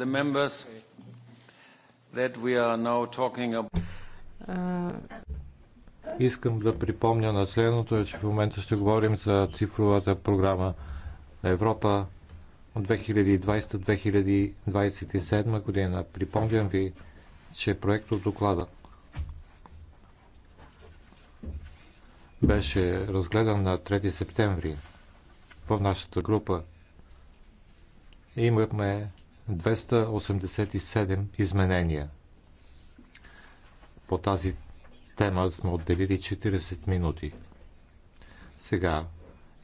the members that we are now talking about. Искам да припомня на следното, е, че в момента ще говорим за цифровата програма на Европа от 2020-2027 година. Припомням ви, че проект от доклада беше разгледан на 3 септември в нашата група. Имахме 287 изменения. По тази тема сме отделили 40 минути. Сега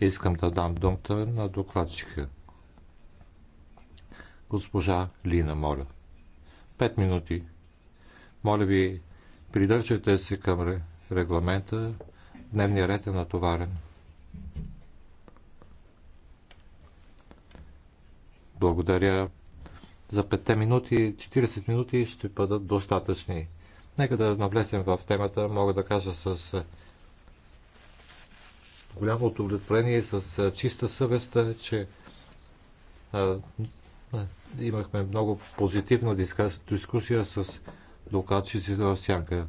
искам да дам думата на докладчика. Госпожа Лина, моля. Пет минути. Моля ви, придържайте се към регламента. Дневният ред е натоварен. Благодаря за 5 минути, 40 минути ще бъдат достатъчни. Нека да навлезем в темата, мога да кажа с е, голямо удовлетворение с е, чиста съвест, че а, е, имахме много позитивна дискусия с докладчиците в сянка.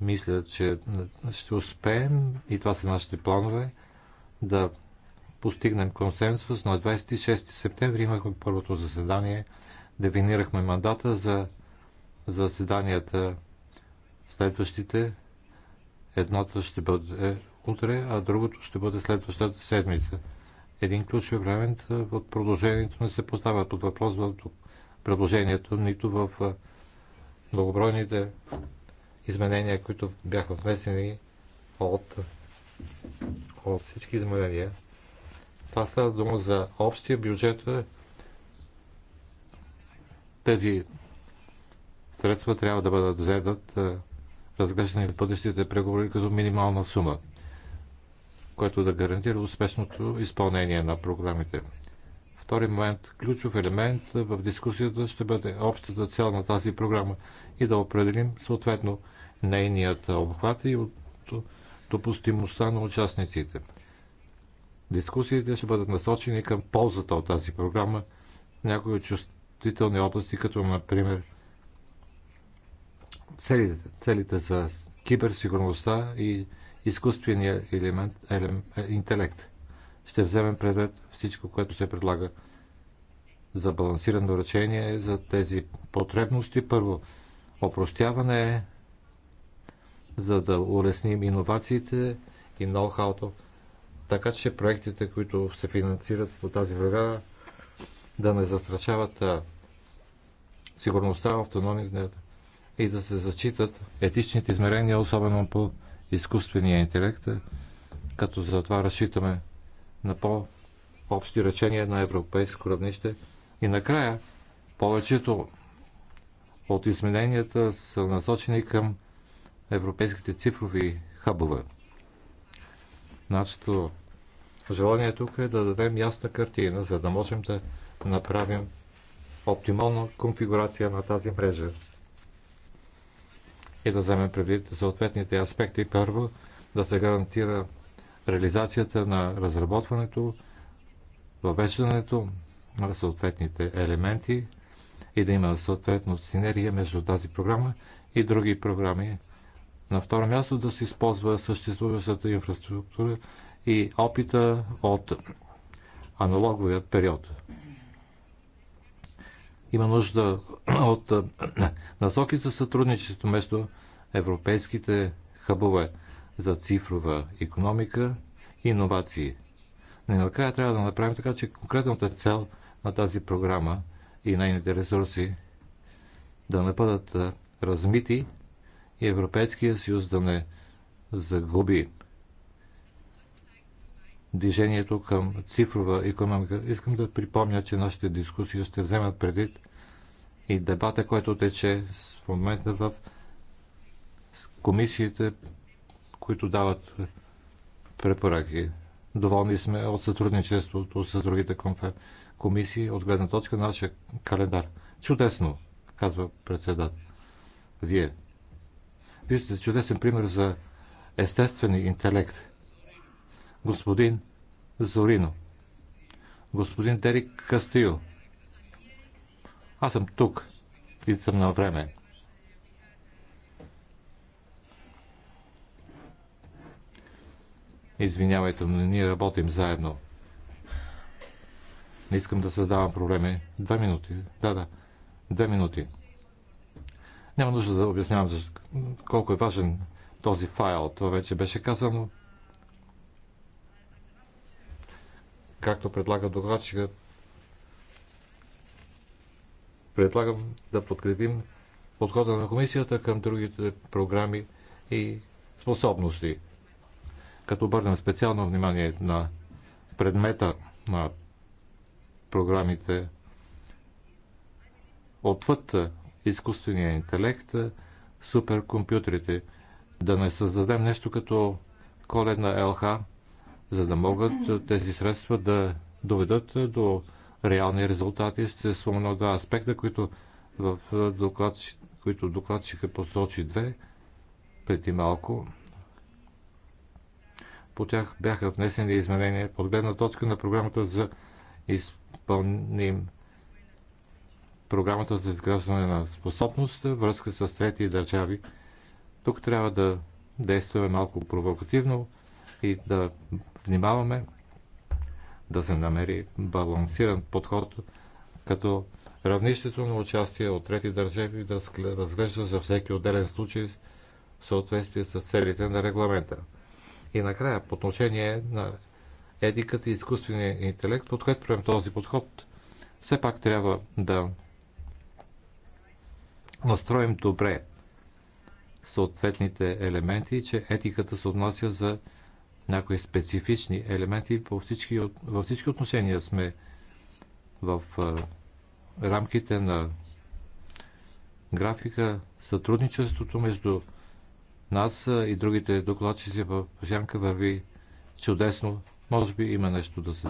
Мисля, че ще успеем, и това са нашите планове, да постигнем консенсус. На 26 септември имахме първото заседание – дефинирахме мандата за заседанията следващите. Едното ще бъде утре, а другото ще бъде следващата седмица. Един ключов елемент в продължението не се поставя под въпрос в предложението, нито в многобройните изменения, които бяха внесени от, от всички изменения. Това става дума за общия бюджет тези средства трябва да бъдат взедат е, разглеждане в бъдещите преговори като минимална сума, което да гарантира успешното изпълнение на програмите. Втори момент, ключов елемент в дискусията ще бъде общата цел на тази програма и да определим съответно нейният обхват и от допустимостта на участниците. Дискусиите ще бъдат насочени към ползата от тази програма. Някои от чувствителни области, като например целите, целите за киберсигурността и изкуствения елемент, елем, е, интелект. Ще вземем предвид всичко, което се предлага за балансирано решение за тези потребности. Първо, опростяване е за да улесним иновациите и ноу-хауто, така че проектите, които се финансират по тази врага, да не застрашават сигурността, автономията и да се зачитат етичните измерения, особено по изкуствения интелект, като за това разчитаме на по-общи речения на европейско равнище. И накрая, повечето от измененията са насочени към европейските цифрови хабове. Нашето желание тук е да дадем ясна картина, за да можем да направим оптимална конфигурация на тази мрежа и да вземем предвид съответните аспекти. Първо, да се гарантира реализацията на разработването, въвеждането на съответните елементи и да има съответно синергия между тази програма и други програми. На второ място да се използва съществуващата инфраструктура и опита от аналоговия период. Има нужда от насоки за сътрудничество между европейските хъбове за цифрова економика и иновации. Накрая трябва да направим така, че конкретната цел на тази програма и нейните ресурси да не бъдат размити и Европейския съюз да не загуби движението към цифрова економика. Искам да припомня, че нашите дискусии ще вземат предвид и дебата, който тече в момента в комисиите, които дават препоръки. Доволни сме от сътрудничеството с другите комисии от гледна точка на нашия календар. Чудесно, казва председател. Вие. Вие сте чудесен пример за естествени интелект – господин Зорино, господин Дерик Кастио. Аз съм тук и съм на време. Извинявайте, но ние работим заедно. Не искам да създавам проблеми. Две минути. Да, да. Две минути. Няма нужда да обяснявам колко е важен този файл. Това вече беше казано. както предлага докладчика. Предлагам да подкрепим подхода на комисията към другите програми и способности. Като обърнем специално внимание на предмета на програмите отвъд изкуствения интелект, суперкомпютрите, да не създадем нещо като коледна ЛХ, за да могат е, тези средства да доведат е, до реални резултати. Ще спомена два аспекта, които в е, доклад, които докладчика посочи две преди малко. По тях бяха внесени изменения под гледна точка на програмата за изпълним програмата за изграждане на способност, връзка с трети държави. Тук трябва да действаме малко провокативно, и да внимаваме да се намери балансиран подход, като равнището на участие от трети държави да разглежда за всеки отделен случай в съответствие с целите на регламента. И накрая, по отношение на етиката и изкуствения интелект, подкрепям този подход. Все пак трябва да настроим добре съответните елементи, че етиката се отнася за някои специфични елементи. Във всички, във всички отношения сме в рамките на графика, сътрудничеството между нас и другите докладчици в Жанка върви чудесно. Може би има нещо да се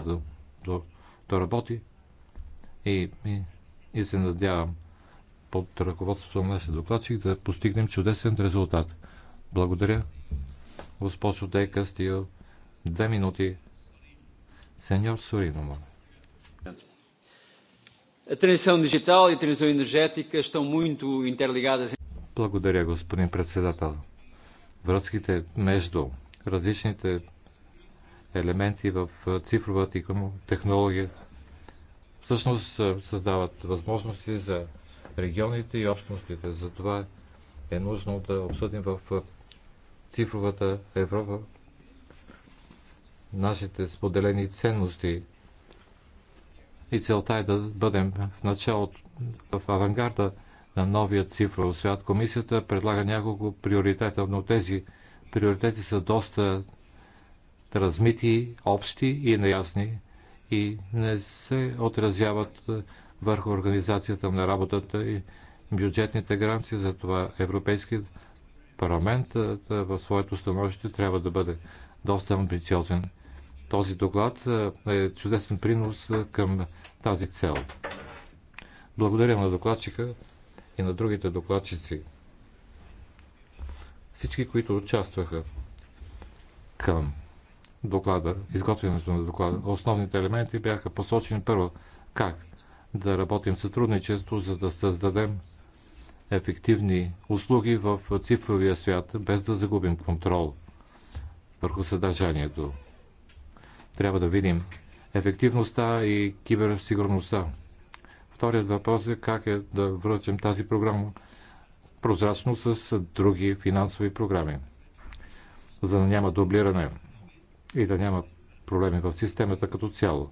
доработи и, и, и се надявам под ръководството на нашия докладчик да постигнем чудесен резултат. Благодаря. Госпожо Де Кастил, две минути. Сеньор Сорино, моля. E Благодаря, господин председател. Връзките между различните елементи в цифровата технология всъщност създават възможности за регионите и общностите. Затова е нужно да обсъдим в цифровата Европа, нашите споделени ценности. И целта е да бъдем в началото, в авангарда на новия цифров свят. Комисията предлага няколко приоритета, но тези приоритети са доста размити, общи и неясни и не се отразяват върху организацията на работата и бюджетните гаранции. Затова Европейският Парламентът е, е, в своето становище трябва да бъде доста амбициозен. Този доклад е, е чудесен принос към тази цел. Благодаря на докладчика и на другите докладчици. Всички, които участваха към доклада, изготвянето на доклада, основните елементи бяха посочени първо как да работим сътрудничество, за да създадем ефективни услуги в цифровия свят, без да загубим контрол върху съдържанието. Трябва да видим ефективността и киберсигурността. Вторият въпрос е как е да връчим тази програма прозрачно с други финансови програми, за да няма дублиране и да няма проблеми в системата като цяло.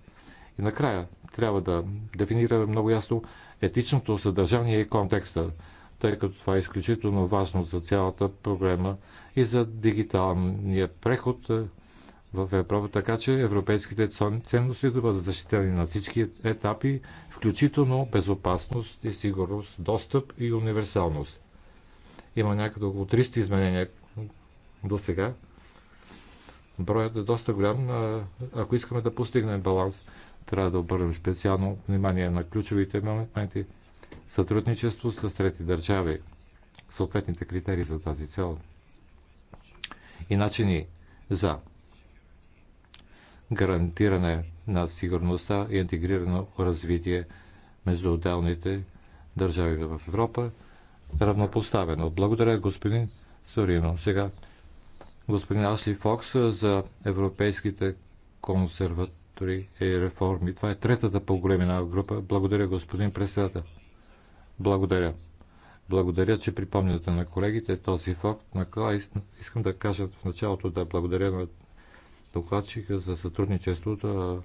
И накрая трябва да дефинираме много ясно етичното съдържание и контекста тъй като това е изключително важно за цялата програма и за дигиталния преход е, в Европа, така че европейските ценности да бъдат защитени на всички етапи, включително безопасност и сигурност, достъп и универсалност. Има някъде около 300 изменения до сега. Броят е доста голям. Ако искаме да постигнем баланс, трябва да обърнем специално внимание на ключовите моменти – сътрудничество с трети държави, съответните критерии за тази цел и начини за гарантиране на сигурността и интегрирано развитие между отделните държави в Европа равнопоставено. Благодаря господин Сорино. Сега господин Ашли Фокс за европейските консерватори и реформи. Това е третата по големина група. Благодаря господин председател. Благодаря. Благодаря, че припомняте на колегите този факт. Накрая искам да кажа в началото да благодаря на докладчика за сътрудничеството.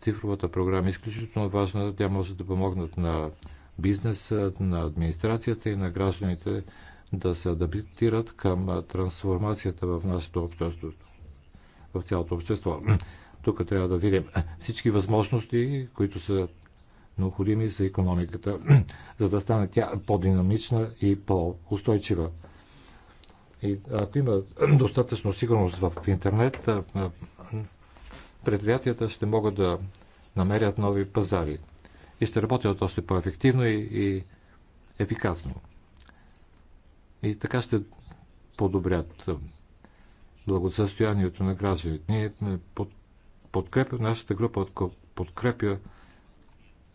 цифровата програма е изключително важна. Тя може да помогнат на бизнеса, на администрацията и на гражданите да се адаптират към трансформацията в нашето общество, в цялото общество. Тук трябва да видим всички възможности, които са необходими за економиката, за да стане тя по-динамична и по-устойчива. И ако има достатъчно сигурност в интернет, предприятията ще могат да намерят нови пазари и ще работят още по-ефективно и, и ефикасно. И така ще подобрят благосъстоянието на гражданите. Ние под, подкрепя, нашата група подкрепя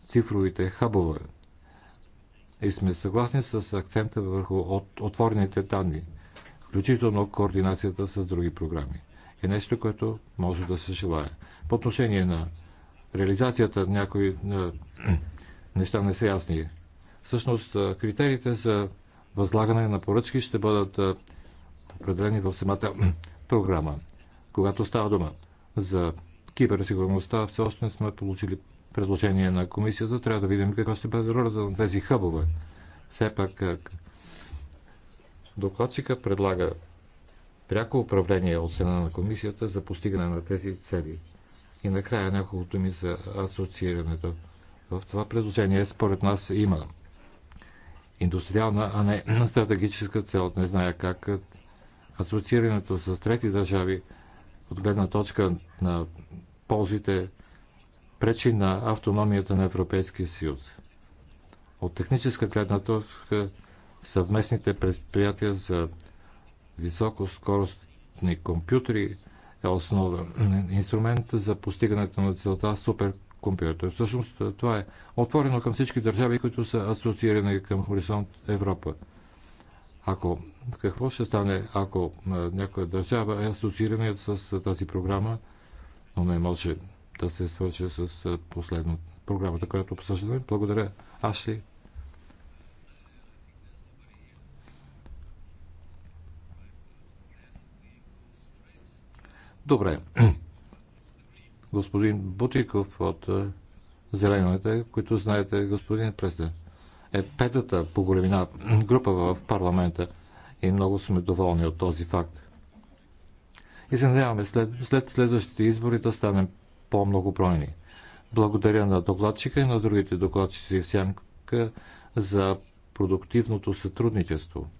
цифровите хъбове. И сме съгласни с акцента върху от, отворените данни, включително координацията с други програми. Е нещо, което може да се желая. По отношение на реализацията някои на, неща не са ясни. Всъщност, критериите за възлагане на поръчки ще бъдат определени в самата програма. Когато става дума за киберсигурността, все още не сме получили предложение на комисията. Трябва да видим каква ще бъде ролята на тези хъбове. Все пак е, докладчика предлага пряко управление от страна на комисията за постигане на тези цели. И накрая няколко ми за асоциирането. В това предложение според нас има индустриална, а не стратегическа цел. Не зная как е, асоциирането с трети държави от гледна точка на ползите пречи на автономията на Европейския съюз. От техническа гледна точка съвместните предприятия за високоскоростни компютри е основа инструмент за постигането на целта е суперкомпютър. Всъщност това е отворено към всички държави, които са асоциирани към Хоризонт Европа. Ако, какво ще стане, ако някоя държава е асоциирана с тази програма, но не може да се свърши с последно програмата, която обсъждаме. Благодаря, Ашли. Добре. Господин Бутиков от Зелените, които знаете, господин президент, е петата по големина група в парламента и много сме доволни от този факт. И се надяваме след, след следващите избори да станем по-многобройни. Благодаря на докладчика и на другите докладчици в сянка за продуктивното сътрудничество.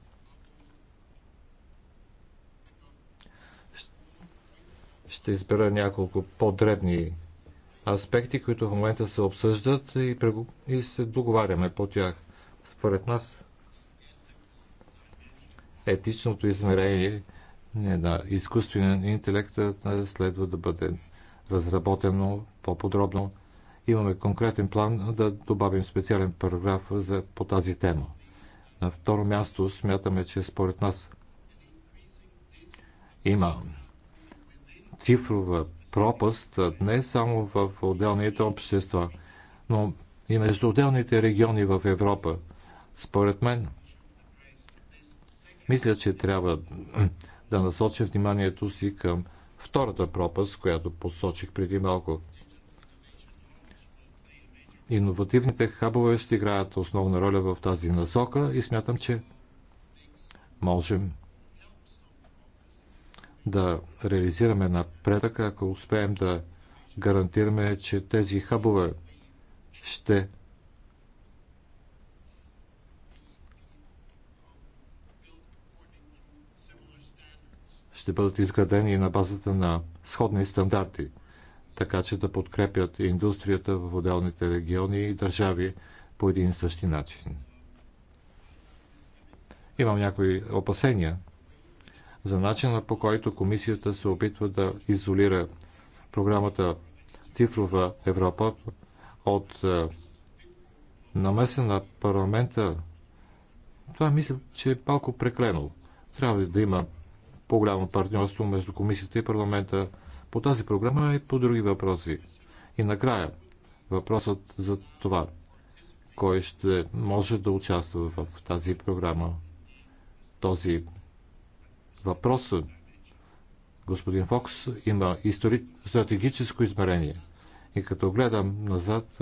Ще избера няколко по-дребни аспекти, които в момента се обсъждат и, и се договаряме по тях. Според нас етичното измерение на изкуствения интелект следва да бъде разработено по-подробно. Имаме конкретен план да добавим специален параграф за, по тази тема. На второ място смятаме, че според нас има цифрова пропаст не само в отделните общества, но и между отделните региони в Европа. Според мен, мисля, че трябва да насочим вниманието си към Втората пропаст, която посочих преди малко. Иновативните хабове ще играят основна роля в тази насока и смятам, че можем да реализираме напредък, ако успеем да гарантираме, че тези хабове ще ще бъдат изградени на базата на сходни стандарти, така че да подкрепят индустрията в отделните региони и държави по един и същи начин. Имам някои опасения за начина по който комисията се опитва да изолира програмата Цифрова Европа от е, намеса на парламента. Това мисля, че е малко преклено. Трябва да има по-голямо партньорство между комисията и парламента по тази програма и по други въпроси. И накрая, въпросът за това, кой ще може да участва в тази програма. Този въпрос, господин Фокс, има истори... стратегическо измерение. И като гледам назад,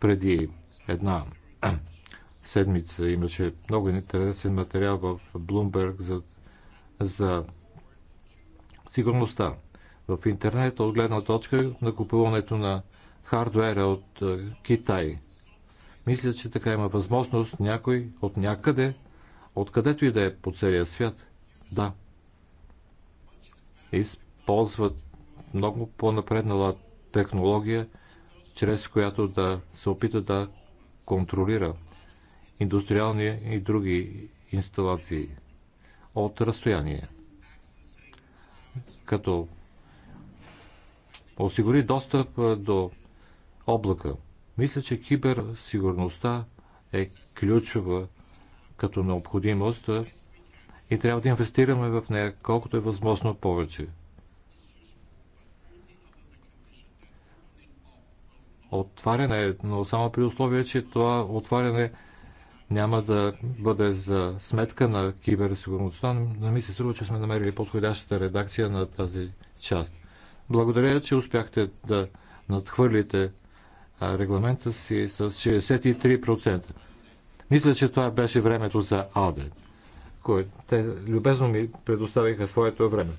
преди една седмица имаше много интересен материал в Bloomberg за, за сигурността в интернет от гледна точка на купуването на хардуера от е, Китай. Мисля, че така има възможност някой от някъде, откъдето и да е по целия свят, да използват много по-напреднала технология, чрез която да се опита да контролира индустриални и други инсталации от разстояние, като осигури достъп до облака. Мисля, че киберсигурността е ключова като необходимост и трябва да инвестираме в нея колкото е възможно повече. Отваряне, но само при условие, че това отваряне няма да бъде за сметка на киберсигурността, но ми се струва, че сме намерили подходящата редакция на тази част. Благодаря, че успяхте да надхвърлите регламента си с 63%. Мисля, че това беше времето за АДЕ. Те любезно ми предоставиха своето време.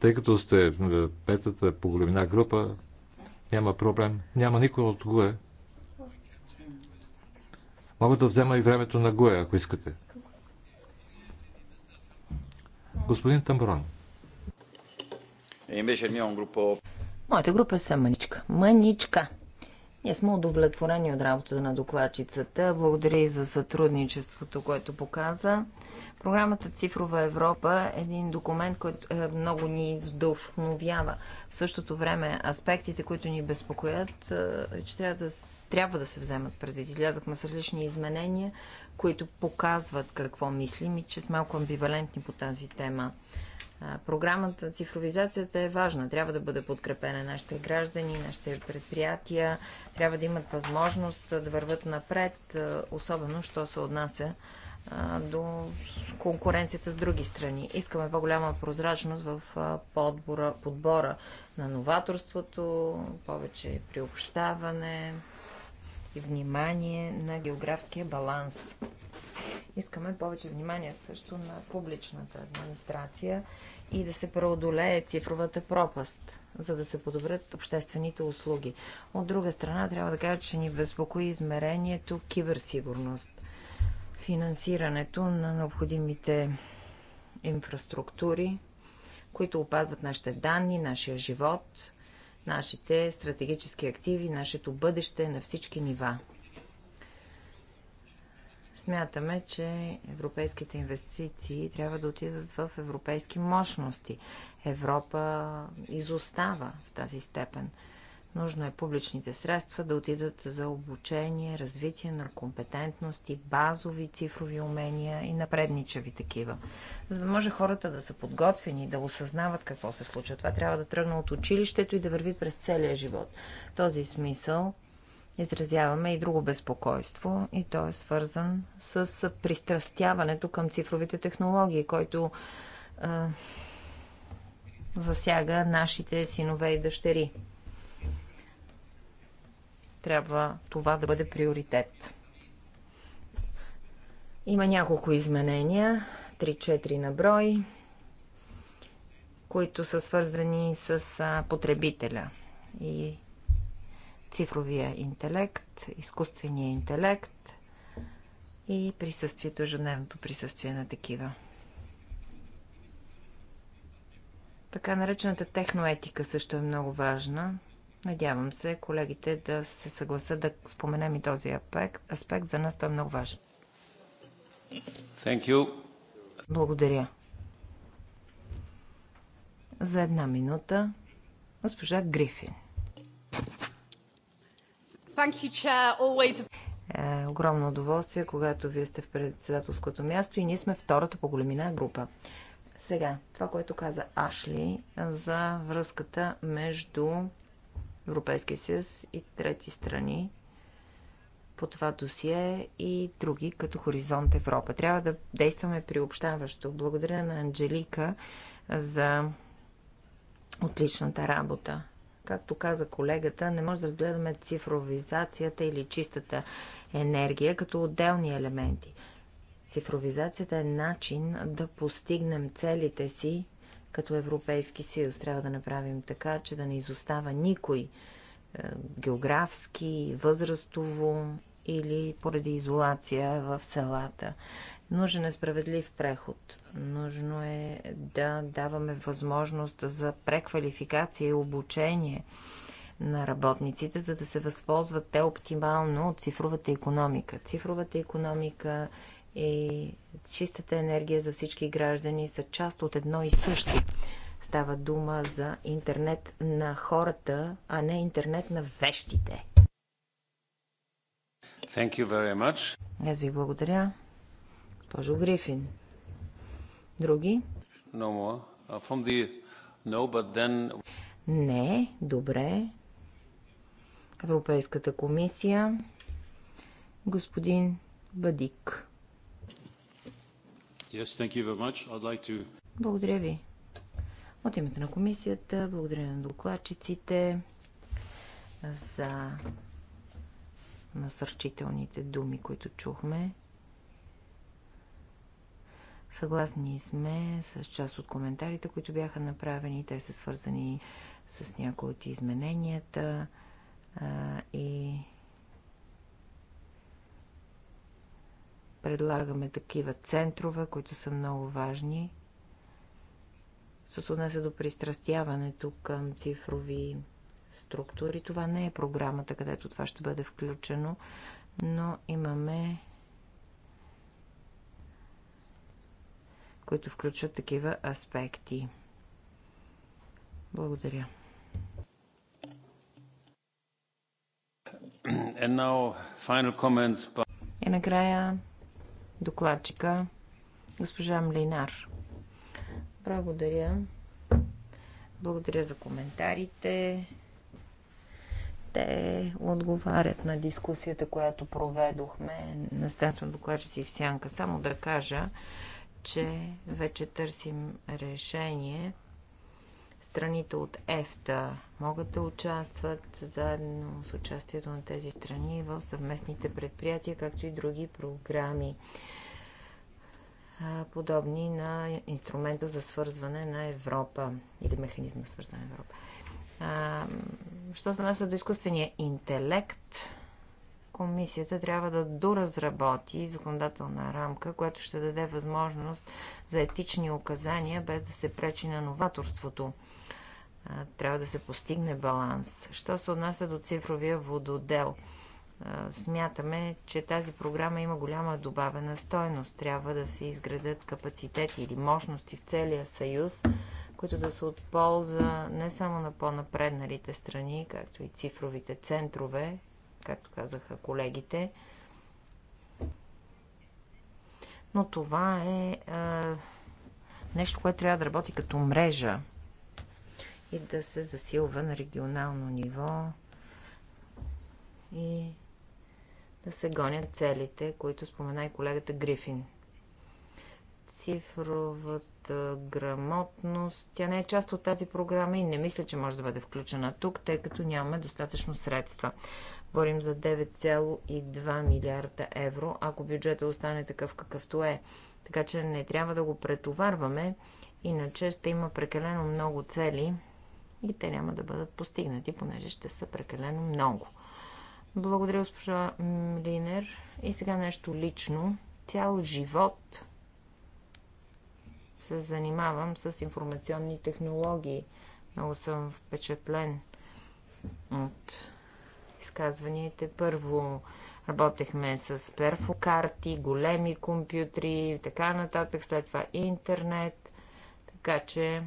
Тъй като сте е, петата по големина група, няма проблем. Няма никой от ГУЕ, Мога да взема и времето на Гуе, ако искате. Господин Тамброн. Моята група е съм мъничка. Мъничка. Ние сме удовлетворени от работата на докладчицата. Благодаря и за сътрудничеството, което показа. Програмата Цифрова Европа е един документ, който е, много ни вдъхновява. В същото време аспектите, които ни безпокоят, е, че трябва да, трябва да се вземат предвид. Излязахме с различни изменения, които показват какво мислим и че сме малко амбивалентни по тази тема. Е, програмата цифровизацията е важна. Трябва да бъде подкрепена нашите граждани, нашите предприятия. Трябва да имат възможност да върват напред, е, особено, що се отнася до конкуренцията с други страни. Искаме по-голяма прозрачност в подбора, подбора на новаторството, повече приобщаване и внимание на географския баланс. Искаме повече внимание също на публичната администрация и да се преодолее цифровата пропаст, за да се подобрят обществените услуги. От друга страна, трябва да кажа, че ни безпокои измерението киберсигурност финансирането на необходимите инфраструктури, които опазват нашите данни, нашия живот, нашите стратегически активи, нашето бъдеще на всички нива. Смятаме, че европейските инвестиции трябва да отидат в европейски мощности. Европа изостава в тази степен. Нужно е публичните средства да отидат за обучение, развитие на компетентности, базови цифрови умения и напредничави такива. За да може хората да са подготвени, да осъзнават какво се случва. Това трябва да тръгне от училището и да върви през целия живот. В този смисъл изразяваме и друго безпокойство и то е свързан с пристрастяването към цифровите технологии, който е, засяга нашите синове и дъщери. Трябва това да бъде приоритет. Има няколко изменения, 3-4 на брой, които са свързани с потребителя и цифровия интелект, изкуствения интелект и присъствието, ежедневното присъствие на такива. Така наречената техноетика също е много важна. Надявам се колегите да се съгласат да споменем и този аспект. За нас той е много важен. Thank you. Благодаря. За една минута госпожа Грифин. Thank you, Chair. Always... Е, огромно удоволствие, когато вие сте в председателското място и ние сме втората по големина група. Сега, това, което каза Ашли за връзката между Европейския съюз и трети страни по това досие и други, като Хоризонт Европа. Трябва да действаме приобщаващо. Благодаря на Анджелика за отличната работа. Както каза колегата, не може да разгледаме цифровизацията или чистата енергия като отделни елементи. Цифровизацията е начин да постигнем целите си като Европейски съюз. Трябва да направим така, че да не изостава никой е, географски, възрастово или поради изолация в селата. Нужен е справедлив преход. Нужно е да даваме възможност за преквалификация и обучение на работниците, за да се възползват те оптимално от цифровата економика. Цифровата економика и чистата енергия за всички граждани са част от едно и също. Става дума за интернет на хората, а не интернет на вещите. Thank you very much. Аз ви благодаря. Пожо Грифин. Други? No more. Uh, from the... no, but then... Не, добре. Европейската комисия. Господин Бадик. Yes, thank you very much. I'd like to... Благодаря ви. От името на комисията, благодаря на докладчиците за насърчителните думи, които чухме. Съгласни сме с част от коментарите, които бяха направени. Те са свързани с някои от измененията и Предлагаме такива центрове, които са много важни. Със се до пристрастяването към цифрови структури, това не е програмата, където това ще бъде включено, но имаме които включват такива аспекти. Благодаря. Now, but... И накрая докладчика госпожа Млинар. Благодаря. Благодаря за коментарите. Те отговарят на дискусията, която проведохме на статус докладчици в Сянка. Само да кажа, че вече търсим решение – страните от ЕФТА могат да участват заедно с участието на тези страни в съвместните предприятия, както и други програми, подобни на инструмента за свързване на Европа или механизма свързване на Европа. Що се нася до изкуствения интелект, комисията трябва да доразработи законодателна рамка, която ще даде възможност за етични указания, без да се пречи на новаторството трябва да се постигне баланс. Що се отнася до цифровия вододел? Смятаме, че тази програма има голяма добавена стойност. Трябва да се изградят капацитети или мощности в целия съюз, които да се отполза не само на по-напредналите страни, както и цифровите центрове, както казаха колегите, но това е, е нещо, което трябва да работи като мрежа и да се засилва на регионално ниво и да се гонят целите, които спомена и колегата Грифин. Цифровата грамотност, тя не е част от тази програма и не мисля, че може да бъде включена тук, тъй като нямаме достатъчно средства. Борим за 9,2 милиарда евро, ако бюджетът остане такъв какъвто е. Така че не трябва да го претоварваме, иначе ще има прекалено много цели, и те няма да бъдат постигнати, понеже ще са прекалено много. Благодаря, госпожа Линер. И сега нещо лично. Цял живот се занимавам с информационни технологии. Много съм впечатлен от изказванията. Първо работехме с перфокарти, големи компютри и така нататък. След това интернет. Така че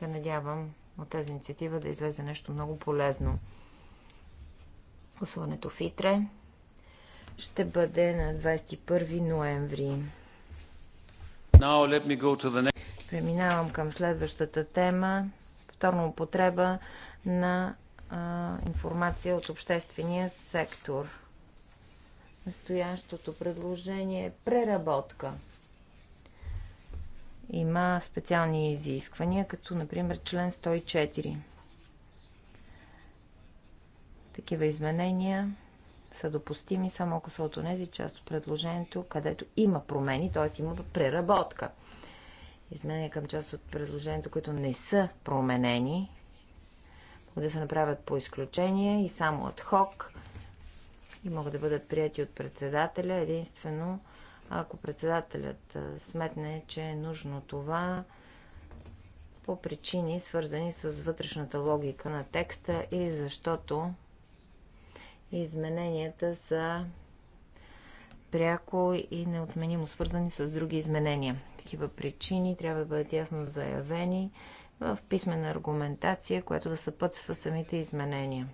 да надявам от тази инициатива да излезе нещо много полезно. Гласуването в ИТРЕ ще бъде на 21 ноември. The... Преминавам към следващата тема. Вторна употреба на а, информация от обществения сектор. Настоящото предложение е преработка има специални изисквания, като например член 104. Такива изменения са допустими само ако са от тези част от предложението, където има промени, т.е. има преработка. Изменения към част от предложението, които не са променени, могат да се направят по изключение и само от хок, и могат да бъдат прияти от председателя единствено ако председателят сметне, че е нужно това по причини, свързани с вътрешната логика на текста или защото измененията са пряко и неотменимо свързани с други изменения. Такива причини трябва да бъдат ясно заявени в писмена аргументация, която да съпътства самите изменения.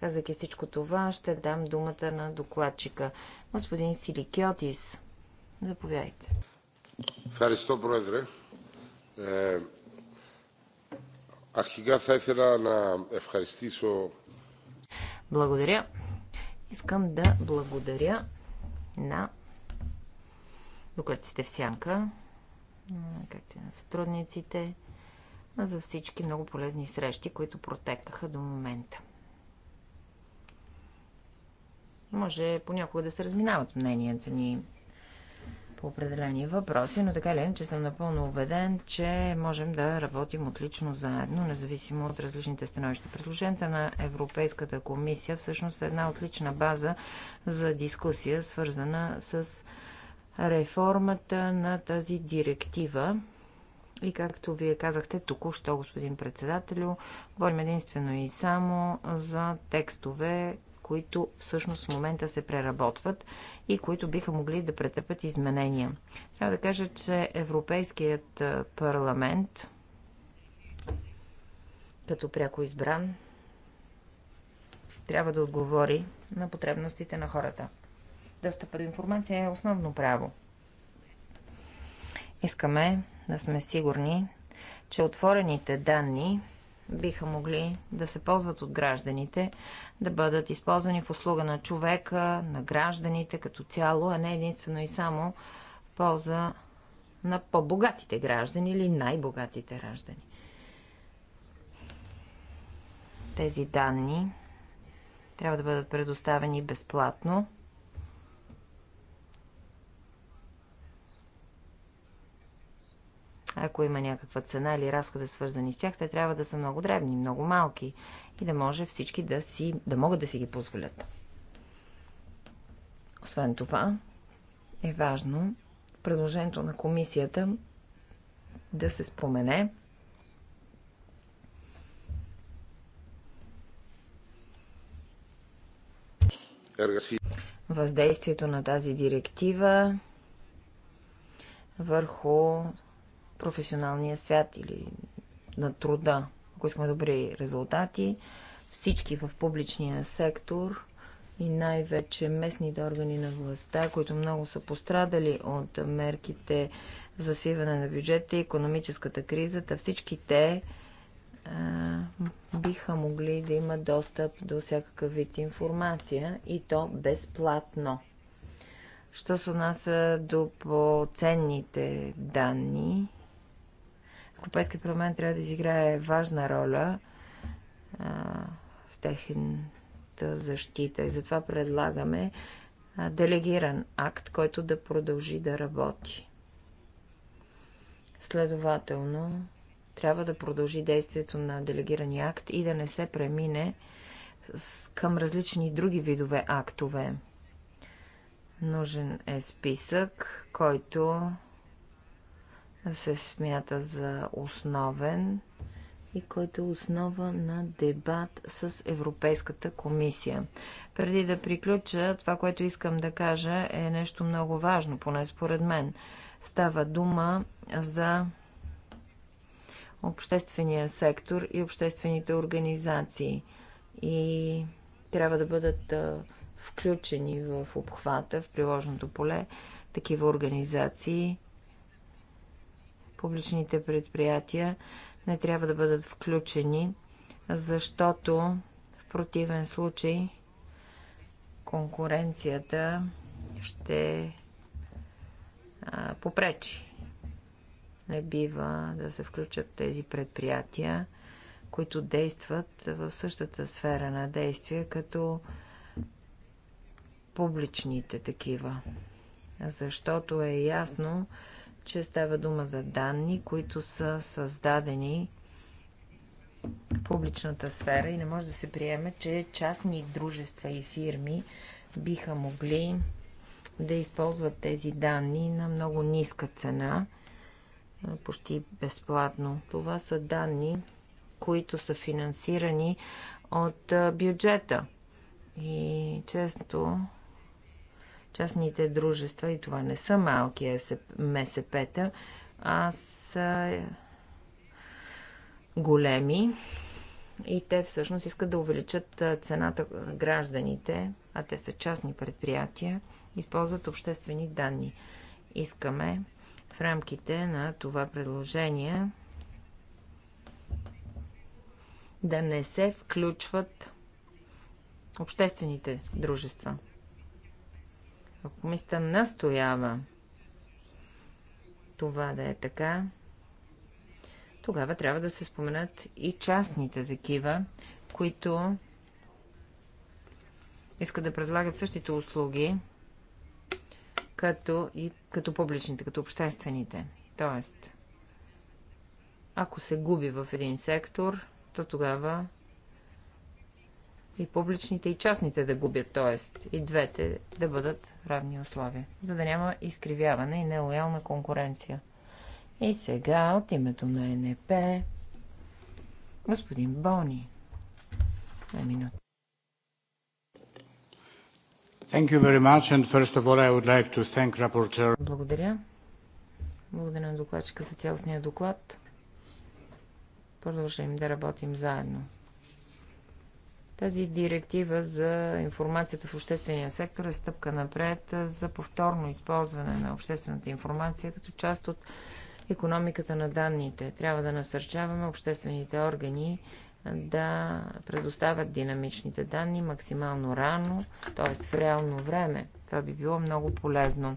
Казвайки всичко това, ще дам думата на докладчика. Господин Силикиотис Заповядайте. Ευχαριστώ, Πρόεδρε. Ε, αρχικά θα ήθελα να ευχαριστήσω... Благодаря. Искам да благодаря на докладците в сянка, както и на сътрудниците, за всички много полезни срещи, които протекаха до момента. Може понякога да се разминават мненията ни по определени въпроси, но така ли е, че съм напълно убеден, че можем да работим отлично заедно, независимо от различните становища. Предложенията на Европейската комисия всъщност е една отлична база за дискусия, свързана с реформата на тази директива. И както вие казахте току-що, господин председателю, говорим единствено и само за текстове, които всъщност в момента се преработват и които биха могли да претърпят изменения. Трябва да кажа, че Европейският парламент като пряко избран трябва да отговори на потребностите на хората. Достъпът до информация е основно право. Искаме да сме сигурни, че отворените данни биха могли да се ползват от гражданите, да бъдат използвани в услуга на човека, на гражданите като цяло, а не единствено и само в полза на по-богатите граждани или най-богатите граждани. Тези данни трябва да бъдат предоставени безплатно – Ако има някаква цена или разхода свързани с тях, те трябва да са много древни, много малки и да може всички да, си, да могат да си ги позволят. Освен това, е важно предложението на комисията да се спомене въздействието на тази директива върху професионалния свят или на труда. Ако искаме добри резултати, всички в публичния сектор и най-вече местните органи на властта, които много са пострадали от мерките за свиване на бюджета и економическата криза, та всички те а, биха могли да имат достъп до всякакъв вид информация и то безплатно. Що се отнася до по-ценните данни Европейския парламент трябва да изиграе важна роля а, в техната защита и затова предлагаме а, делегиран акт, който да продължи да работи. Следователно, трябва да продължи действието на делегирания акт и да не се премине към различни други видове актове. Нужен е списък, който се смята за основен и който е основа на дебат с Европейската комисия. Преди да приключа, това, което искам да кажа е нещо много важно, поне според мен. Става дума за обществения сектор и обществените организации. И трябва да бъдат включени в обхвата, в приложното поле, такива организации, публичните предприятия не трябва да бъдат включени, защото в противен случай конкуренцията ще а, попречи. Не бива да се включат тези предприятия, които действат в същата сфера на действие като публичните такива. Защото е ясно, че става дума за данни, които са създадени в публичната сфера и не може да се приеме, че частни дружества и фирми биха могли да използват тези данни на много ниска цена, почти безплатно. Това са данни, които са финансирани от бюджета. И често Частните дружества, и това не са малки МСП-та, а са големи и те всъщност искат да увеличат цената на гражданите, а те са частни предприятия, използват обществени данни. Искаме в рамките на това предложение да не се включват обществените дружества. Ако комисията настоява това да е така, тогава трябва да се споменат и частните закива, които искат да предлагат същите услуги, като, и, като публичните, като обществените. Тоест, ако се губи в един сектор, то тогава и публичните и частните да губят, т.е. и двете да бъдат равни условия, за да няма изкривяване и нелоялна конкуренция. И сега от името на НП господин Бони. На минута. Thank you very much and first of all I would like to thank rapporteur. Благодаря. Благодаря на докладчика за цялостния доклад. Продължим да работим заедно. Тази директива за информацията в обществения сектор е стъпка напред за повторно използване на обществената информация като част от економиката на данните. Трябва да насърчаваме обществените органи да предоставят динамичните данни максимално рано, т.е. в реално време. Това би било много полезно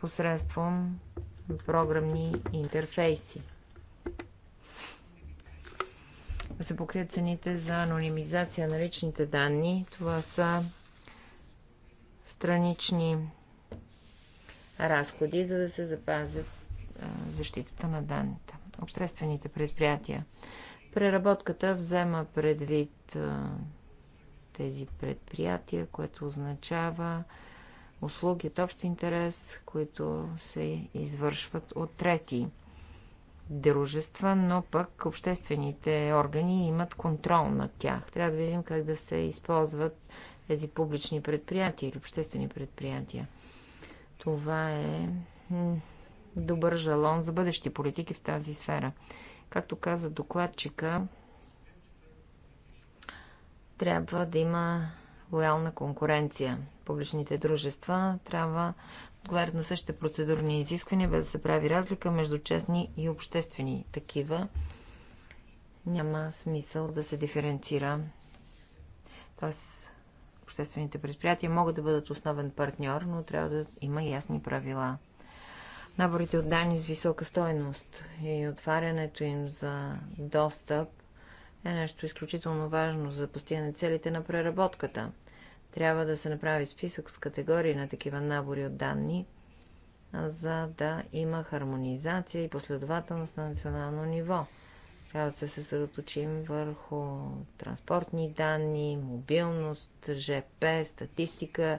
посредством програмни интерфейси да се покрият цените за анонимизация на личните данни. Това са странични разходи, за да се запазят защитата на данните. Обществените предприятия. Преработката взема предвид тези предприятия, което означава услуги от общ интерес, които се извършват от трети дружества, но пък обществените органи имат контрол над тях. Трябва да видим как да се използват тези публични предприятия или обществени предприятия. Това е добър жалон за бъдещи политики в тази сфера. Както каза докладчика, трябва да има лоялна конкуренция. Публичните дружества трябва отговарят на същите процедурни изисквания, без да се прави разлика между честни и обществени такива. Няма смисъл да се диференцира. Тоест, обществените предприятия могат да бъдат основен партньор, но трябва да има ясни правила. Наборите от данни с висока стойност и отварянето им за достъп е нещо изключително важно за постигане целите на преработката – трябва да се направи списък с категории на такива набори от данни, за да има хармонизация и последователност на национално ниво. Трябва да се съсредоточим върху транспортни данни, мобилност, ЖП, статистика.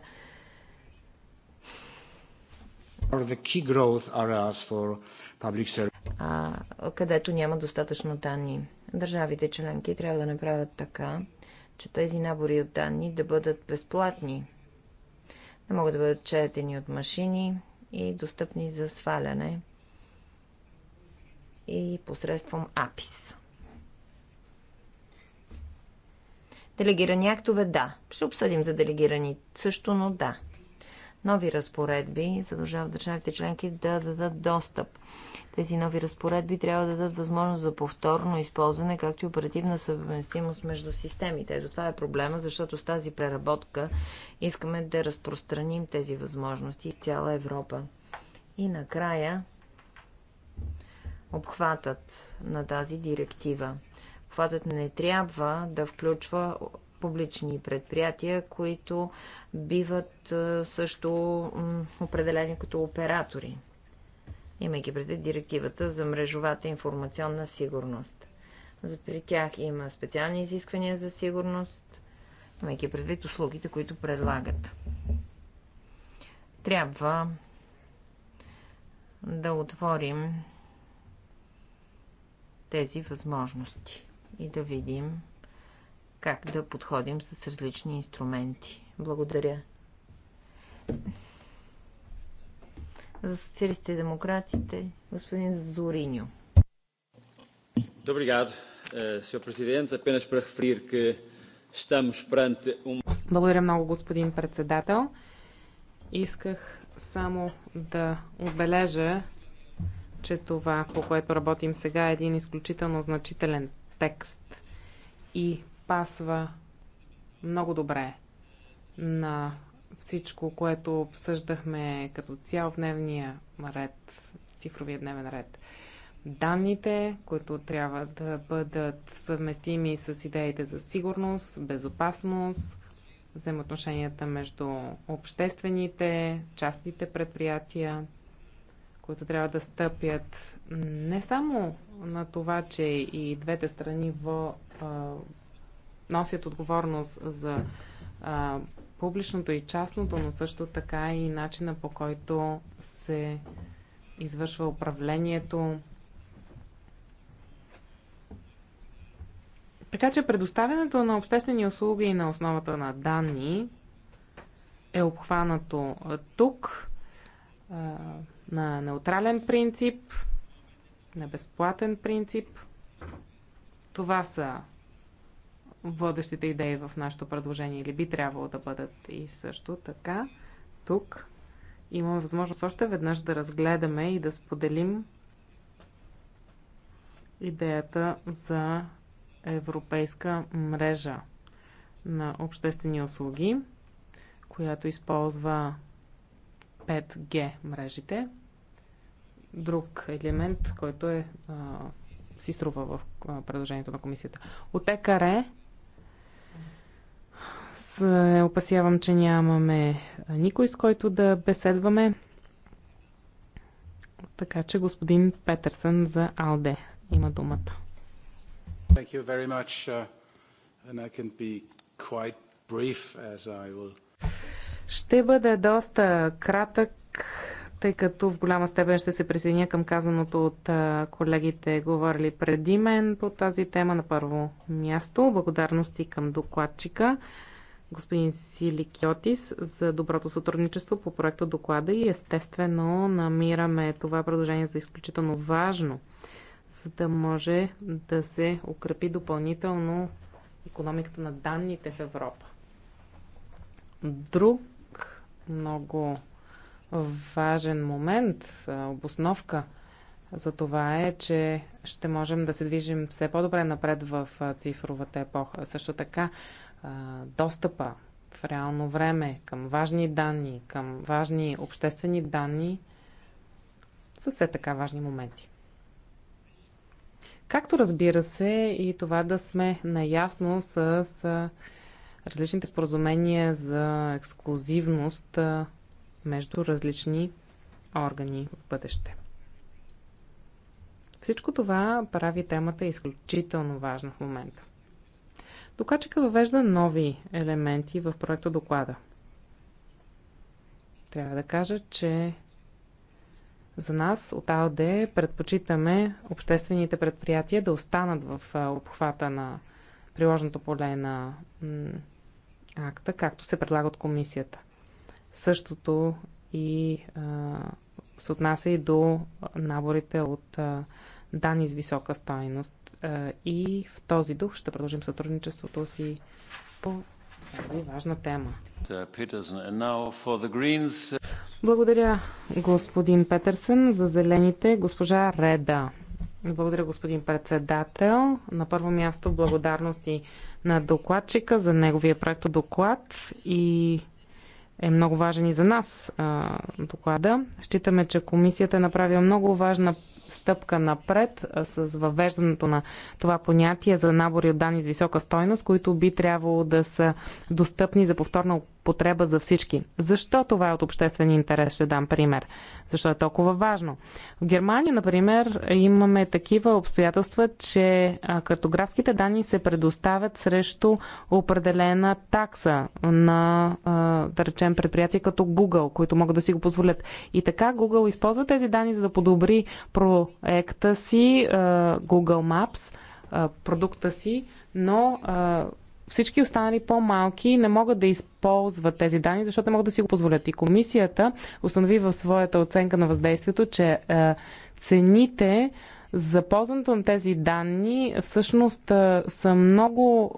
където няма достатъчно данни. Държавите членки трябва да направят така, че тези набори от данни да бъдат безплатни, да могат да бъдат четени от машини и достъпни за сваляне и посредством Апис. Делегирани актове – да. Ще обсъдим за делегирани също, но да. Нови разпоредби задължават държавите членки да дадат достъп тези нови разпоредби трябва да дадат възможност за повторно използване, както и оперативна съвместимост между системите. Ето това е проблема, защото с тази преработка искаме да разпространим тези възможности в цяла Европа. И накрая обхватът на тази директива. Обхватът не трябва да включва публични предприятия, които биват също определени като оператори имайки предвид директивата за мрежовата информационна сигурност. За при тях има специални изисквания за сигурност, имайки предвид услугите, които предлагат. Трябва да отворим тези възможности и да видим как да подходим с различни инструменти. Благодаря. За социалистите и демократите, господин Зориньо. Eh, um- Благодаря много, господин председател. Исках само да отбележа, че това, по което работим сега, е един изключително значителен текст и пасва много добре на всичко, което обсъждахме като цял в дневния ред, цифровия дневен ред. Данните, които трябва да бъдат съвместими с идеите за сигурност, безопасност, взаимоотношенията между обществените, частните предприятия, които трябва да стъпят не само на това, че и двете страни в, а, носят отговорност за а, публичното и частното, но също така и начина по който се извършва управлението. Така че предоставянето на обществени услуги и на основата на данни е обхванато тук на неутрален принцип, на безплатен принцип. Това са водещите идеи в нашето предложение или би трябвало да бъдат и също така. Тук имаме възможност още веднъж да разгледаме и да споделим идеята за европейска мрежа на обществени услуги, която използва 5G мрежите. Друг елемент, който е, а, си струва в предложението на комисията. От ЕКАРЕ се опасявам, че нямаме никой, с който да беседваме. Така че господин Петърсън за АЛДЕ има думата. Thank you very much, uh, and I can be quite brief as I will. Ще бъде доста кратък, тъй като в голяма степен ще се присъединя към казаното от колегите, говорили преди мен по тази тема на първо място. Благодарности към докладчика господин Силикиотис за доброто сътрудничество по проекта доклада и естествено намираме това предложение за изключително важно, за да може да се укрепи допълнително економиката на данните в Европа. Друг много важен момент, обосновка за това е, че ще можем да се движим все по-добре напред в цифровата епоха. Също така достъпа в реално време към важни данни, към важни обществени данни, са все така важни моменти. Както разбира се и това да сме наясно с различните споразумения за ексклюзивност между различни органи в бъдеще. Всичко това прави темата изключително важна в момента. Докачика въвежда нови елементи в проекта доклада. Трябва да кажа, че за нас от АОД предпочитаме обществените предприятия да останат в обхвата на приложното поле на акта, както се предлага от комисията. Същото и а, се отнася и до наборите от а, данни с висока стойност и в този дух ще продължим сътрудничеството си по тази важна тема. Uh, Благодаря, господин Петерсен за зелените, госпожа Реда. Благодаря, господин председател. На първо място благодарности на докладчика за неговия проект доклад и е много важен и за нас а, доклада. Считаме, че комисията е направила много важна стъпка напред с въвеждането на това понятие за набори от данни с висока стойност, които би трябвало да са достъпни за повторна потреба за всички. Защо това е от обществен интерес? Ще дам пример. Защо е толкова важно? В Германия, например, имаме такива обстоятелства, че картографските данни се предоставят срещу определена такса на, да речем, предприятия като Google, които могат да си го позволят. И така Google използва тези данни, за да подобри проекта си, Google Maps, продукта си, но всички останали по-малки не могат да използват тези данни, защото не могат да си го позволят. И комисията установи в своята оценка на въздействието, че е, цените за ползването на тези данни всъщност е, са много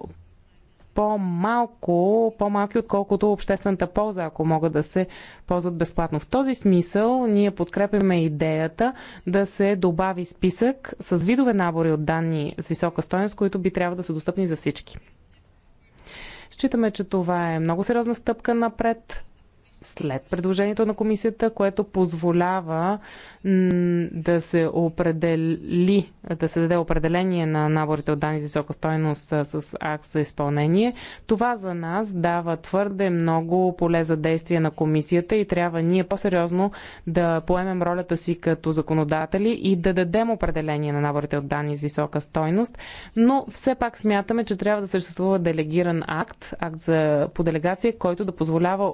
по-малко, по-малки, отколкото обществената полза, ако могат да се ползват безплатно. В този смисъл ние подкрепяме идеята да се добави списък с видове набори от данни с висока стоеност, които би трябвало да са достъпни за всички. Считаме, че това е много сериозна стъпка напред след предложението на комисията, което позволява да се определи, да се даде определение на наборите от данни с висока стойност с акт за изпълнение. Това за нас дава твърде много поле за действие на комисията и трябва ние по-сериозно да поемем ролята си като законодатели и да дадем определение на наборите от данни с висока стойност, но все пак смятаме, че трябва да съществува делегиран акт, акт за, по делегация, който да позволява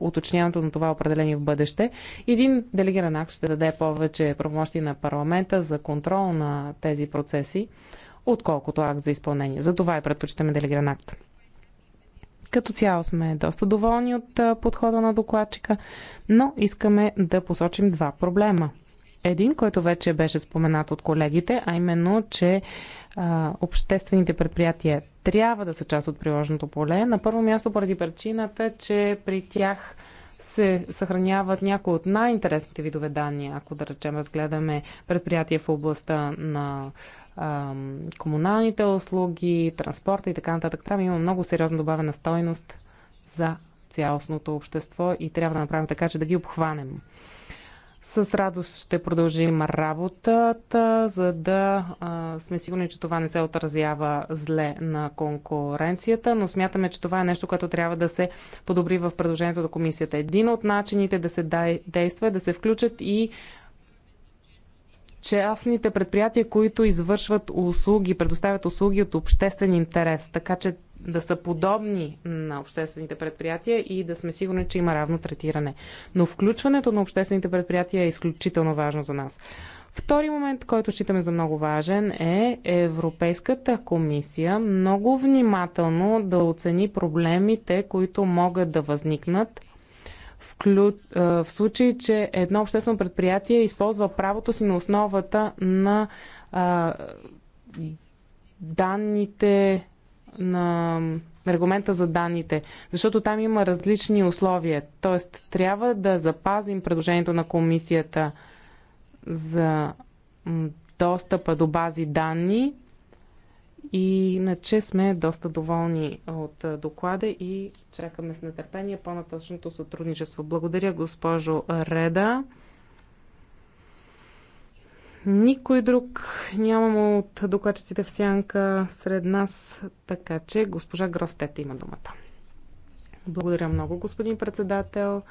е, уточняването на това определение в бъдеще. Един делегиран акт ще даде повече правомощи на парламента за контрол на тези процеси, отколкото акт за изпълнение. За това и предпочитаме делегиран акт. Като цяло сме доста доволни от подхода на докладчика, но искаме да посочим два проблема – един, който вече беше споменат от колегите, а именно, че а, обществените предприятия трябва да са част от приложеното поле. На първо място поради причината, че при тях се съхраняват някои от най-интересните видове данни, ако да речем разгледаме предприятия в областта на а, комуналните услуги, транспорта и така нататък. Там има много сериозна добавена стойност за цялостното общество и трябва да направим така, че да ги обхванем. С радост ще продължим работата, за да а, сме сигурни, че това не се отразява зле на конкуренцията, но смятаме, че това е нещо, което трябва да се подобри в предложението на комисията. Един от начините да се дай, действа е да се включат и частните предприятия, които извършват услуги, предоставят услуги от обществен интерес. Така че да са подобни на обществените предприятия и да сме сигурни, че има равно третиране. Но включването на обществените предприятия е изключително важно за нас. Втори момент, който считаме за много важен е Европейската комисия много внимателно да оцени проблемите, които могат да възникнат в случай, че едно обществено предприятие използва правото си на основата на данните на регламента за данните, защото там има различни условия. Тоест, трябва да запазим предложението на комисията за достъпа до бази данни. И иначе сме доста доволни от доклада и чакаме с нетърпение по-нататъчното сътрудничество. Благодаря, госпожо Реда. Никой друг нямам от докладчиците в сянка сред нас, така че госпожа Гростет има думата. Благодаря много, господин председател.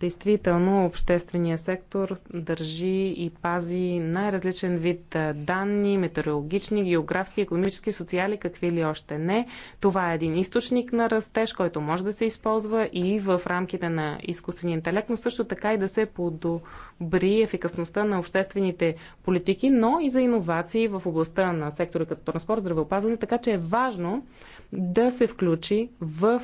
Действително, обществения сектор държи и пази най-различен вид данни, метеорологични, географски, економически, социали, какви ли още не. Това е един източник на растеж, който може да се използва и в рамките на изкуствения интелект, но също така и да се подобри ефикасността на обществените политики, но и за иновации в областта на сектора като транспорт, здравеопазване, така че е важно да се включи в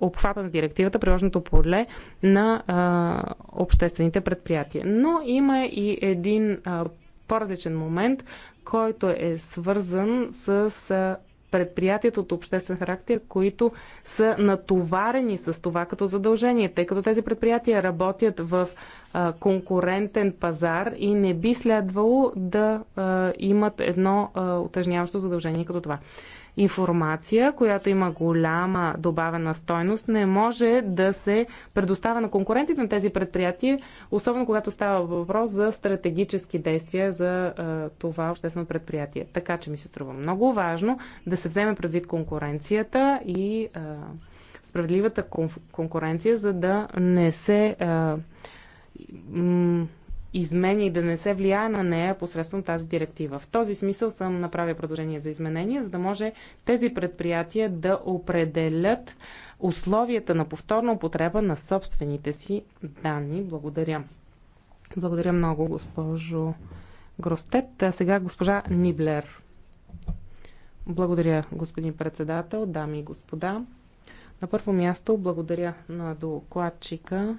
обхвата на директивата, приложното поле на а, обществените предприятия. Но има и един а, по-различен момент, който е свързан с а, предприятията от обществен характер, които са натоварени с това като задължение, тъй като тези предприятия работят в а, конкурентен пазар и не би следвало да а, имат едно а, утъжняващо задължение като това информация, която има голяма добавена стойност, не може да се предоставя на конкурентите на тези предприятия, особено когато става въпрос за стратегически действия за това обществено предприятие. Така че ми се струва много важно да се вземе предвид конкуренцията и справедливата конкуренция, за да не се изменя и да не се влияе на нея посредством тази директива. В този смисъл съм направя предложение за изменение, за да може тези предприятия да определят условията на повторна употреба на собствените си данни. Благодаря. Благодаря много, госпожо Гростет. А сега госпожа Ниблер. Благодаря, господин председател, дами и господа. На първо място благодаря на докладчика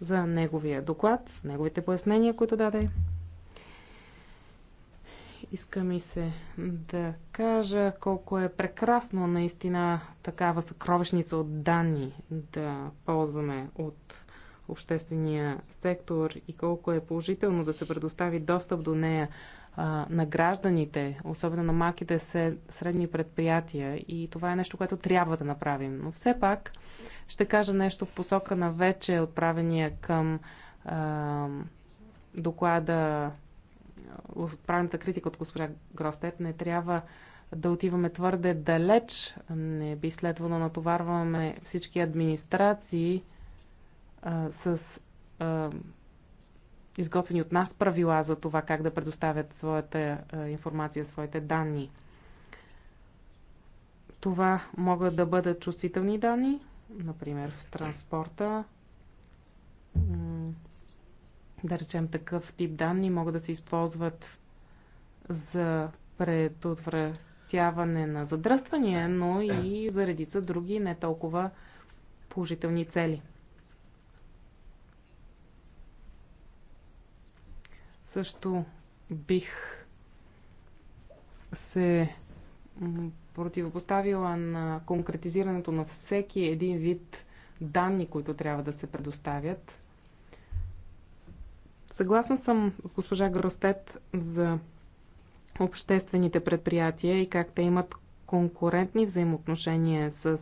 за неговия доклад, с неговите пояснения, които даде. Иска ми се да кажа колко е прекрасно наистина такава съкровищница от данни да ползваме от обществения сектор и колко е положително да се предостави достъп до нея а, на гражданите, особено на малките средни предприятия. И това е нещо, което трябва да направим. Но все пак ще кажа нещо в посока на вече отправения към а, доклада, отправената критика от госпожа Гростет. Не трябва да отиваме твърде далеч. Не би следвало да натоварваме всички администрации а, с а, изготвени от нас правила за това как да предоставят своята а, информация, своите данни. Това могат да бъдат чувствителни данни, например в транспорта, да речем такъв тип данни могат да се използват за предотвратяване на задръствания, но и за редица други не толкова положителни цели. Също бих се противопоставила на конкретизирането на всеки един вид данни, които трябва да се предоставят. Съгласна съм с госпожа Гростет за обществените предприятия и как те имат конкурентни взаимоотношения с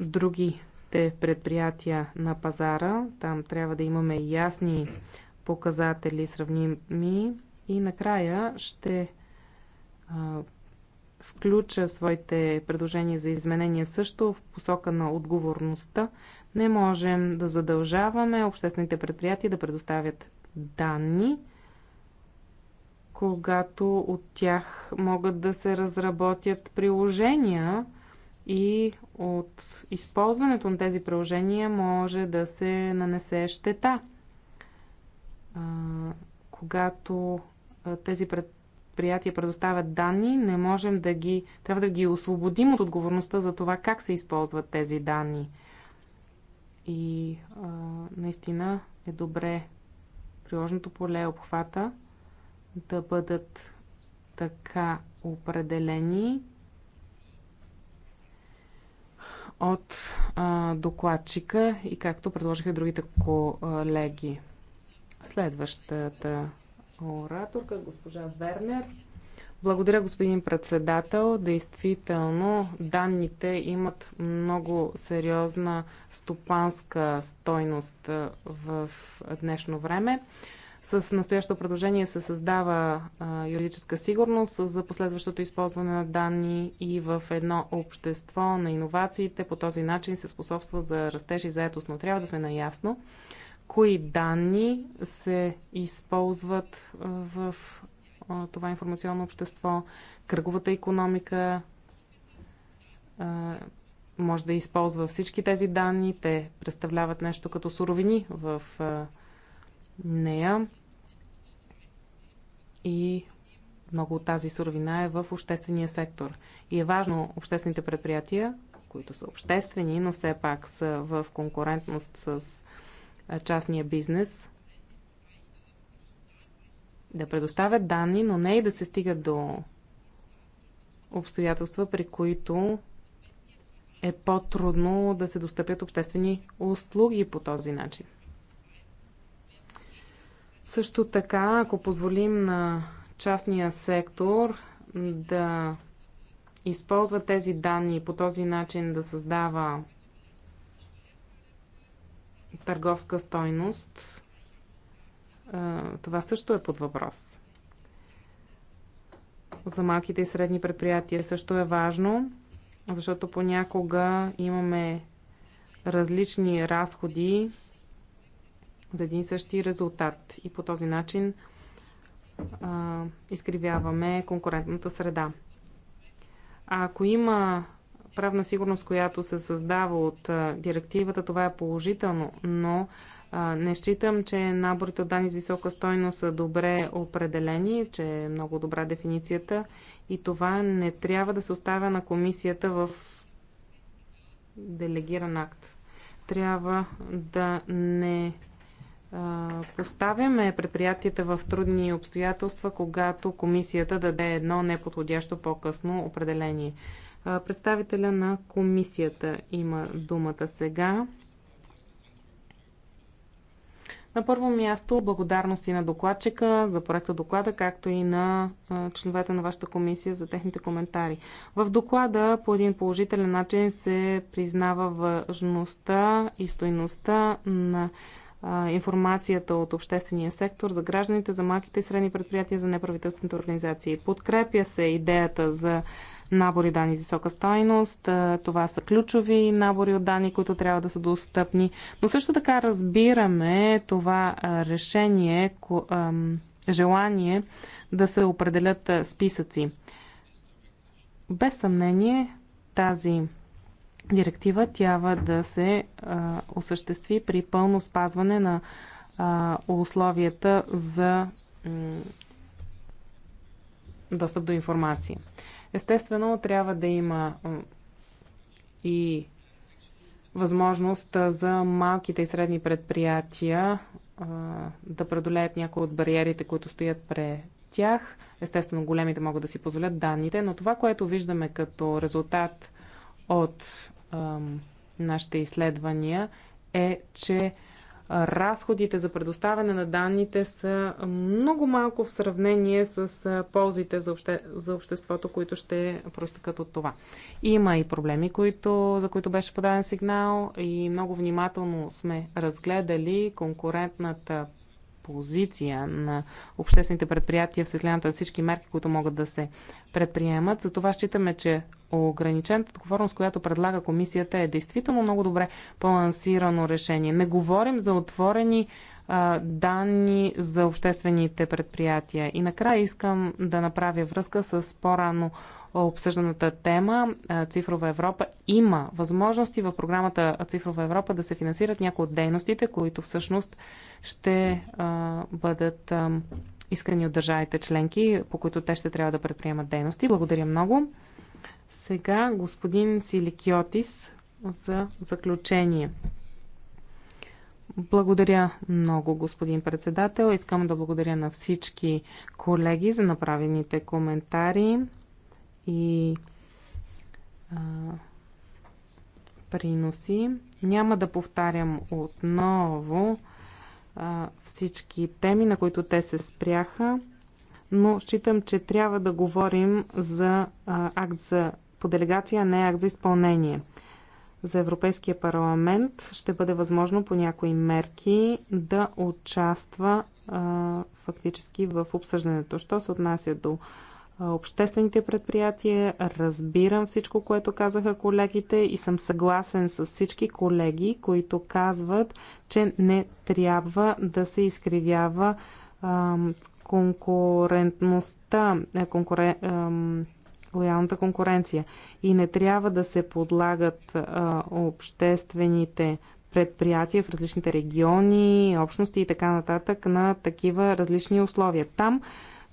другите предприятия на пазара. Там трябва да имаме ясни показатели, сравними. И накрая ще включа своите предложения за изменения също в посока на отговорността. Не можем да задължаваме обществените предприятия да предоставят данни, когато от тях могат да се разработят приложения и от използването на тези приложения може да се нанесе щета. Когато тези предприятия предприятия предоставят данни, не можем да ги, трябва да ги освободим от отговорността за това как се използват тези данни. И а, наистина е добре приложното поле, обхвата да бъдат така определени от а, докладчика и както предложиха другите колеги. Следващата ораторка, госпожа Вернер. Благодаря, господин председател. Действително, данните имат много сериозна стопанска стойност в днешно време. С настоящото предложение се създава юридическа сигурност за последващото използване на данни и в едно общество на иновациите. По този начин се способства за растеж и заетост, но трябва да сме наясно, кои данни се използват в това информационно общество, кръговата економика може да използва всички тези данни. Те представляват нещо като суровини в нея. И много от тази суровина е в обществения сектор. И е важно обществените предприятия, които са обществени, но все пак са в конкурентност с частния бизнес да предоставят данни, но не и да се стига до обстоятелства, при които е по-трудно да се достъпят обществени услуги по този начин. Също така, ако позволим на частния сектор да използва тези данни и по този начин да създава търговска стойност, това също е под въпрос. За малките и средни предприятия също е важно, защото понякога имаме различни разходи за един и същи резултат. И по този начин а, изкривяваме конкурентната среда. А ако има правна сигурност, която се създава от директивата, това е положително, но не считам, че наборите от данни с висока стойност са добре определени, че е много добра дефиницията и това не трябва да се оставя на комисията в делегиран акт. Трябва да не поставяме предприятията в трудни обстоятелства, когато комисията даде едно неподходящо по-късно определение. Представителя на комисията има думата сега. На първо място благодарности на докладчика за проекта доклада, както и на членовете на вашата комисия за техните коментари. В доклада по един положителен начин се признава важността и стойността на информацията от обществения сектор за гражданите, за малките и средни предприятия, за неправителствените организации. Подкрепя се идеята за набори данни с висока стойност. Това са ключови набори от данни, които трябва да са достъпни. Но също така разбираме това решение, желание да се определят списъци. Без съмнение тази директива трябва да се осъществи при пълно спазване на условията за достъп до информация. Естествено, трябва да има и възможност за малките и средни предприятия да преодолеят някои от бариерите, които стоят пред тях. Естествено, големите могат да си позволят данните, но това, което виждаме като резултат от нашите изследвания е, че разходите за предоставяне на данните са много малко в сравнение с ползите за, обще, за обществото, които ще проистекат от това. Има и проблеми, които, за които беше подаден сигнал и много внимателно сме разгледали конкурентната позиция на обществените предприятия в светлината на всички мерки, които могат да се предприемат. Затова считаме, че ограничената отговорност, която предлага комисията е действително много добре балансирано решение. Не говорим за отворени данни за обществените предприятия. И накрая искам да направя връзка с по-рано обсъжданата тема Цифрова Европа. Има възможности в програмата Цифрова Европа да се финансират някои от дейностите, които всъщност ще бъдат искани от държавите членки, по които те ще трябва да предприемат дейности. Благодаря много. Сега господин Силикиотис за заключение. Благодаря много, господин председател. Искам да благодаря на всички колеги за направените коментари и а, приноси. Няма да повтарям отново а, всички теми, на които те се спряха, но считам, че трябва да говорим за а, акт за по делегация, а не акт за изпълнение за Европейския парламент ще бъде възможно по някои мерки да участва а, фактически в обсъждането. Що се отнася до обществените предприятия, разбирам всичко, което казаха колегите и съм съгласен с всички колеги, които казват, че не трябва да се изкривява а, конкурентността, е, конкурен, лоялната конкуренция. И не трябва да се подлагат а, обществените предприятия в различните региони, общности и така нататък на такива различни условия. Там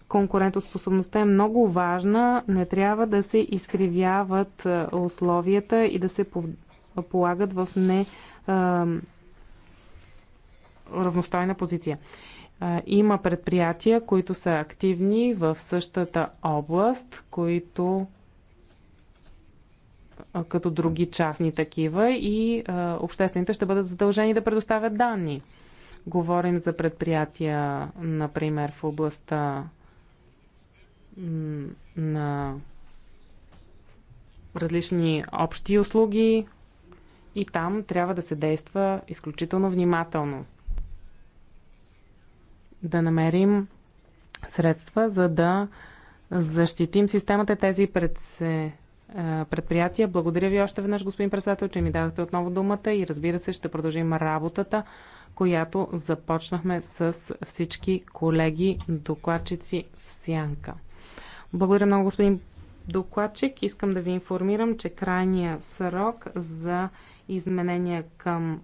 конкурентоспособността е много важна, не трябва да се изкривяват условията и да се полагат в не а, равностойна позиция има предприятия, които са активни в същата област, които като други частни такива и а, обществените ще бъдат задължени да предоставят данни. Говорим за предприятия, например, в областта на различни общи услуги и там трябва да се действа изключително внимателно да намерим средства, за да защитим системата тези предприятия. Благодаря ви още веднъж, господин председател, че ми дадете отново думата и разбира се, ще продължим работата, която започнахме с всички колеги докладчици в Сянка. Благодаря много, господин докладчик. Искам да ви информирам, че крайния срок за изменения към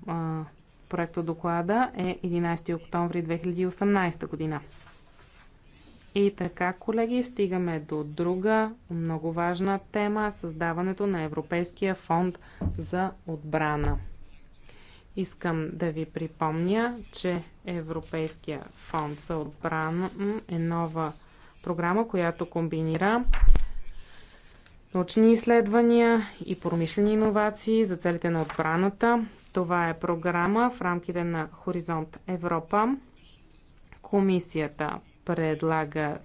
Проекто доклада е 11 октомври 2018 година. И така, колеги, стигаме до друга много важна тема създаването на Европейския фонд за отбрана. Искам да ви припомня, че Европейския фонд за отбрана е нова програма, която комбинира научни изследвания и промишлени иновации за целите на отбраната, това е програма в рамките на Хоризонт Европа. Комисията предлага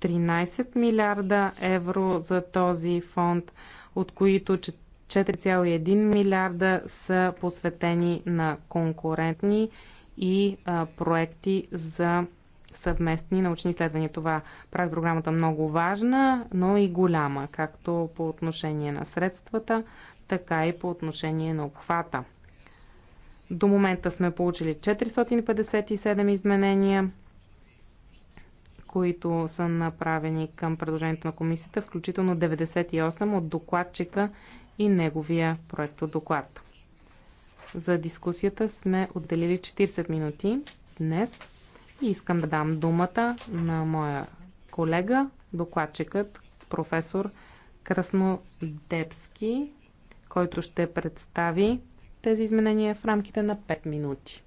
13 милиарда евро за този фонд, от които 4,1 милиарда са посветени на конкурентни и а, проекти за съвместни научни изследвания. Това прави програмата много важна, но и голяма, както по отношение на средствата, така и по отношение на обхвата. До момента сме получили 457 изменения, които са направени към предложението на комисията, включително 98 от докладчика и неговия от доклад. За дискусията сме отделили 40 минути днес и искам да дам думата на моя колега, докладчикът, професор Краснодепски, който ще представи тези изменения в рамките на 5 минути.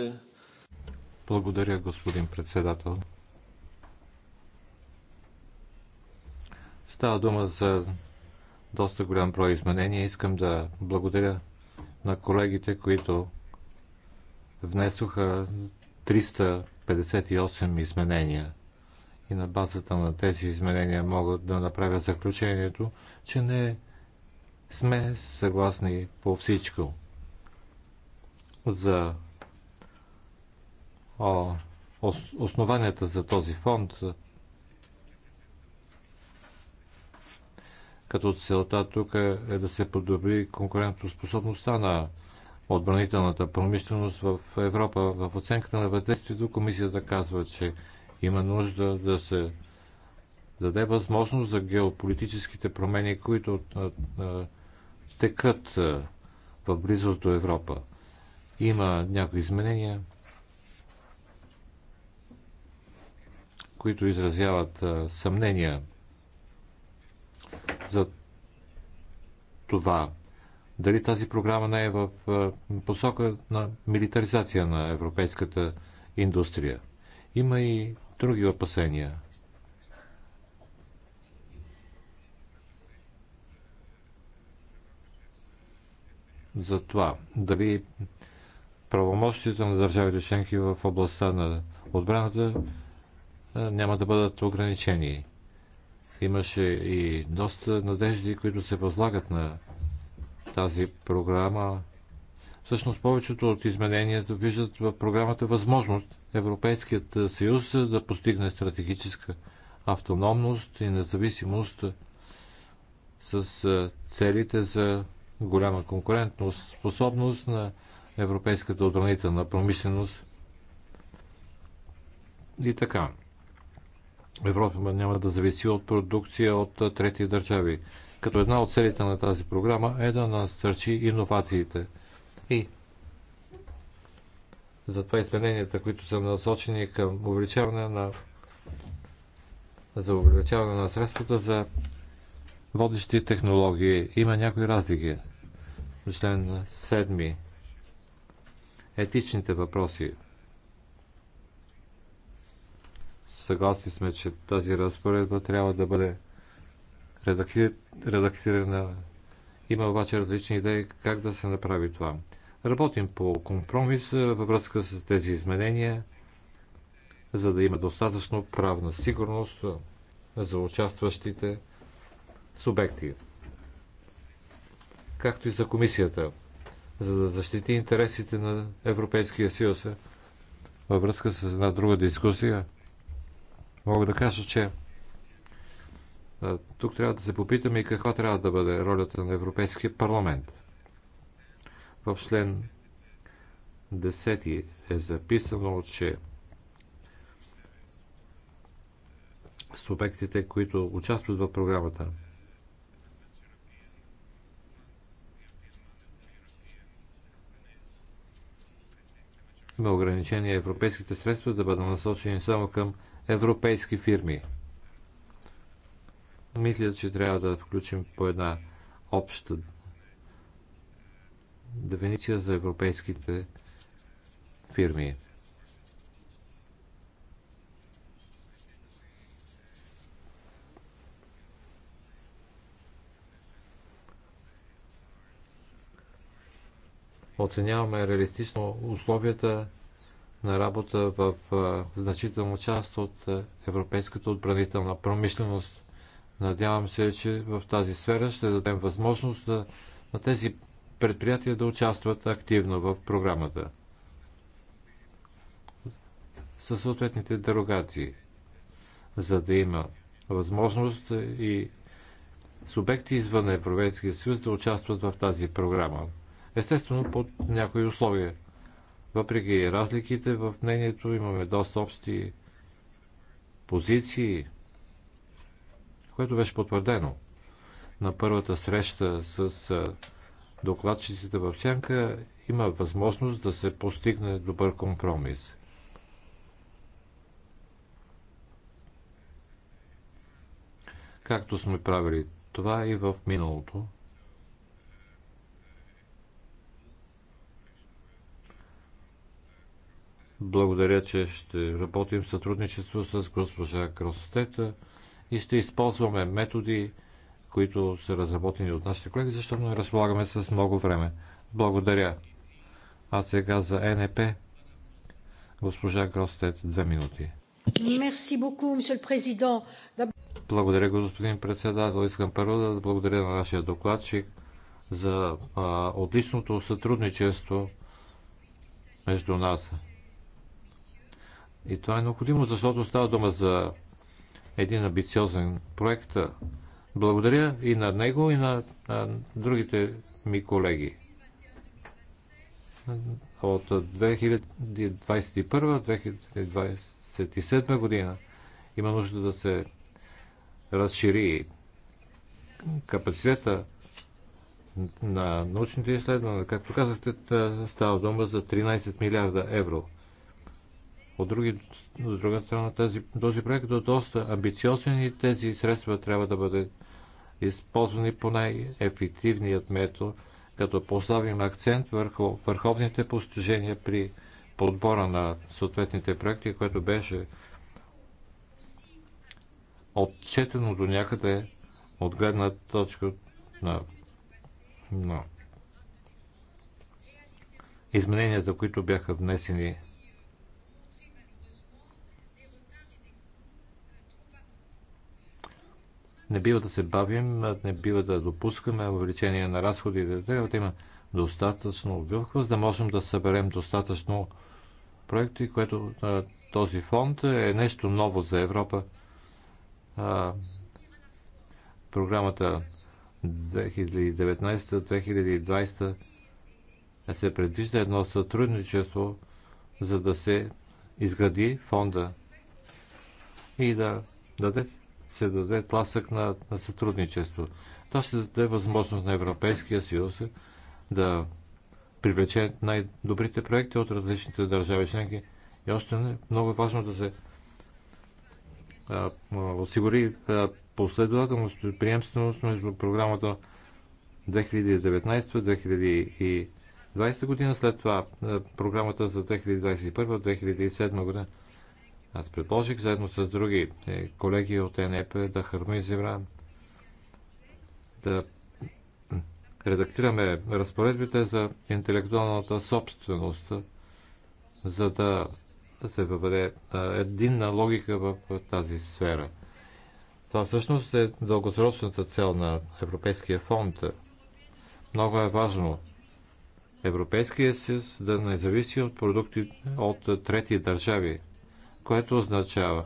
Е, благодаря, господин председател. Става дума за доста голям брой изменения. Искам да благодаря на колегите, които внесоха 358 изменения. И на базата на тези изменения мога да направя заключението, че не е сме съгласни по всичко. За о, основанията за този фонд, като целта тук е да се подобри конкурентоспособността на отбранителната промишленост в Европа. В оценката на въздействието комисията казва, че има нужда да се даде възможност за геополитическите промени, които текат в близост до Европа. Има някои изменения, които изразяват съмнения за това, дали тази програма не е в посока на милитаризация на европейската индустрия. Има и други опасения – за това дали правомощията на държавите членки в областта на отбраната е, няма да бъдат ограничени. Имаше и доста надежди, които се възлагат на тази програма. Всъщност повечето от измененията виждат в програмата възможност Европейският съюз да постигне стратегическа автономност и независимост с е, целите за голяма конкурентно способност на европейската отбранителна промишленост. И така. Европа няма да зависи от продукция от трети държави. Като една от целите на тази програма е да насърчи иновациите. И затова измененията, които са насочени към увеличаване на за увеличаване на средствата за водещи технологии. Има някои разлики. Член 7. Етичните въпроси. Съгласни сме, че тази разпоредба трябва да бъде редактирана. Има обаче различни идеи как да се направи това. Работим по компромис във връзка с тези изменения, за да има достатъчно правна сигурност за участващите субекти, както и за комисията, за да защити интересите на Европейския съюз във връзка с една друга дискусия. Мога да кажа, че тук трябва да се попитаме и каква трябва да бъде ролята на Европейския парламент. В член 10 е записано, че субектите, които участват в програмата, Има ограничение европейските средства да бъдат насочени само към европейски фирми. Мисля, че трябва да включим по една обща дефиниция за европейските фирми. оценяваме реалистично условията на работа в значителна част от европейската отбранителна промишленост. Надявам се, че в тази сфера ще дадем възможност да, на тези предприятия да участват активно в програмата със съответните дерогации, за да има възможност и субекти извън Европейския съюз да участват в тази програма. Естествено, под някои условия. Въпреки разликите в мнението, имаме доста общи позиции, което беше потвърдено на първата среща с докладчиците в Сянка, има възможност да се постигне добър компромис. Както сме правили това и в миналото – Благодаря, че ще работим в сътрудничество с госпожа Кростета и ще използваме методи, които са разработени от нашите колеги, защото не разполагаме с много време. Благодаря. А сега за НП. Госпожа Кростет, две минути. Благодаря, господин председател. Искам първо да благодаря на нашия докладчик за а, отличното сътрудничество между нас. И това е необходимо, защото става дума за един амбициозен проект. Благодаря и на него, и на, на другите ми колеги. От 2021-2027 година има нужда да се разшири капацитета на научните изследвания. Както казахте, става дума за 13 милиарда евро. От, други, от друга страна, тази, този проект е доста амбициозен и тези средства трябва да бъдат използвани по най-ефективният метод, като поставим акцент върху върховните постижения при подбора на съответните проекти, което беше отчетено до някъде от гледна точка на, на измененията, които бяха внесени Не бива да се бавим, не бива да допускаме увеличение на разходите. Трябва да има достатъчно гъвкавост, да можем да съберем достатъчно проекти, което този фонд е нещо ново за Европа. програмата 2019-2020 е, се предвижда едно сътрудничество, за да се изгради фонда и да даде се даде тласък на, на сътрудничество. Това ще даде възможност на Европейския съюз да привлече най-добрите проекти от различните държави членки. И още не, много е важно да се а, осигури а, последователност и приемственост между програмата 2019-2020 година, след това а, програмата за 2021-2007 година. Аз предложих заедно с други е, колеги от НЕП да хармонизираме да редактираме разпоредбите за интелектуалната собственост, за да се въведе единна логика в тази сфера. Това всъщност е дългосрочната цел на Европейския фонд. Много е важно Европейския съюз да не зависи от продукти от трети държави – което означава,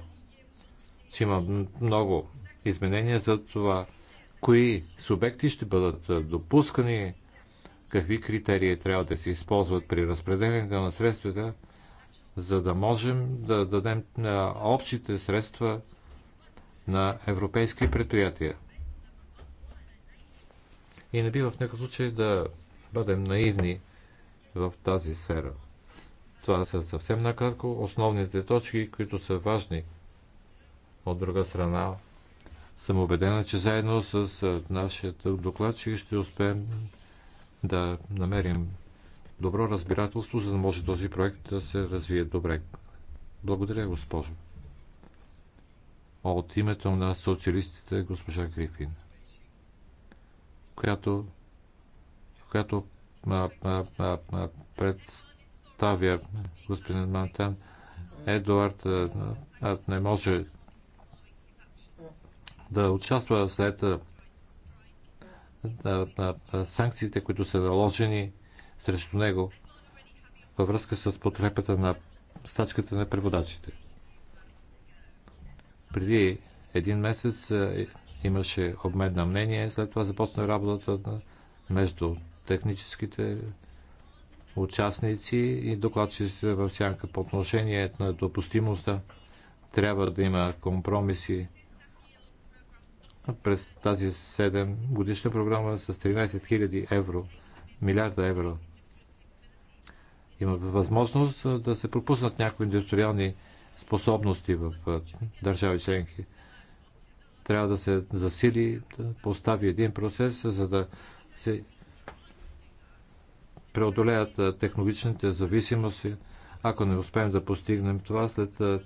че има много изменения за това, кои субекти ще бъдат допускани, какви критерии трябва да се използват при разпределението на средствата, за да можем да дадем на общите средства на европейски предприятия. И не бива в някакъв случай да бъдем наивни в тази сфера. Това са съвсем накратко основните точки, които са важни. От друга страна, съм убедена, че заедно с нашия докладчик ще успеем да намерим добро разбирателство, за да може този проект да се развие добре. Благодаря, госпожо. От името на социалистите госпожа Грифин, която, която а, а, а, а, пред, оставя господин Мантен. Едуард не може да участва след санкциите, които са наложени срещу него във връзка с потребата на стачката на преводачите. Преди един месец имаше обмен на мнение, след това започна работата между техническите участници и докладчиците в сянка по отношение на допустимостта. Трябва да има компромиси през тази 7 годишна програма с 13 000 евро, милиарда евро. Има възможност да се пропуснат някои индустриални способности в държави членки. Трябва да се засили, да постави един процес, за да се преодолеят технологичните зависимости, ако не успеем да постигнем това след е,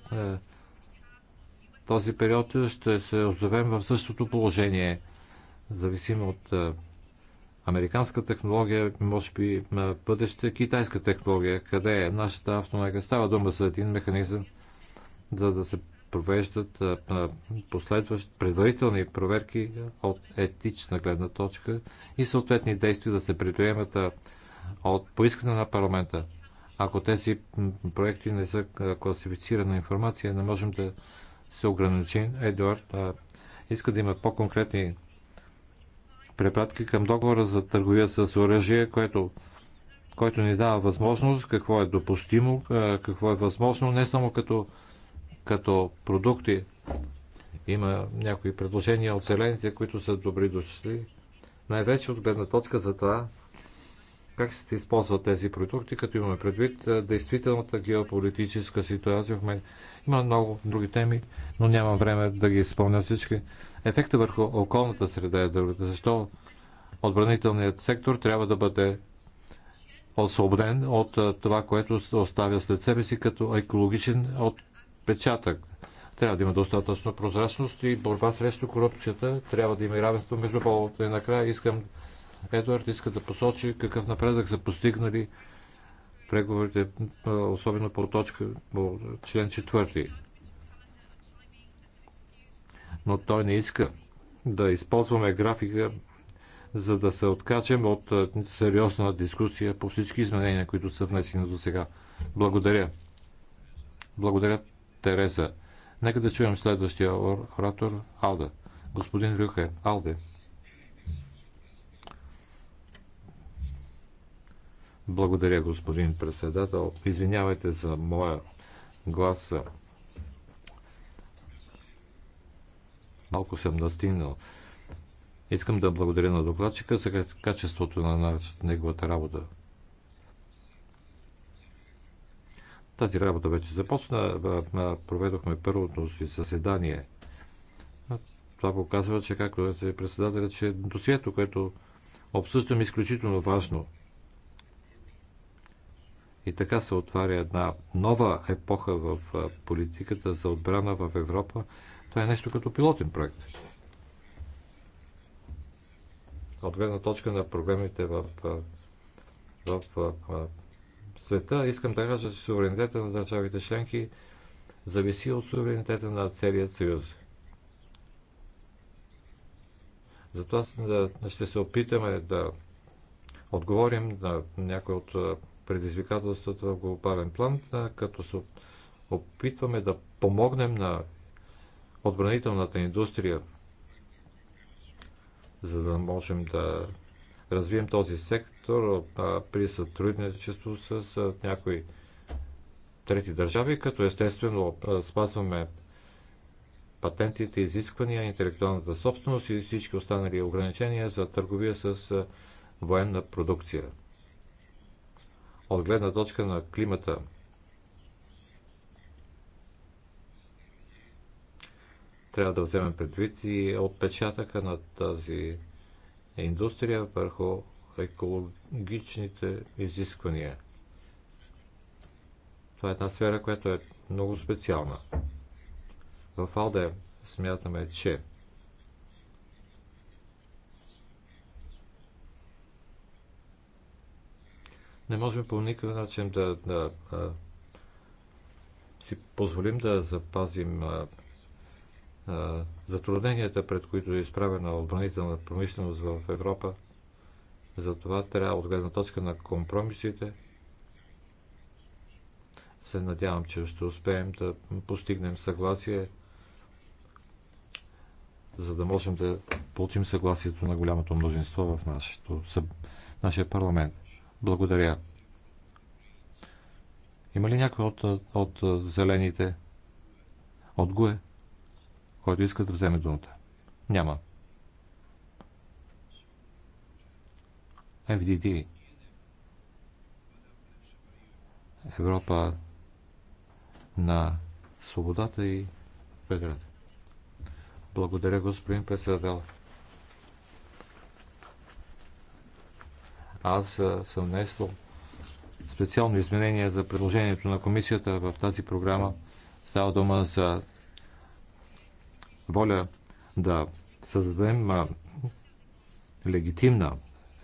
този период, ще се озовем в същото положение. Зависимо от американска технология, може би бъдеще китайска технология, къде е нашата автомайка. Става дума за един механизъм, за да се провеждат последващи предварителни проверки от етична гледна точка и съответни действия да се предприемат от поискане на парламента. Ако тези проекти не са класифицирана информация, не можем да се ограничим. Едуард а, иска да има по-конкретни препратки към договора за търговия с оръжие, което, който ни дава възможност какво е допустимо, какво е възможно, не само като, като продукти. Има някои предложения от зелените, които са добри дошли. Най-вече от гледна точка за това, как се използват тези продукти, като имаме предвид действителната геополитическа ситуация в мен. Има много други теми, но нямам време да ги изпълня всички. Ефекта върху околната среда е другата. Защо отбранителният сектор трябва да бъде освободен от това, което оставя след себе си като екологичен отпечатък. Трябва да има достатъчно прозрачност и борба срещу корупцията. Трябва да има равенство между полото И накрая искам Едуард иска да посочи какъв напредък са постигнали преговорите, особено по точка по член 4. Но той не иска да използваме графика, за да се откачем от сериозна дискусия по всички изменения, които са внесени до сега. Благодаря. Благодаря, Тереза. Нека да чуем следващия оратор, Алда. Господин Рюхе, Алде. Благодаря, господин председател. Извинявайте за моя глас. Малко съм настигнал. Искам да благодаря на докладчика за качеството на неговата работа. Тази работа вече започна. Проведохме първото си заседание. Това показва, че както е председателя, че досието, което обсъждам, е изключително важно – и така се отваря една нова епоха в политиката за отбрана в Европа. Това е нещо като пилотен проект. От гледна точка на проблемите в, в, в, в света, искам да кажа, че суверенитета на държавите членки зависи от суверенитета на целия съюз. Затова ще се опитаме да отговорим на някои от предизвикателствата в глобален план, като се опитваме да помогнем на отбранителната индустрия, за да можем да развием този сектор при сътрудничество с някои трети държави, като естествено спазваме патентите, изисквания, интелектуалната собственост и всички останали ограничения за търговия с военна продукция от гледна точка на климата. Трябва да вземем предвид и отпечатъка на тази индустрия върху екологичните изисквания. Това е една сфера, която е много специална. В Алде смятаме, че Не можем по никакъв начин да, да, а, си позволим да запазим а, а, затрудненията, пред които е изправена отбранителна промишленост в Европа. Затова трябва от гледна точка на компромисите се надявам, че ще успеем да постигнем съгласие, за да можем да получим съгласието на голямото мнозинство в нашето, нашия парламент. Благодаря. Има ли някой от, от зелените, от ГУЕ, който иска да вземе думата? Няма. FDD. Европа на свободата и федерата. Благодаря, господин председател. Аз съм внесъл специално изменение за предложението на комисията в тази програма. Става дума за воля да създадем легитимна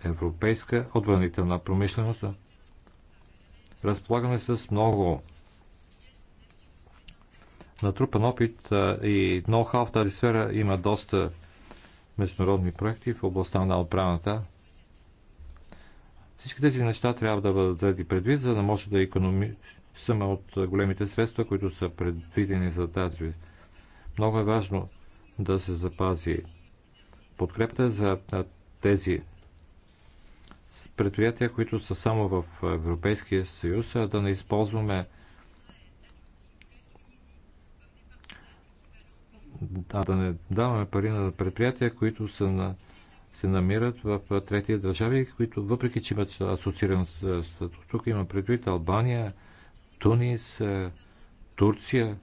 европейска отбранителна промишленост. Разполагаме с много натрупан опит и ноу-хау в тази сфера. Има доста международни проекти в областта на отбраната. Всички тези неща трябва да бъдат взети предвид, за да може да економисаме от големите средства, които са предвидени за тази. Много е важно да се запази подкрепта за тези предприятия, които са само в Европейския съюз, а да не използваме да не даваме пари на предприятия, които са на се намират в трети държави, които въпреки, че имат асоцииран статут, тук има предвид Албания, Тунис, Турция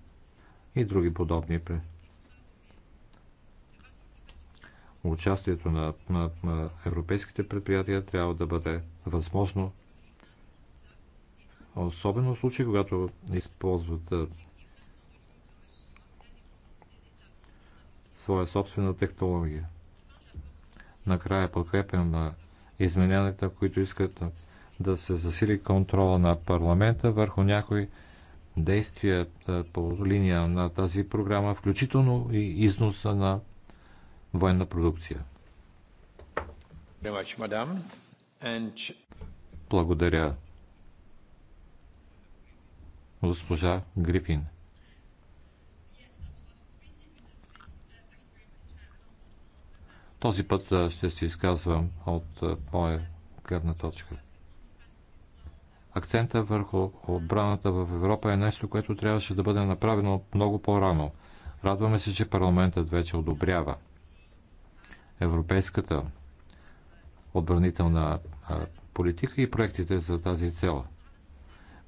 и други подобни. Участието на, на, на европейските предприятия трябва да бъде възможно, особено в случай, когато използват своя собствена технология. Накрая подкрепям измененията, които искат да се засили контрола на парламента върху някои действия по линия на тази програма, включително и износа на военна продукция. Благодаря. Госпожа Грифин. Този път ще се изказвам от моя гледна точка. Акцента върху отбраната в Европа е нещо, което трябваше да бъде направено много по-рано. Радваме се, че парламентът вече одобрява европейската отбранителна политика и проектите за тази цел.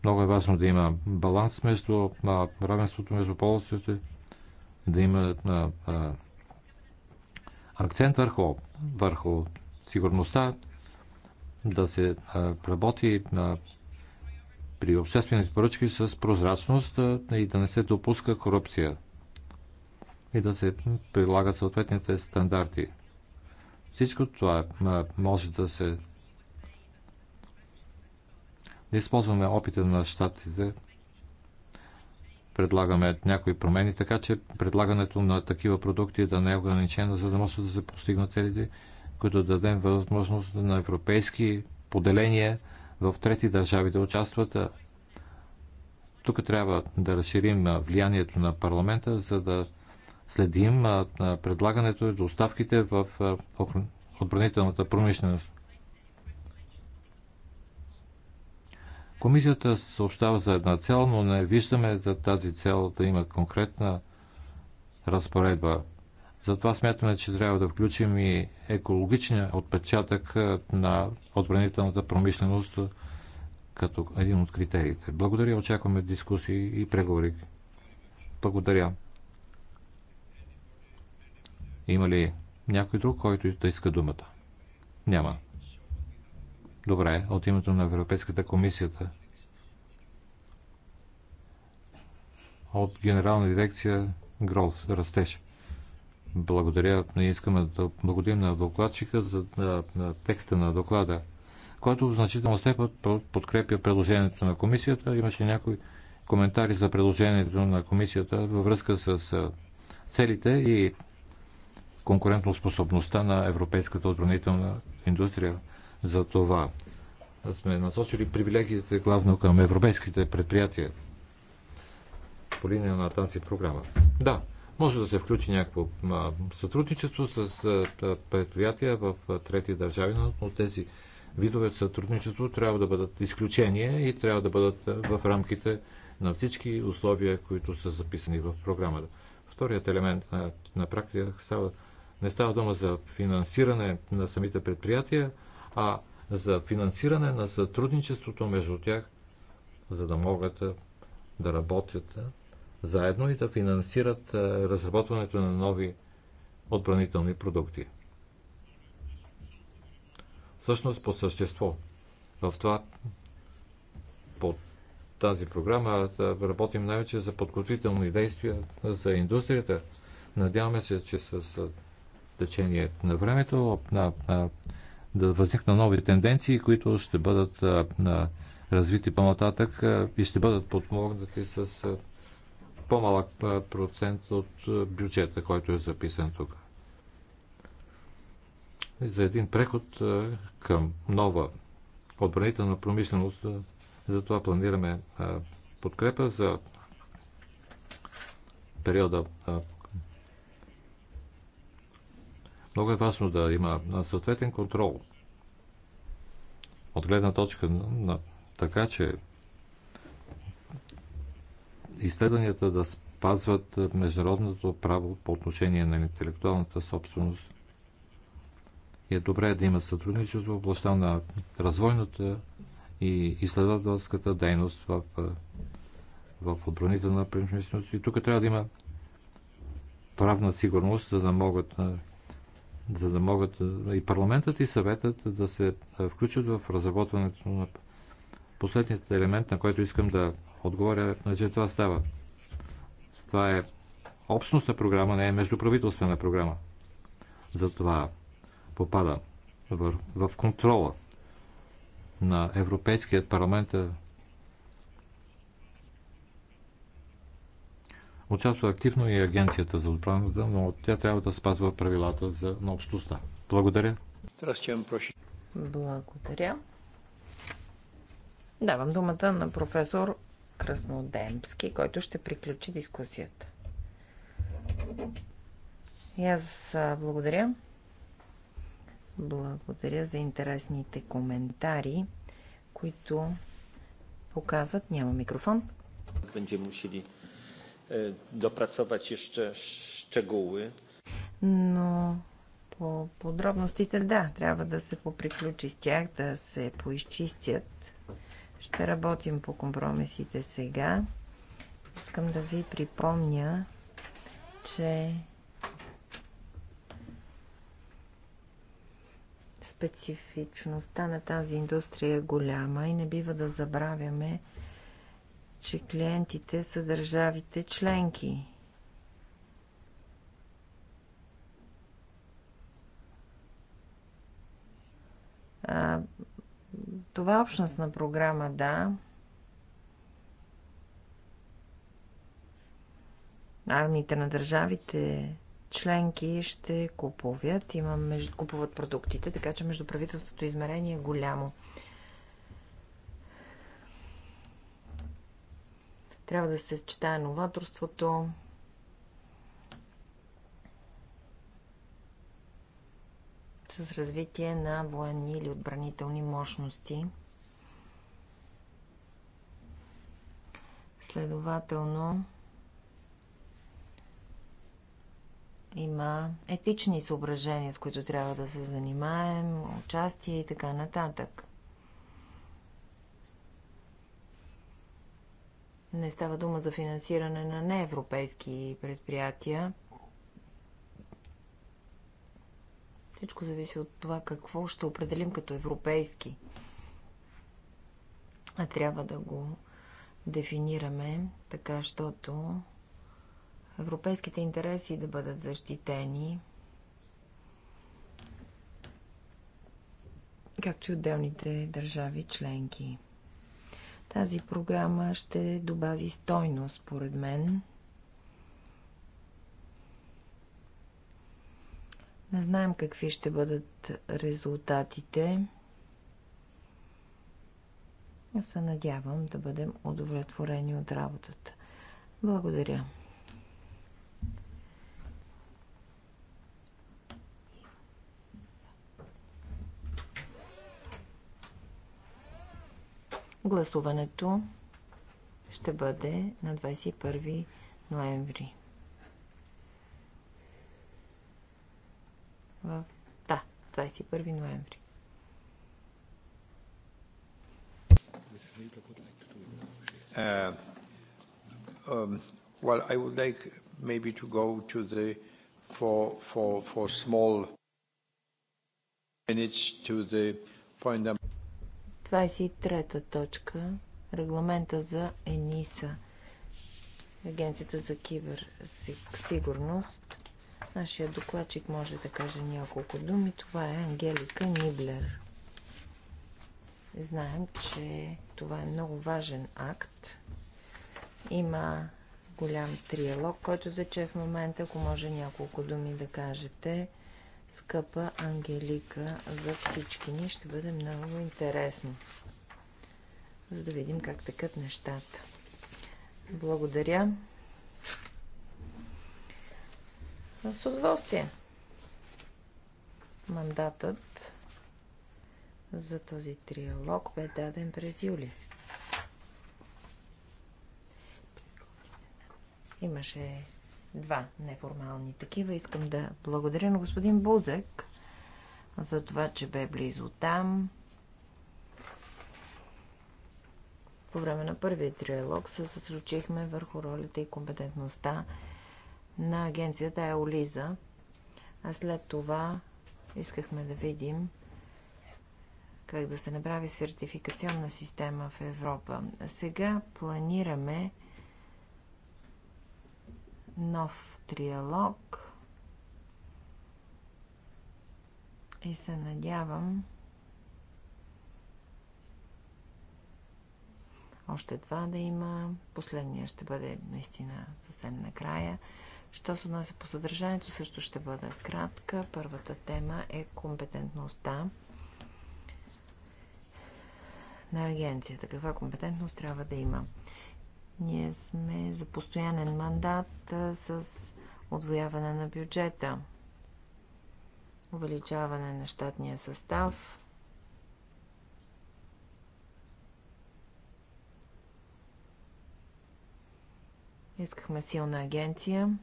Много е важно да има баланс между равенството между полосите, да има акцент върху, върху сигурността, да се работи на, при обществените поръчки с прозрачност и да не се допуска корупция и да се прилагат съответните стандарти. Всичко това може да се. Използваме опита на щатите предлагаме някои промени, така че предлагането на такива продукти да не е ограничено, за да може да се постигнат целите, които да дадем възможност на европейски поделения в трети държави да участват. Тук трябва да разширим влиянието на парламента, за да следим предлагането и доставките в отбранителната промишленост. Комисията съобщава за една цел, но не виждаме за тази цел да има конкретна разпоредба. Затова смятаме, че трябва да включим и екологичния отпечатък на отбранителната промишленост като един от критериите. Благодаря, очакваме дискусии и преговори. Благодаря. Има ли някой друг, който да иска думата? Няма. Добре, от името на Европейската комисията. От Генерална дирекция Гроуз, растеж. Благодаря. Ние искаме да благодарим на докладчика за на, на текста на доклада, който в значително степен подкрепя предложението на комисията. Имаше някои коментари за предложението на комисията във връзка с целите и конкурентоспособността на европейската отбранителна индустрия. За това сме насочили привилегиите главно към европейските предприятия по линия на тази програма. Да, може да се включи някакво сътрудничество с предприятия в трети държави, но тези видове сътрудничество трябва да бъдат изключение и трябва да бъдат в рамките на всички условия, които са записани в програмата. Вторият елемент на, на практика става, не става дума за финансиране на самите предприятия, а за финансиране на сътрудничеството между тях, за да могат да работят заедно и да финансират разработването на нови отбранителни продукти. Всъщност по същество в това по тази програма работим най-вече за подготвителни действия за индустрията. Надяваме се, че с течение на времето на, на да възникна нови тенденции, които ще бъдат развити по-нататък и ще бъдат подмогнати с по-малък процент от бюджета, който е записан тук. За един преход към нова отбранителна промишленост, затова планираме подкрепа за периода много е важно да има съответен контрол от гледна точка на така, че изследванията да спазват международното право по отношение на интелектуалната собственост. И е добре да има сътрудничество в областта на развойната и изследователската дейност в, в отбранителна на И тук трябва да има правна сигурност, за да могат за да могат и парламентът и съветът да се включат в разработването на последният елемент, на който искам да отговоря, че това става. Това е общностна програма, не е междуправителствена програма. Затова попада в, в контрола на Европейският парламент Участва активно и Агенцията за отбраната, но тя трябва да спазва правилата за, на общността. Благодаря. Благодаря. Давам думата на професор Краснодемски, който ще приключи дискусията. И аз благодаря. Благодаря за интересните коментари, които показват. Няма микрофон. Będziemy musieli dopracować jeszcze szczegóły. Но по подробностите, да, трябва да се поприключи с тях, да се поизчистят. Ще работим по компромисите сега. Искам да ви припомня, че специфичността на тази индустрия е голяма и не бива да забравяме, че клиентите са държавите членки. А, това е общностна програма, да. Армиите на държавите членки ще купуват, имам, купуват продуктите, така че между правителството измерение е голямо. Трябва да се съчетае новаторството, с развитие на военни или отбранителни мощности. Следователно, има етични съображения, с които трябва да се занимаем, участие и така нататък. Не става дума за финансиране на неевропейски предприятия. Всичко зависи от това какво ще определим като европейски. А трябва да го дефинираме така, щото европейските интереси да бъдат защитени, както и отделните държави членки. Тази програма ще добави стойност, според мен. Не знаем какви ще бъдат резултатите. Но се надявам да бъдем удовлетворени от работата. Благодаря. Гласуването ще бъде на 21 ноември. В... Да, 21 ноември. Uh, um, well, I would like maybe to go to the for for for small minutes to the point number 23-та точка регламента за ЕНИСА, Агенцията за киберсигурност. Нашия докладчик може да каже няколко думи. Това е Ангелика Ниблер. Знаем, че това е много важен акт. Има голям триалог, който тече в момента. Ако може няколко думи да кажете скъпа Ангелика, за всички ни ще бъде много интересно, за да видим как текат нещата. Благодаря. С удоволствие. Мандатът за този триалог бе даден през юли. Имаше Два неформални такива. Искам да благодаря на господин Бузек за това, че бе близо там. По време на първия триалог се съсредоточихме върху ролята и компетентността на агенцията Еолиза, а след това искахме да видим как да се направи сертификационна система в Европа. Сега планираме нов триалог и се надявам още два да има. Последния ще бъде наистина съвсем накрая. Що се отнася по съдържанието, също ще бъда кратка. Първата тема е компетентността на агенцията. Каква компетентност трябва да има? Ние сме за постоянен мандат с отвояване на бюджета, увеличаване на щатния състав, Искахме силна агенция.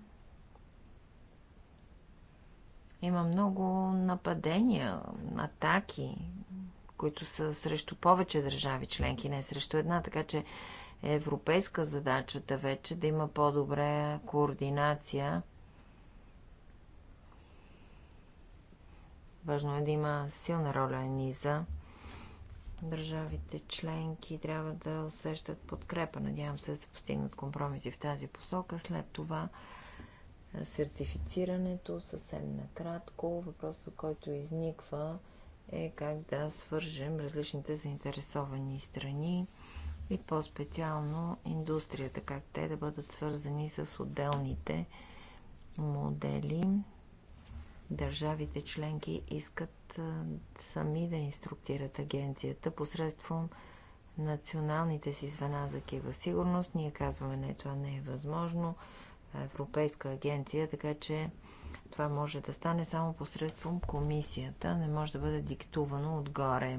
Има много нападения, атаки, които са срещу повече държави членки, не срещу една, така че е европейска задачата вече да има по-добре координация. Важно е да има силна роля низа. Държавите членки трябва да усещат подкрепа. Надявам се да се постигнат компромиси в тази посока. След това сертифицирането съвсем накратко. Въпросът, който изниква е как да свържем различните заинтересовани страни и по-специално индустрията, как те да бъдат свързани с отделните модели. Държавите членки искат сами да инструктират агенцията посредством националните си звена за киберсигурност. Ние казваме, не, това не е възможно. Европейска агенция, така че това може да стане само посредством комисията. Не може да бъде диктувано отгоре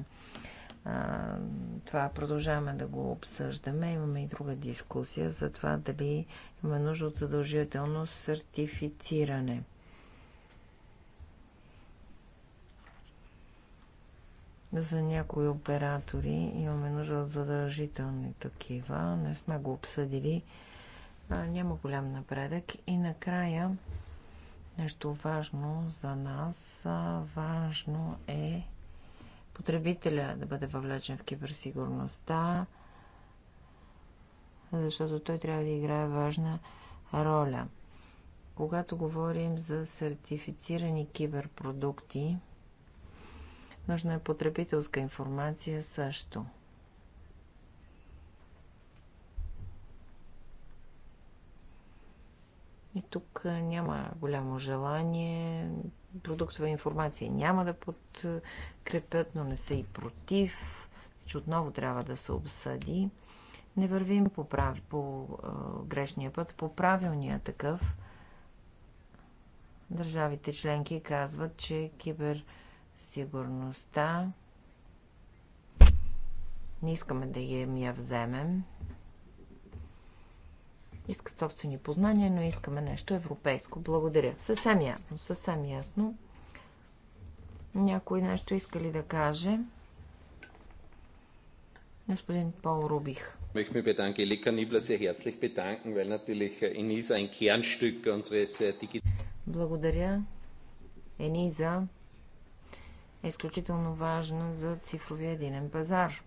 това продължаваме да го обсъждаме. Имаме и друга дискусия за това дали има нужда от задължително сертифициране. За някои оператори имаме нужда от задължителни такива. Не сме го обсъдили. няма голям напредък. И накрая нещо важно за нас. важно е потребителя да бъде въвлечен в киберсигурността, защото той трябва да играе важна роля. Когато говорим за сертифицирани киберпродукти, нужна е потребителска информация също. И тук няма голямо желание продуктова информация няма да подкрепят, но не са и против, че отново трябва да се обсъди. Не вървим по, прав... по а, грешния път, по правилния такъв. Държавите членки казват, че киберсигурността не искаме да я, ами, я вземем искат собствени познания, но искаме нещо европейско. Благодаря. Съвсем ясно, съвсем ясно. Някой нещо иска ли да каже? Господин Пол Рубих. Ich möchte mich bei Angelika Nibler sehr herzlich bedanken, weil natürlich ENISA ein Kernstück unseres äh, digitalen. Благодаря. ЕНИСА е изключително важна за цифровия единен пазар.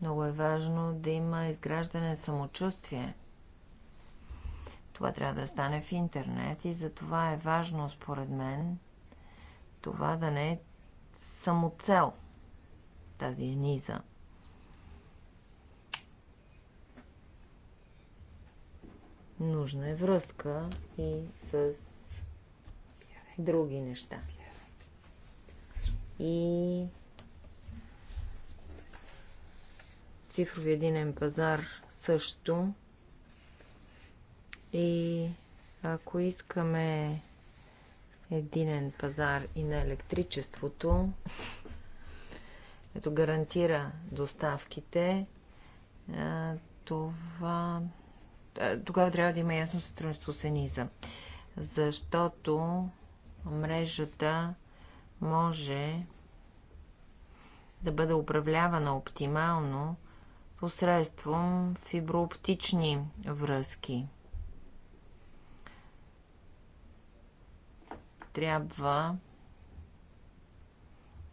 Много е важно да има изграждане самочувствие. Това трябва да стане в интернет и затова е важно, според мен, това да не е самоцел, тази ениза. Нужна е връзка и с други неща. И цифрови единен пазар също. И ако искаме единен пазар и на електричеството, като гарантира доставките, това... Тогава трябва да има ясно сътрудничество с ЕНИЗА, защото мрежата може да бъде управлявана оптимално посредством фиброоптични връзки. Трябва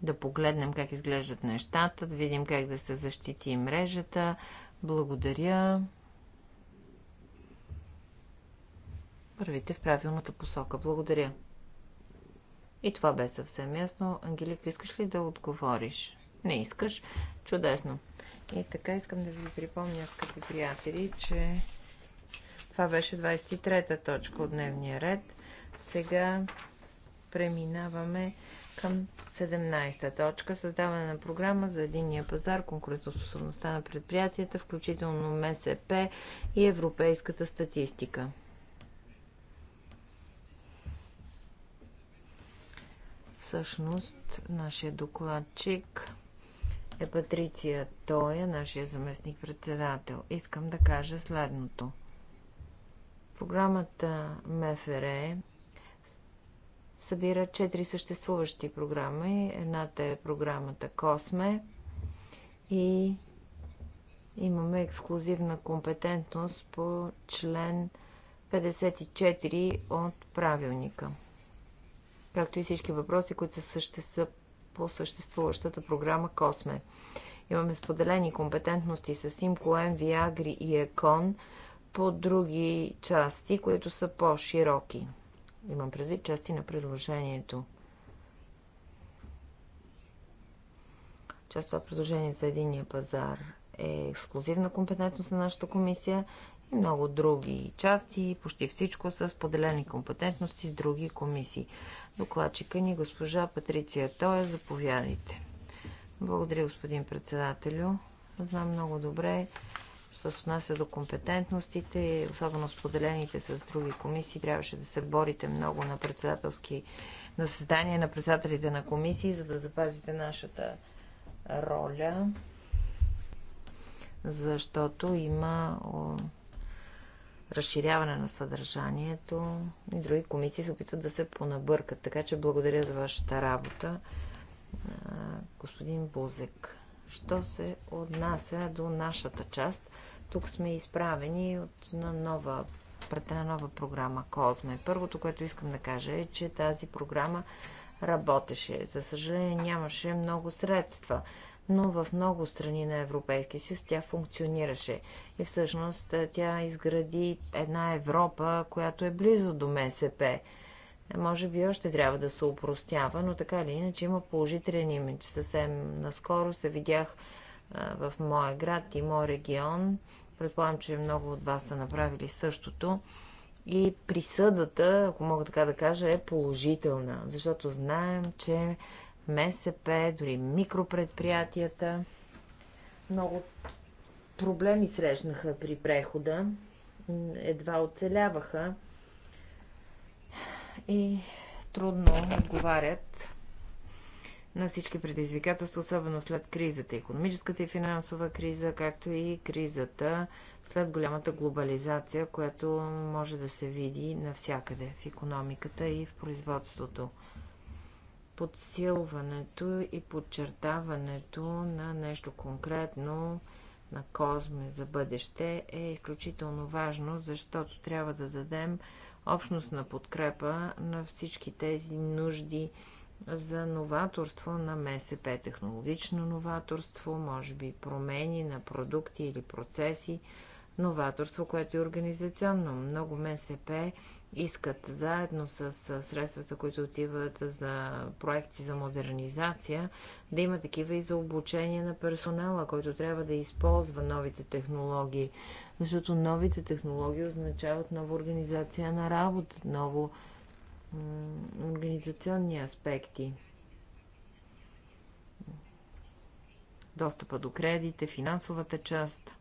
да погледнем как изглеждат нещата, да видим как да се защити мрежата. Благодаря. Първите в правилната посока. Благодаря. И това бе съвсем ясно. Ангелик, искаш ли да отговориш? Не искаш. Чудесно. И така искам да ви припомня, скъпи приятели, че това беше 23-та точка от дневния ред. Сега преминаваме към 17-та точка. Създаване на програма за единния пазар, конкурентоспособността на предприятията, включително МСП и европейската статистика. Всъщност, нашия докладчик е Патриция е, нашия заместник-председател. Искам да кажа следното. Програмата МФР събира четири съществуващи програми. Едната е програмата Косме и имаме ексклюзивна компетентност по член 54 от правилника. Както и всички въпроси, които са, същества. са по съществуващата програма Косме. Имаме споделени компетентности с Имко, МВИ, и ЕКОН по други части, които са по-широки. Имам предвид части на предложението. Част това предложение за единния пазар е ексклюзивна компетентност на нашата комисия и много други части, почти всичко с поделени компетентности с други комисии. Докладчика ни госпожа Патриция Тоя, заповядайте. Благодаря, господин председателю. Знам много добре, що се отнася до компетентностите, особено споделените с други комисии, трябваше да се борите много на председателски на създание на председателите на комисии, за да запазите нашата роля, защото има разширяване на съдържанието и други комисии се опитват да се понабъркат. Така че благодаря за вашата работа, господин Бузек. Що се отнася до нашата част, тук сме изправени от на нова пред една нова програма Козме. Първото, което искам да кажа е, че тази програма работеше. За съжаление нямаше много средства но в много страни на Европейския съюз тя функционираше. И всъщност тя изгради една Европа, която е близо до МСП. Може би още трябва да се упростява, но така или иначе има положителен имидж. Съвсем наскоро се видях в моя град и мой регион. Предполагам, че много от вас са направили същото. И присъдата, ако мога така да кажа, е положителна, защото знаем, че МСП, дори микропредприятията. Много проблеми срещнаха при прехода, едва оцеляваха и трудно отговарят на всички предизвикателства, особено след кризата, економическата и финансова криза, както и кризата след голямата глобализация, която може да се види навсякъде в економиката и в производството подсилването и подчертаването на нещо конкретно на Козме за бъдеще е изключително важно, защото трябва да дадем общностна подкрепа на всички тези нужди за новаторство на МСП, технологично новаторство, може би промени на продукти или процеси, новаторство, което е организационно. Много МСП искат заедно с средствата, които отиват за проекти за модернизация, да има такива и за обучение на персонала, който трябва да използва новите технологии. Защото новите технологии означават нова организация на работа, ново организационни аспекти. Достъпа до кредите, финансовата част –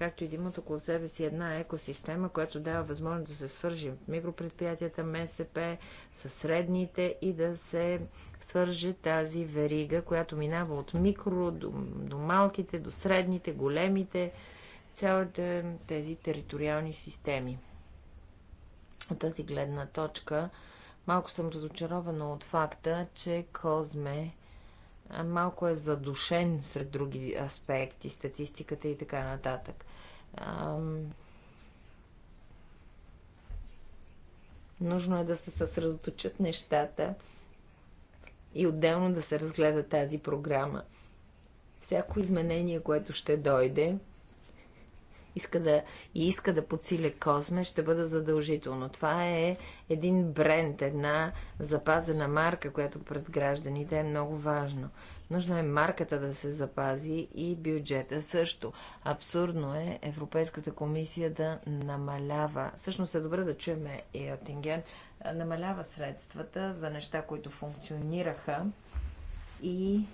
както и да имат около себе си една екосистема, която дава възможност да се свържим от микропредприятията, МСП, с средните и да се свърже тази верига, която минава от микро до, до малките, до средните, големите, цялата тези териториални системи. От тази гледна точка, малко съм разочарована от факта, че Козме малко е задушен сред други аспекти, статистиката и така нататък. Нужно е да се съсредоточат нещата и отделно да се разгледа тази програма. Всяко изменение, което ще дойде, иска да, и иска да подсиля Козме, ще бъде задължително. Това е един бренд, една запазена марка, която пред гражданите е много важно. Нужно е марката да се запази и бюджета също. Абсурдно е Европейската комисия да намалява. Всъщност е добре да чуем и Отинген. Намалява средствата за неща, които функционираха и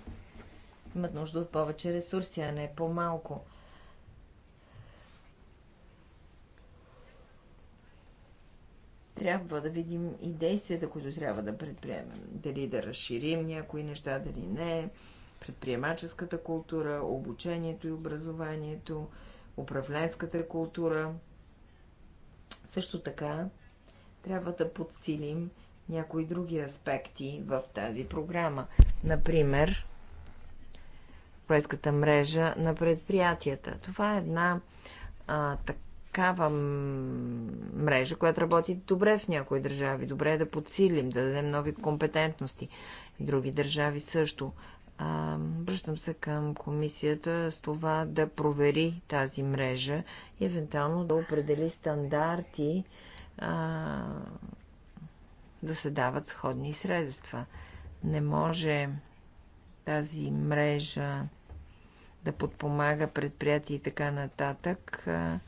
имат нужда от повече ресурси, а не по-малко. трябва да видим и действията, които трябва да предприемем. Дали да разширим някои неща, дали не, предприемаческата култура, обучението и образованието, управленската култура. Също така трябва да подсилим някои други аспекти в тази програма. Например, преската мрежа на предприятията. Това е една а, така такава мрежа, която работи добре в някои държави. Добре е да подсилим, да дадем нови компетентности. Други държави също. А, връщам се към комисията с това да провери тази мрежа и евентуално да определи стандарти а, да се дават сходни средства. Не може тази мрежа да подпомага предприятия и така нататък. А,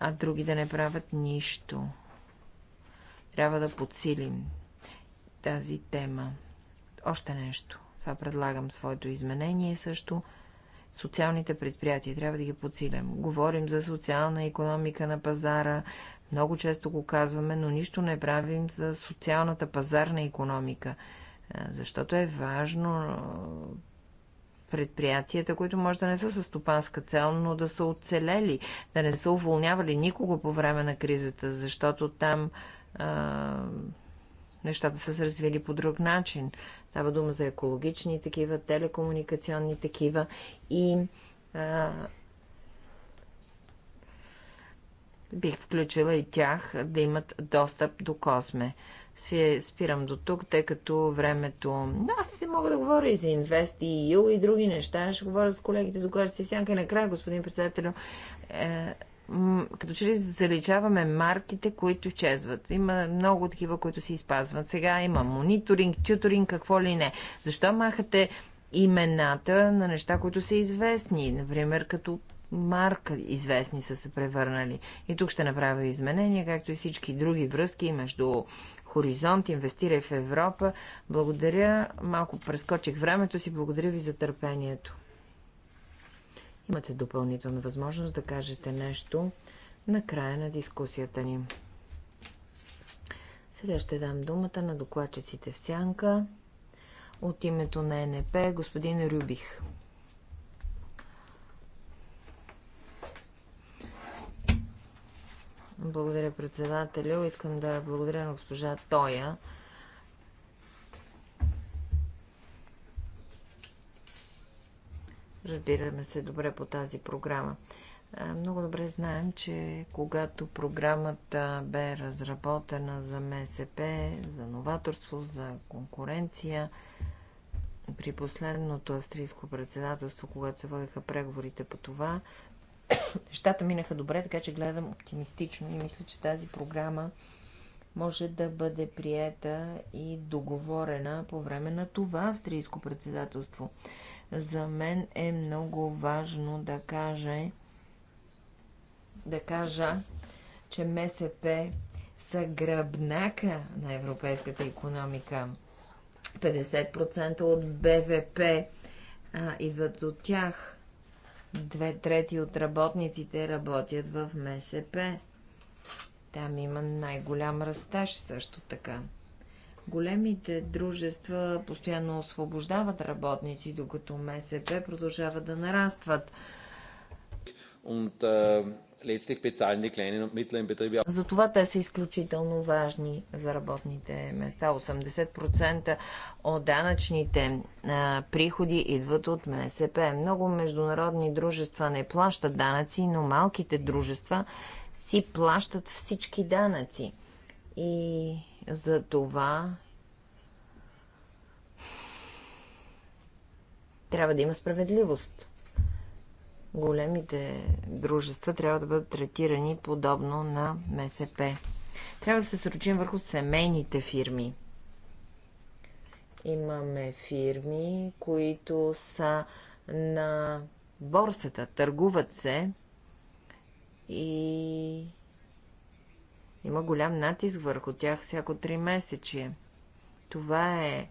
а други да не правят нищо. Трябва да подсилим тази тема. Още нещо. Това предлагам своето изменение също. Социалните предприятия трябва да ги подсилям. Говорим за социална економика на пазара, много често го казваме, но нищо не правим за социалната пазарна економика, защото е важно предприятията, които може да не са със стопанска цел, но да са оцелели, да не са уволнявали никого по време на кризата, защото там а, нещата са се развили по друг начин. Става дума за екологични такива, телекомуникационни такива и а, бих включила и тях да имат достъп до Косме спирам до тук, тъй като времето... Аз се мога да говоря и за инвест и ил и други неща. Ще говоря с колегите, си всяка и накрая, господин председател. Е, като че ли заличаваме марките, които изчезват. Има много такива, които се изпазват. Сега има мониторинг, тюторинг, какво ли не. Защо махате имената на неща, които са известни? Например, като марка известни са се превърнали. И тук ще направя изменения, както и всички други връзки между Хоризонт, инвестирай в Европа. Благодаря, малко прескочих времето си, благодаря ви за търпението. Имате допълнителна възможност да кажете нещо на края на дискусията ни. Сега ще дам думата на докладчиците в сянка. От името на НП господин Рюбих. Благодаря председателю. Искам да благодаря на госпожа Тоя. Разбираме се добре по тази програма. Много добре знаем, че когато програмата бе разработена за МСП, за новаторство, за конкуренция, при последното австрийско председателство, когато се водеха преговорите по това, Нещата минаха добре, така че гледам оптимистично и мисля, че тази програма може да бъде приета и договорена по време на това австрийско председателство. За мен е много важно да каже, да кажа, че МСП са гръбнака на европейската економика. 50% от БВП а, идват от тях. Две трети от работниците работят в МСП. Там има най-голям растеж също така. Големите дружества постоянно освобождават работници, докато МСП продължава да нарастват. Und, äh, затова те са изключително важни за работните места. 80% от данъчните а, приходи идват от МСП. Много международни дружества не плащат данъци, но малките дружества си плащат всички данъци. И за това трябва да има справедливост големите дружества трябва да бъдат третирани подобно на МСП. Трябва да се срочим върху семейните фирми. Имаме фирми, които са на борсата, търгуват се и има голям натиск върху тях всяко три месече. Това е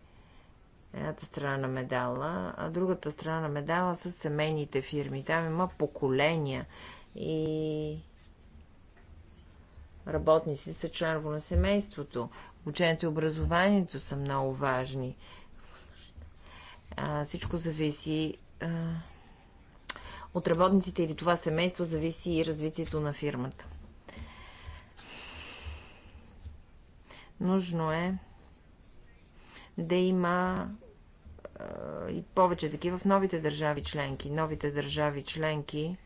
едната страна на медала, а другата страна на медала са семейните фирми. Там има поколения и работници са членове на семейството. Обучението и образованието са много важни. А, всичко зависи а, от работниците или това семейство, зависи и развитието на фирмата. Нужно е да има и повече такива в новите държави членки. Новите държави членки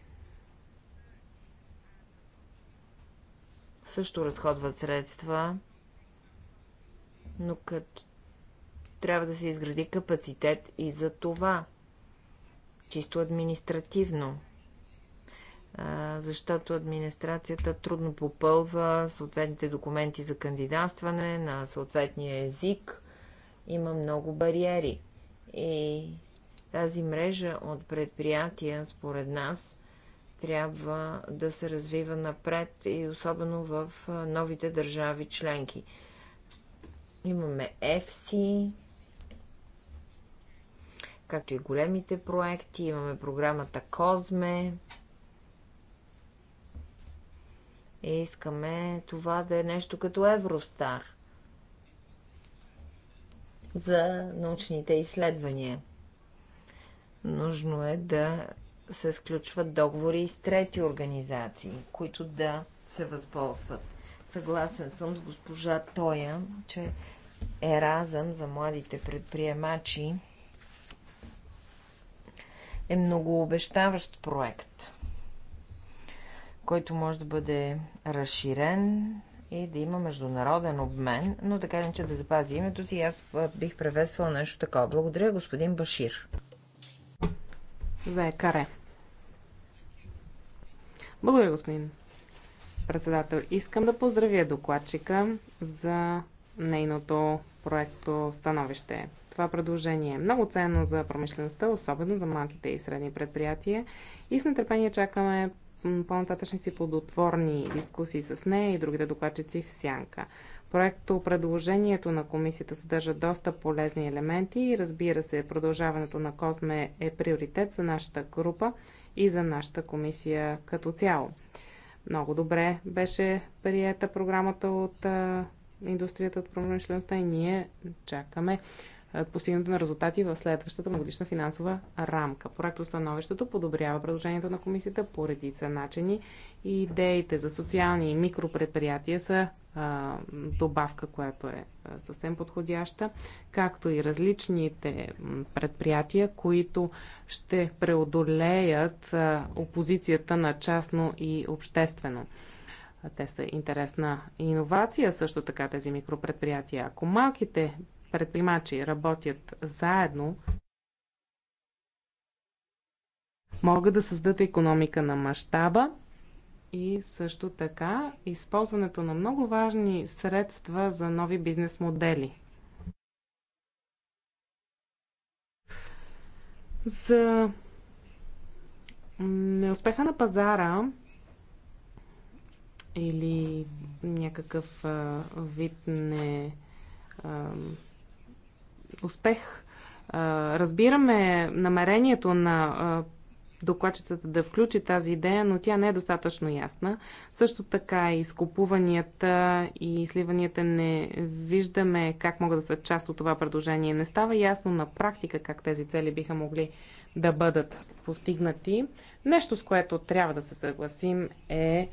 също разходват средства, но като трябва да се изгради капацитет и за това, чисто административно, защото администрацията трудно попълва съответните документи за кандидатстване на съответния език – има много бариери. И тази мрежа от предприятия, според нас, трябва да се развива напред и особено в новите държави членки. Имаме EFSI, както и големите проекти, имаме програмата Козме. И искаме това да е нещо като Евростар за научните изследвания. Нужно е да се сключват договори и с трети организации, които да се възползват. Съгласен съм с госпожа Тоя, че еразъм за младите предприемачи е многообещаващ проект, който може да бъде разширен и да има международен обмен, но така да че да запази името си, аз бих превесвал нещо такова. Благодаря, господин Башир. За екаре. Благодаря, господин председател. Искам да поздравя докладчика за нейното проекто становище. Това предложение е много ценно за промишлеността, особено за малките и средни предприятия и с нетърпение чакаме по-нататъчни си плодотворни дискусии с нея и другите докладчици в сянка. Проекто предложението на комисията съдържа доста полезни елементи и разбира се, продължаването на Козме е приоритет за нашата група и за нашата комисия като цяло. Много добре беше приета програмата от а, индустрията от промишлеността и ние чакаме е, постигането на резултати в следващата годишна финансова рамка. Проектостановището подобрява предложението на комисията по редица начини и идеите за социални и микропредприятия са добавка, която е съвсем подходяща, както и различните предприятия, които ще преодолеят опозицията на частно и обществено те са интересна иновация, също така тези микропредприятия. Ако малките предприемачи работят заедно, могат да създадат економика на мащаба и също така използването на много важни средства за нови бизнес модели. За неуспеха на пазара или някакъв а, вид не а, успех. Разбираме намерението на докладчицата да включи тази идея, но тя не е достатъчно ясна. Също така и изкупуванията и сливанията не виждаме как могат да са част от това предложение. Не става ясно на практика как тези цели биха могли да бъдат постигнати. Нещо, с което трябва да се съгласим е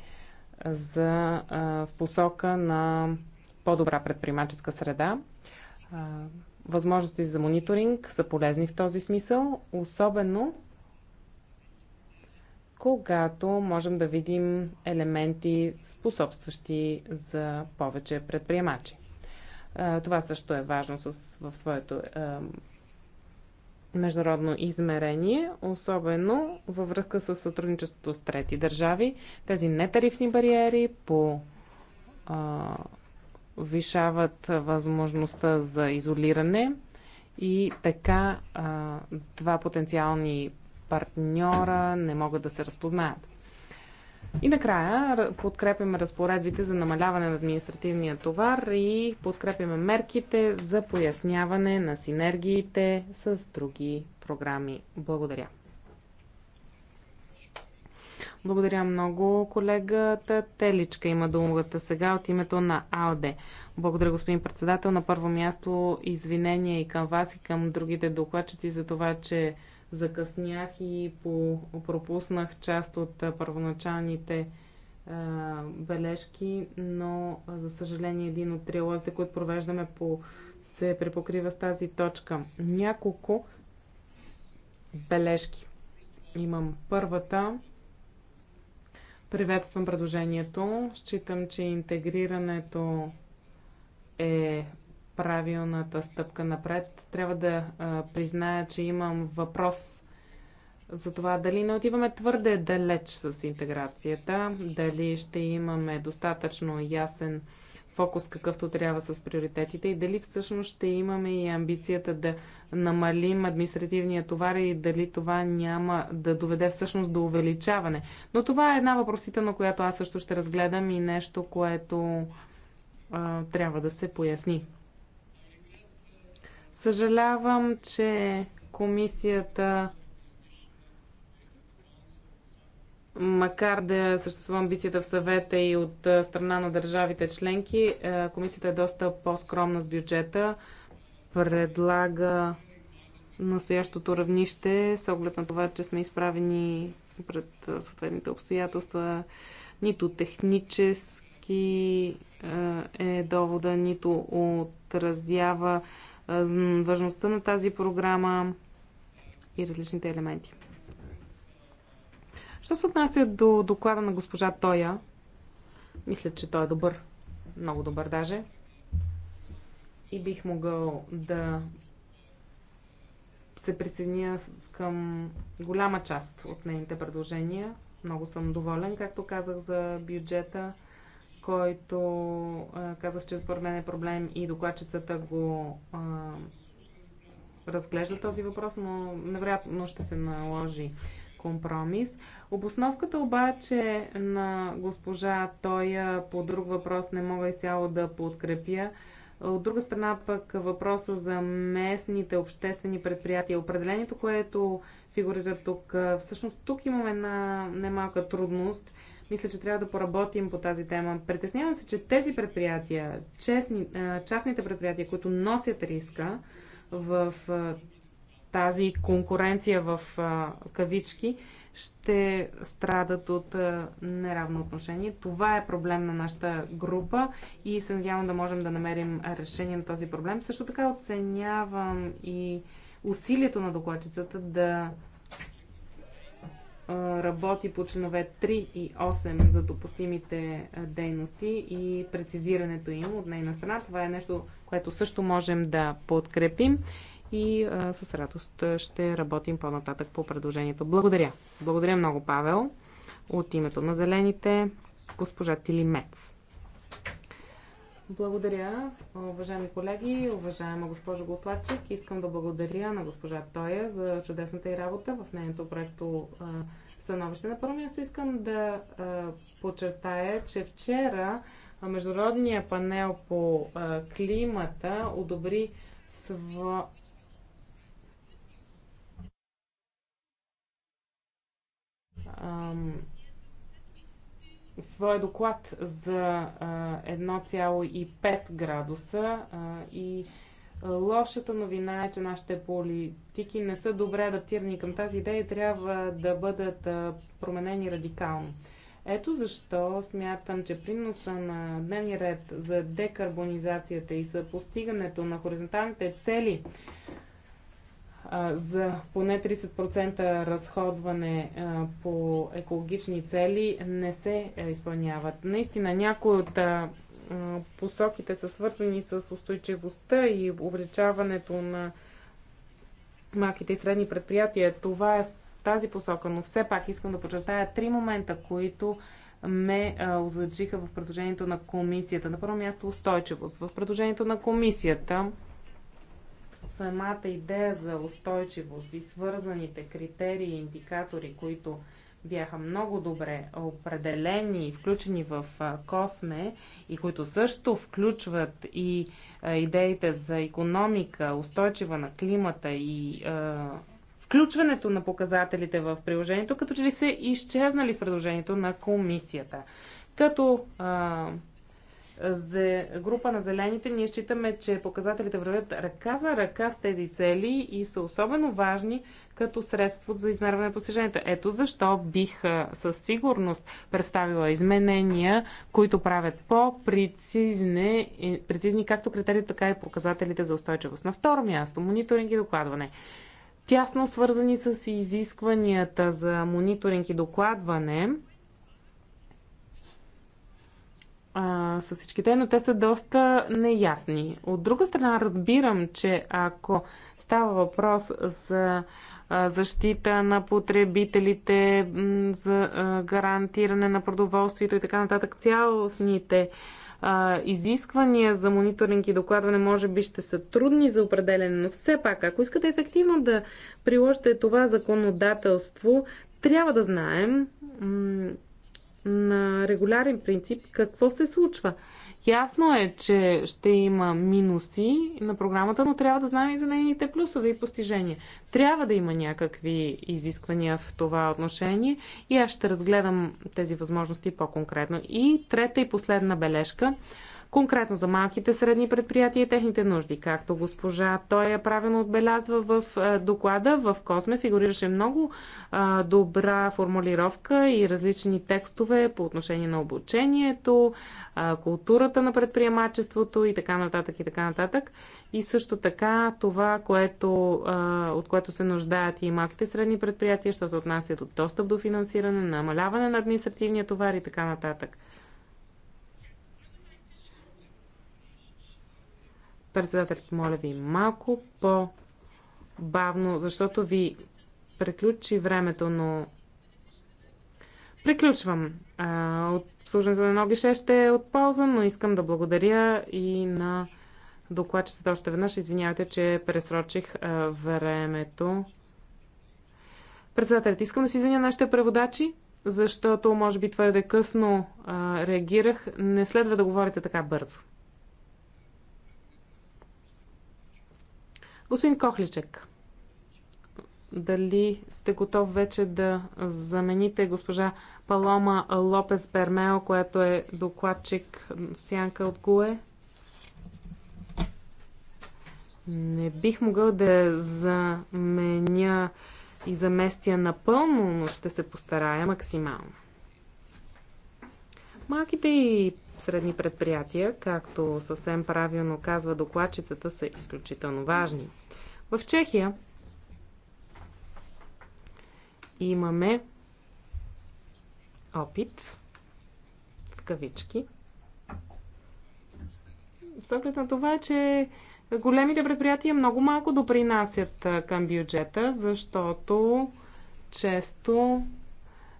за, в посока на по-добра предприемаческа среда. Възможности за мониторинг са полезни в този смисъл, особено когато можем да видим елементи способстващи за повече предприемачи. Това също е важно в своето международно измерение, особено във връзка с сътрудничеството с трети държави. Тези нетарифни бариери по повишават възможността за изолиране и така а, два потенциални партньора не могат да се разпознаят. И накрая подкрепяме разпоредбите за намаляване на административния товар и подкрепяме мерките за поясняване на синергиите с други програми. Благодаря. Благодаря много, колегата Теличка има думата сега от името на АОДЕ. Благодаря, господин председател. На първо място извинения и към вас и към другите докладчици за това, че закъснях и пропуснах част от първоначалните бележки, но за съжаление един от триалозите, които провеждаме по се препокрива с тази точка. Няколко бележки. Имам първата Приветствам предложението. Считам, че интегрирането е правилната стъпка напред. Трябва да а, призная, че имам въпрос за това дали не отиваме твърде далеч с интеграцията, дали ще имаме достатъчно ясен фокус, какъвто трябва с приоритетите и дали всъщност ще имаме и амбицията да намалим административния товар и дали това няма да доведе всъщност до увеличаване. Но това е една на която аз също ще разгледам и нещо, което а, трябва да се поясни. Съжалявам, че комисията макар да съществува амбицията в съвета и от страна на държавите членки, комисията е доста по-скромна с бюджета. Предлага настоящото равнище с оглед на това, че сме изправени пред съответните обстоятелства. Нито технически е довода, нито отразява важността на тази програма и различните елементи. Що се отнася до доклада на госпожа Тоя, мисля, че той е добър. Много добър даже. И бих могъл да се присъединя към голяма част от нейните предложения. Много съм доволен, както казах, за бюджета, който казах, че според мен е проблем и докладчицата го разглежда този въпрос, но невероятно ще се наложи компромис. Обосновката обаче на госпожа Тоя по друг въпрос не мога изцяло да подкрепя. От друга страна пък въпроса за местните обществени предприятия. Определението, което фигурира тук, всъщност тук имаме една немалка трудност. Мисля, че трябва да поработим по тази тема. Притеснявам се, че тези предприятия, честни, частните предприятия, които носят риска в тази конкуренция в а, кавички, ще страдат от а, неравно отношение. Това е проблем на нашата група и се надявам да можем да намерим решение на този проблем. Също така оценявам и усилието на докладчицата да работи по членове 3 и 8 за допустимите дейности и прецизирането им от нейна страна. Това е нещо, което също можем да подкрепим и а, с радост ще работим по-нататък по предложението. Благодаря. Благодаря много, Павел. От името на Зелените, госпожа Тилимец. Благодаря, уважаеми колеги, уважаема госпожо Глоплачик. Искам да благодаря на госпожа Тоя за чудесната й работа в нейното проекто съновище. На първо място искам да подчертая, че вчера Международния панел по климата одобри ам, своя доклад за 1,5 градуса а, и лошата новина е, че нашите политики не са добре адаптирани към тази идея и трябва да бъдат а, променени радикално. Ето защо смятам, че приноса на дневния ред за декарбонизацията и за постигането на хоризонталните цели за поне 30% разходване по екологични цели не се изпълняват. Наистина някои от посоките са свързани с устойчивостта и увеличаването на малките и средни предприятия. Това е в тази посока, но все пак искам да подчертая три момента, които ме озадачиха в предложението на комисията. На първо място устойчивост. В предложението на комисията самата идея за устойчивост и свързаните критерии и индикатори, които бяха много добре определени и включени в Косме и които също включват и идеите за економика, устойчива на климата и включването на показателите в приложението, като че ли са изчезнали в предложението на комисията. Като а, за група на зелените ние считаме, че показателите вървят ръка за ръка с тези цели и са особено важни като средство за измерване на постиженията. Ето защо бих със сигурност представила изменения, които правят по-прецизни прецизни както критериите, така и показателите за устойчивост. На второ място, мониторинг и докладване тясно свързани с изискванията за мониторинг и докладване а, с всичките, но те са доста неясни. От друга страна, разбирам, че ако става въпрос за защита на потребителите, за гарантиране на продоволствието и така нататък, цялостните изисквания за мониторинг и докладване може би ще са трудни за определене, но все пак, ако искате ефективно да приложите това законодателство, трябва да знаем регулярен принцип, какво се случва? Ясно е, че ще има минуси на програмата, но трябва да знаем и за нейните плюсове и постижения. Трябва да има някакви изисквания в това отношение и аз ще разгледам тези възможности по-конкретно. И трета и последна бележка конкретно за малките средни предприятия и техните нужди. Както госпожа той е правилно отбелязва в е, доклада, в Косме фигурираше много е, добра формулировка и различни текстове по отношение на обучението, е, културата на предприемачеството и така нататък и така нататък. И също така това, което, от което се нуждаят и малките средни предприятия, що се отнасят от достъп до финансиране, намаляване на административния товар и така нататък. Председателят, моля ви, малко по-бавно, защото ви приключи времето, но Приключвам. Обслужването на ноги гише е ще е от полза, но искам да благодаря и на докладчицата още веднъж. Извинявайте, че пресрочих времето. Председателят, искам да се извиня нашите преводачи, защото може би твърде късно а, реагирах. Не следва да говорите така бързо. Господин Кохличек, дали сте готов вече да замените госпожа Палома Лопес Бермео, която е докладчик Сянка от ГУЕ? Не бих могъл да заменя и заместия напълно, но ще се постарая максимално. Малките и средни предприятия, както съвсем правилно казва докладчицата, са изключително важни – в Чехия имаме опит с кавички. С оглед на това, че големите предприятия много малко допринасят към бюджета, защото често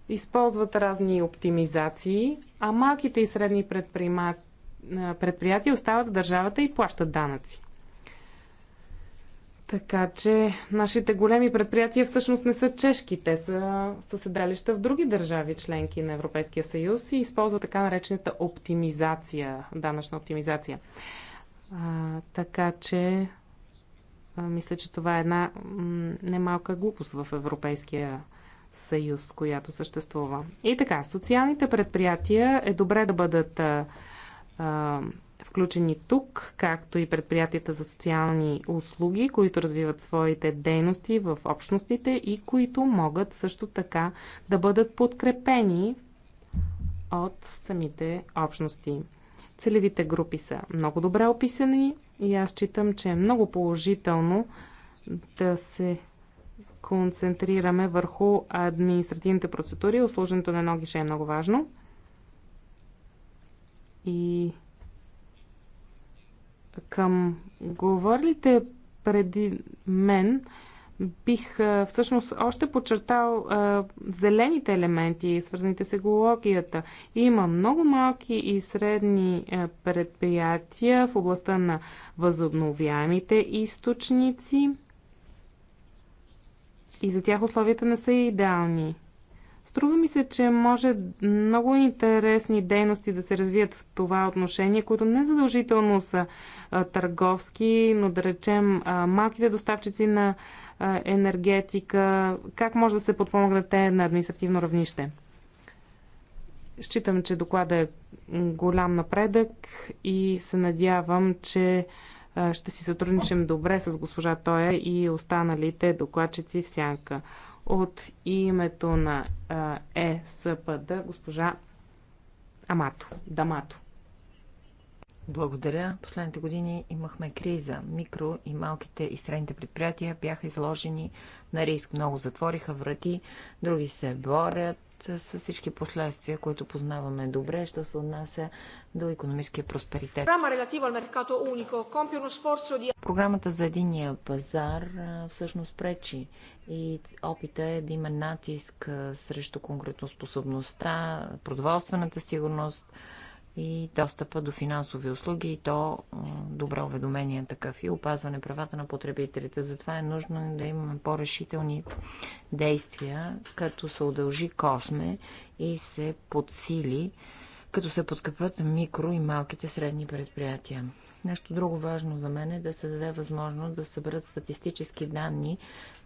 използват разни оптимизации, а малките и средни предприятия остават в държавата и плащат данъци. Така че нашите големи предприятия всъщност не са чешки, те са съседалища в други държави, членки на Европейския съюз и използват така наречената оптимизация, данъчна оптимизация. А, така че а, мисля, че това е една немалка глупост в Европейския съюз, която съществува. И така, социалните предприятия е добре да бъдат а, а, включени тук, както и предприятията за социални услуги, които развиват своите дейности в общностите и които могат също така да бъдат подкрепени от самите общности. Целевите групи са много добре описани и аз считам, че е много положително да се концентрираме върху административните процедури. Ослуженето на ноги ще е много важно. И към говорите преди мен, бих всъщност още подчертал зелените елементи, свързаните с екологията. Има много малки и средни предприятия в областта на възобновяемите източници и за тях условията не са идеални. Струва ми се, че може много интересни дейности да се развият в това отношение, които не задължително са а, търговски, но да речем а, малките доставчици на а, енергетика, как може да се подпомогнат те на административно равнище. Считам, че доклада е голям напредък и се надявам, че ще си сътрудничим добре с госпожа Тоя и останалите докладчици в сянка от името на ЕСПД госпожа Амато. Дамато. Благодаря. Последните години имахме криза. Микро и малките и средните предприятия бяха изложени на риск. Много затвориха врати, други се борят, с всички последствия, които познаваме добре, що се отнася до економическия просперитет. Програмата за единия пазар всъщност пречи и опита е да има натиск срещу конкретно способността, продоволствената сигурност, и достъпа до финансови услуги и то добро уведомение е такъв и опазване правата на потребителите. Затова е нужно да имаме по-решителни действия, като се удължи Косме и се подсили, като се подкрепят микро и малките средни предприятия. Нещо друго важно за мен е да се даде възможност да съберат статистически данни,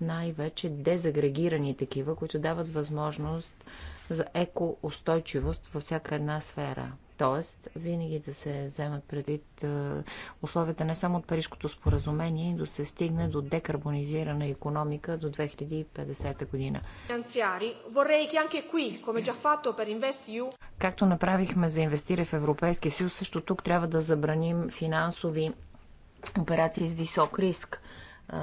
най-вече дезагрегирани такива, които дават възможност за екоустойчивост във всяка една сфера. Тоест, винаги да се вземат предвид е, условията не само от Парижкото споразумение, да се стигне до декарбонизирана економика до 2050 година. Както направихме за инвестири в Европейския съюз, също тук трябва да забраним финансови операции с висок риск. Е,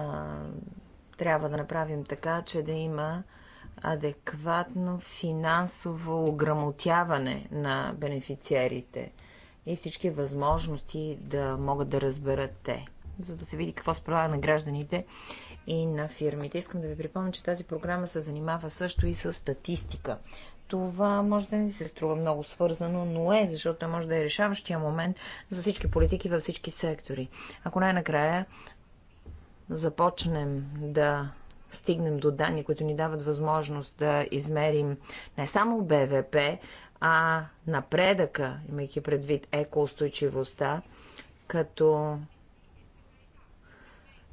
трябва да направим така, че да има адекватно финансово ограмотяване на бенефициерите и всички възможности да могат да разберат те, за да се види какво се на гражданите и на фирмите. Искам да ви припомня, че тази програма се занимава също и с статистика. Това може да не се струва много свързано, но е, защото може да е решаващия момент за всички политики във всички сектори. Ако най-накрая започнем да стигнем до данни, които ни дават възможност да измерим не само БВП, а напредъка, имайки предвид екоустойчивостта, като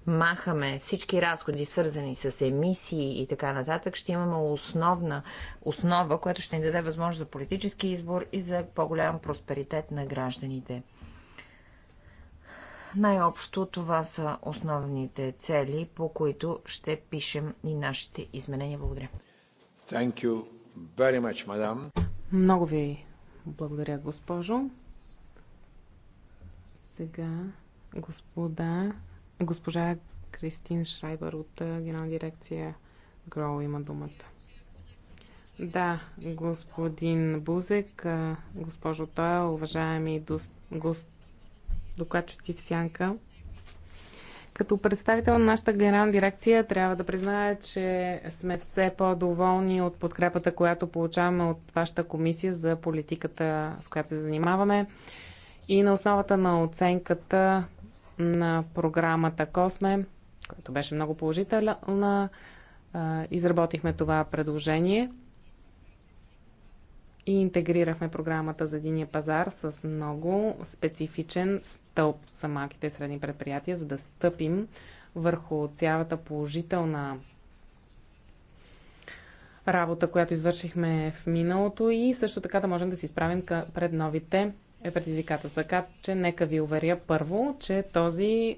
махаме всички разходи, свързани с емисии и така нататък, ще имаме основна основа, която ще ни даде възможност за политически избор и за по-голям просперитет на гражданите. Най-общо това са основните цели, по които ще пишем и нашите изменения. Благодаря. Thank you very much, madam. Много ви благодаря, госпожо. Сега господа, госпожа Кристин Шрайбър от Генерална дирекция ГРО има думата. Да, господин Бузек, госпожо Тойл, уважаеми гост, докладчици в сянка. Като представител на нашата генерална дирекция трябва да призная, че сме все по-доволни от подкрепата, която получаваме от вашата комисия за политиката, с която се занимаваме. И на основата на оценката на програмата Косме, която беше много положителна, изработихме това предложение – и интегрирахме програмата за единия пазар с много специфичен стълб за малките и средни предприятия, за да стъпим върху цялата положителна работа, която извършихме в миналото и също така да можем да се изправим пред новите е предизвикателство. Така че нека ви уверя първо, че този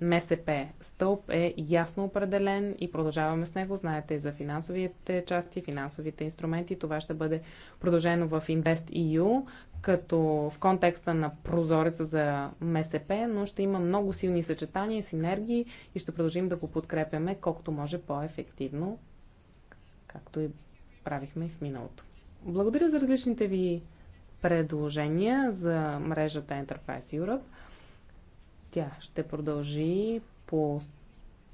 МСП стълб е ясно определен и продължаваме с него. Знаете за финансовите части, финансовите инструменти. Това ще бъде продължено в InvestEU, като в контекста на прозореца за МСП, но ще има много силни съчетания, синергии и ще продължим да го подкрепяме колкото може по-ефективно, както и правихме в миналото. Благодаря за различните ви предложения за мрежата Enterprise Europe. Тя ще продължи по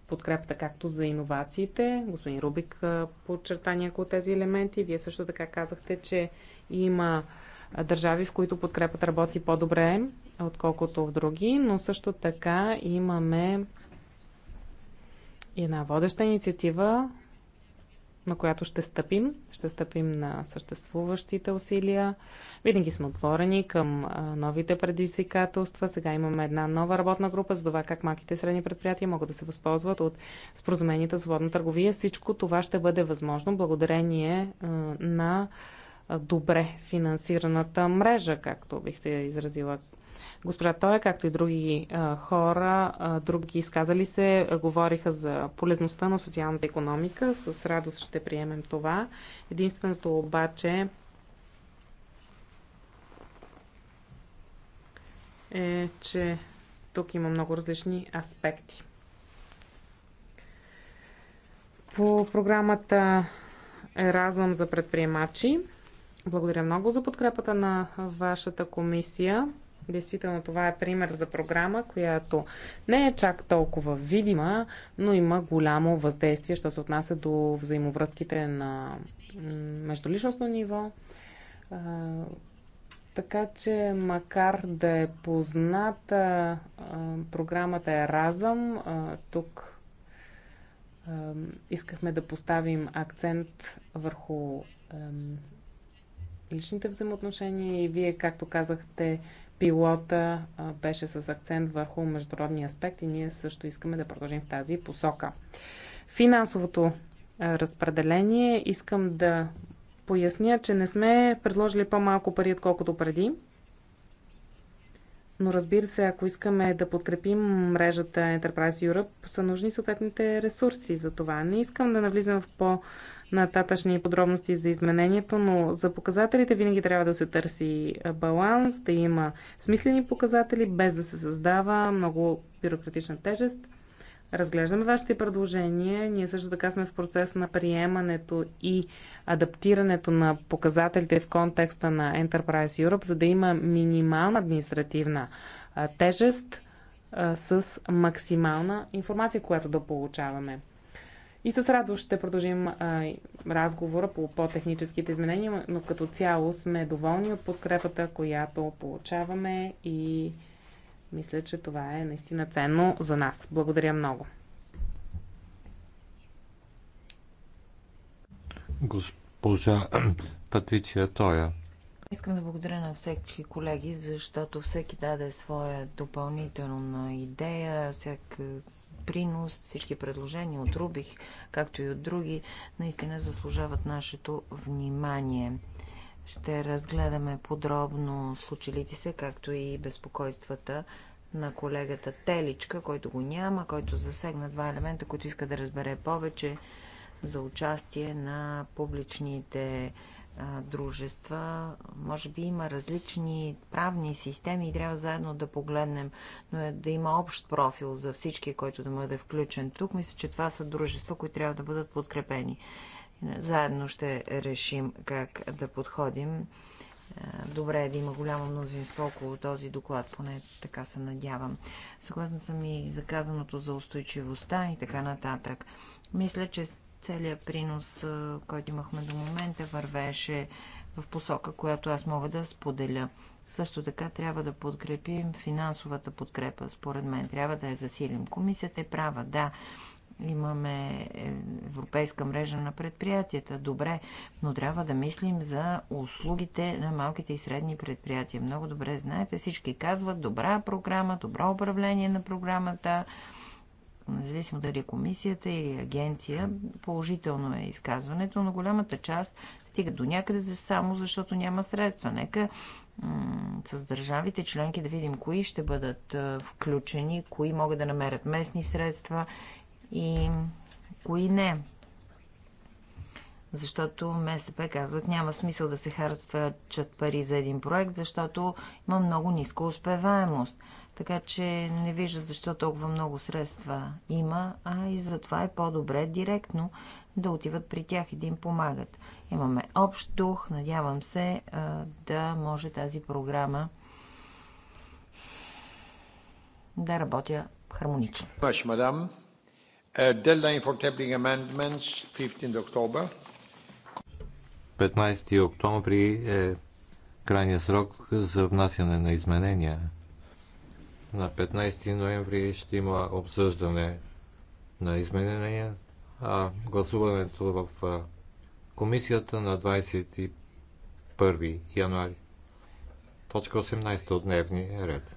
подкрепата както за иновациите. Господин Рубик подчерта някои от тези елементи. Вие също така казахте, че има държави, в които подкрепата работи по-добре, отколкото в други, но също така имаме една водеща инициатива на която ще стъпим. Ще стъпим на съществуващите усилия. Винаги сме отворени към новите предизвикателства. Сега имаме една нова работна група за това как малките и средни предприятия могат да се възползват от споразуменията за свободна търговия. Всичко това ще бъде възможно благодарение на добре финансираната мрежа, както бих се изразила Госпожа Тоя, както и други а, хора, а, други изказали се, а, говориха за полезността на социалната економика. С радост ще приемем това. Единственото обаче е, че тук има много различни аспекти. По програмата Еразъм за предприемачи. Благодаря много за подкрепата на вашата комисия. Действително това е пример за програма, която не е чак толкова видима, но има голямо въздействие, що се отнася до взаимовръзките на междуличностно ниво. така че, макар да е позната, програмата е Разъм. тук искахме да поставим акцент върху личните взаимоотношения и вие, както казахте, пилота беше с акцент върху международни и Ние също искаме да продължим в тази посока. Финансовото разпределение искам да поясня, че не сме предложили по-малко пари, отколкото преди. Но разбира се, ако искаме да подкрепим мрежата Enterprise Europe, са нужни съответните ресурси за това. Не искам да навлизам в по- нататъчни подробности за изменението, но за показателите винаги трябва да се търси баланс, да има смислени показатели, без да се създава много бюрократична тежест. Разглеждаме вашите предложения. Ние също така сме в процес на приемането и адаптирането на показателите в контекста на Enterprise Europe, за да има минимална административна тежест с максимална информация, която да получаваме. И с радост ще продължим а, разговора по по-техническите изменения, но като цяло сме доволни от подкрепата, която получаваме и мисля, че това е наистина ценно за нас. Благодаря много. Госпожа Патриция Тоя. Искам да благодаря на всеки колеги, защото всеки даде своя допълнителна идея, всяка принос, всички предложения от Рубих, както и от други, наистина заслужават нашето внимание. Ще разгледаме подробно случилите се, както и безпокойствата на колегата Теличка, който го няма, който засегна два елемента, които иска да разбере повече за участие на публичните дружества. Може би има различни правни системи и трябва заедно да погледнем, но е да има общ профил за всички, който да бъде включен тук. Мисля, че това са дружества, които трябва да бъдат подкрепени. Заедно ще решим как да подходим. Добре е да има голямо мнозинство около този доклад, поне така се надявам. Съгласна съм и заказаното за устойчивостта и така нататък. Мисля, че Целият принос, който имахме до момента, вървеше в посока, която аз мога да споделя. Също така трябва да подкрепим финансовата подкрепа, според мен. Трябва да я засилим. Комисията е права, да. Имаме е, европейска мрежа на предприятията. Добре, но трябва да мислим за услугите на малките и средни предприятия. Много добре знаете, всички казват добра програма, добро управление на програмата, независимо дали е комисията или агенция, положително е изказването, но голямата част стига до някъде само защото няма средства. Нека с държавите членки да видим кои ще бъдат включени, кои могат да намерят местни средства и кои не. Защото МСП казват, няма смисъл да се харчат пари за един проект, защото има много ниска успеваемост така че не виждат защо толкова много средства има, а и затова е по-добре директно да отиват при тях и да им помагат. Имаме общ дух, надявам се да може тази програма да работя хармонично. мадам. Uh, deadline for tabling amendments 15 October. 15 октомври е крайния срок за внасяне на изменения. На 15 ноември ще има обсъждане на изменения, а гласуването в комисията на 21 януари. Точка 18 от дневния ред.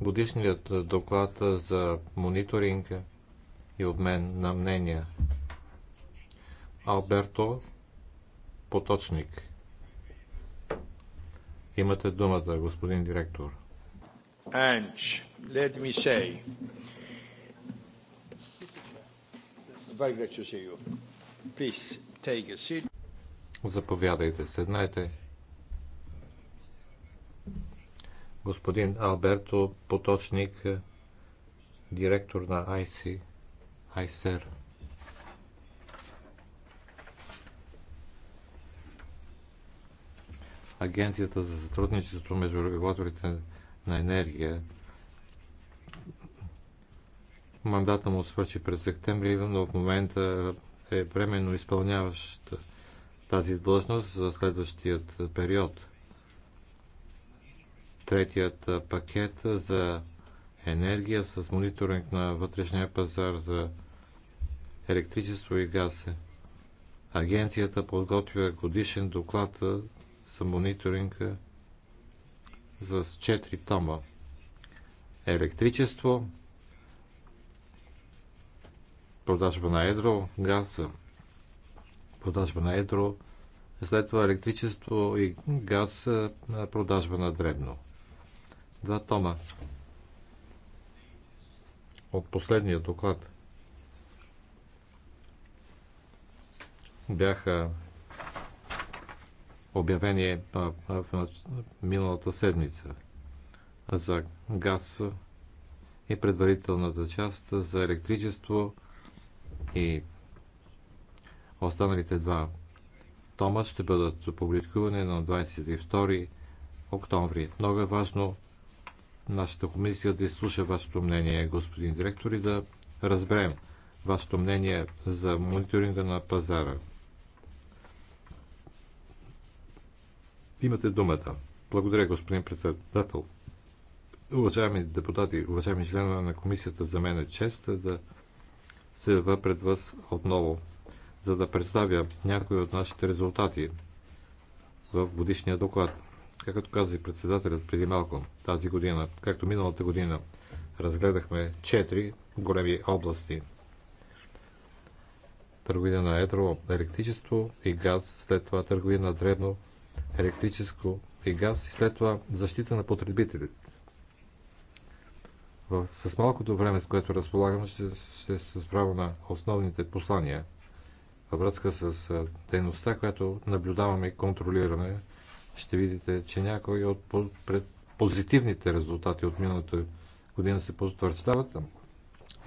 Годишният доклад за мониторинг и обмен на мнения. Алберто Поточник – Имате думата, господин директор. And let me say, very to see you. Please take a seat. Заповядайте, седнайте. Господин Алберто Поточник, директор на IC, ICER. Агенцията за сътрудничество между регулаторите на енергия. Мандата му свърши през септември, но в момента е временно изпълняващ тази длъжност за следващият период. Третият пакет за енергия с мониторинг на вътрешния пазар за електричество и газ. Агенцията подготвя годишен доклад за мониторинга за 4 тома електричество, продажба на едро, газ, продажба на едро, след това електричество и газ, продажба на дребно. Два тома от последния доклад бяха обявение в миналата седмица за газ и предварителната част за електричество и останалите два тома ще бъдат публикувани на 22 октомври. Много е важно нашата комисия да изслуша вашето мнение, господин директор, и да разберем вашето мнение за мониторинга на пазара. Имате думата. Благодаря, господин председател. Уважаеми депутати, уважаеми членове на комисията, за мен е чест да се ява пред вас отново, за да представя някои от нашите резултати в годишния доклад. Както каза и председателят преди малко тази година, както миналата година, разгледахме четири големи области. Търговия на едро, електричество и газ, след това търговия на дребно, електрическо и газ и след това защита на потребителите. С малкото време, с което разполагам, ще, ще се справя на основните послания във връзка с дейността, която наблюдаваме и контролираме. Ще видите, че някои от позитивните резултати от миналата година се потвърждават,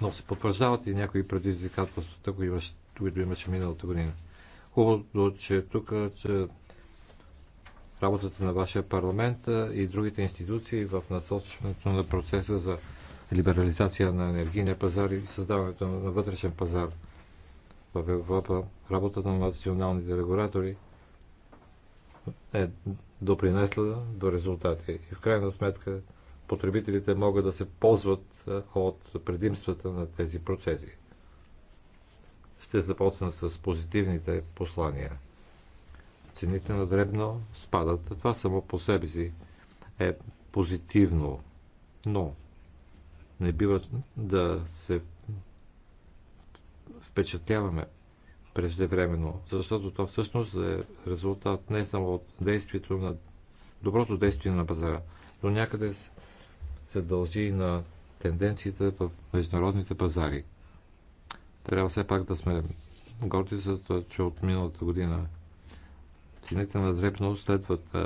но се потвърждават и някои предизвикателствата, които имаше миналата година. Хубавото, че тук че работата на вашия парламент и другите институции в насочването на процеса за либерализация на енергийния пазар и създаването на вътрешен пазар в Европа. Работата на националните регулятори е допринесла до резултати. И в крайна сметка потребителите могат да се ползват от предимствата на тези процеси. Ще започна с позитивните послания цените на дребно спадат. Това само по себе си е позитивно, но не бива да се впечатляваме преждевременно, защото то всъщност е резултат не само от действието на доброто действие на пазара, но някъде се дължи и на тенденцията в международните пазари. Трябва все пак да сме горди за това, че от миналата година цените на дребно следват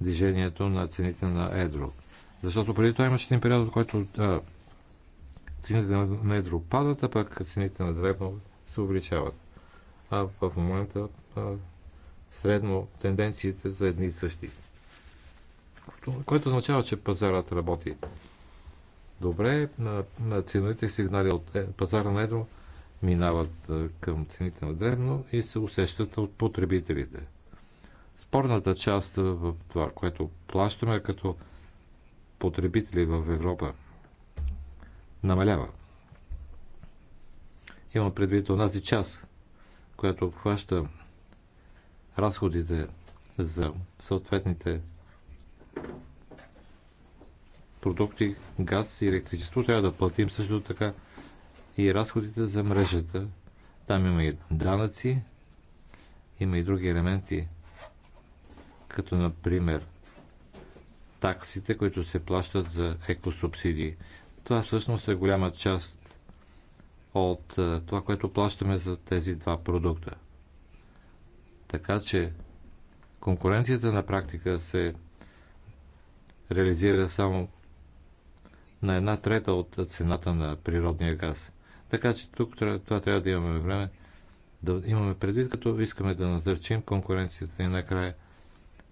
движението на цените на едро. Защото преди това имаше един период, в който а, цените на едро падат, а пък цените на дребно се увеличават. А в момента а, средно тенденциите са едни и същи. Което означава, че пазарът работи добре, на, на ценовите сигнали от е, пазара на едро минават към цените на древно и се усещат от потребителите. Спорната част в това, което плащаме като потребители в Европа, намалява. Има предвид онази част, която обхваща разходите за съответните продукти, газ и електричество, трябва да платим също така и разходите за мрежата. Там има и данъци, има и други елементи, като например таксите, които се плащат за екосубсидии. Това всъщност е голяма част от е, това, което плащаме за тези два продукта. Така че конкуренцията на практика се реализира само на една трета от цената на природния газ. Така че тук това трябва да имаме време да имаме предвид, като искаме да назърчим конкуренцията и накрая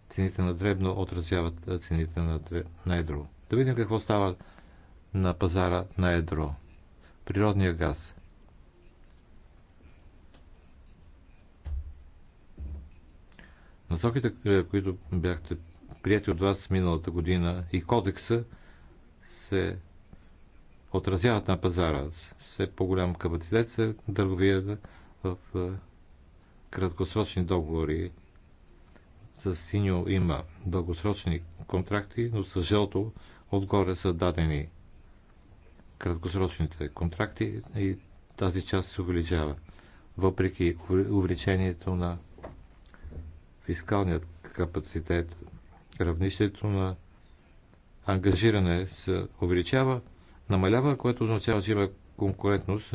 цените на дребно отразяват цените на, най на едро. Да видим какво става на пазара на едро. Природния газ. Насоките, е, които бяхте прияти от вас миналата година и кодекса се отразяват на пазара. Все по-голям капацитет се търговия в краткосрочни договори. С синьо има дългосрочни контракти, но с жълто отгоре са дадени краткосрочните контракти и тази част се увеличава. Въпреки увеличението на фискалният капацитет, равнището на ангажиране се увеличава, намалява, което означава, че има конкурентност.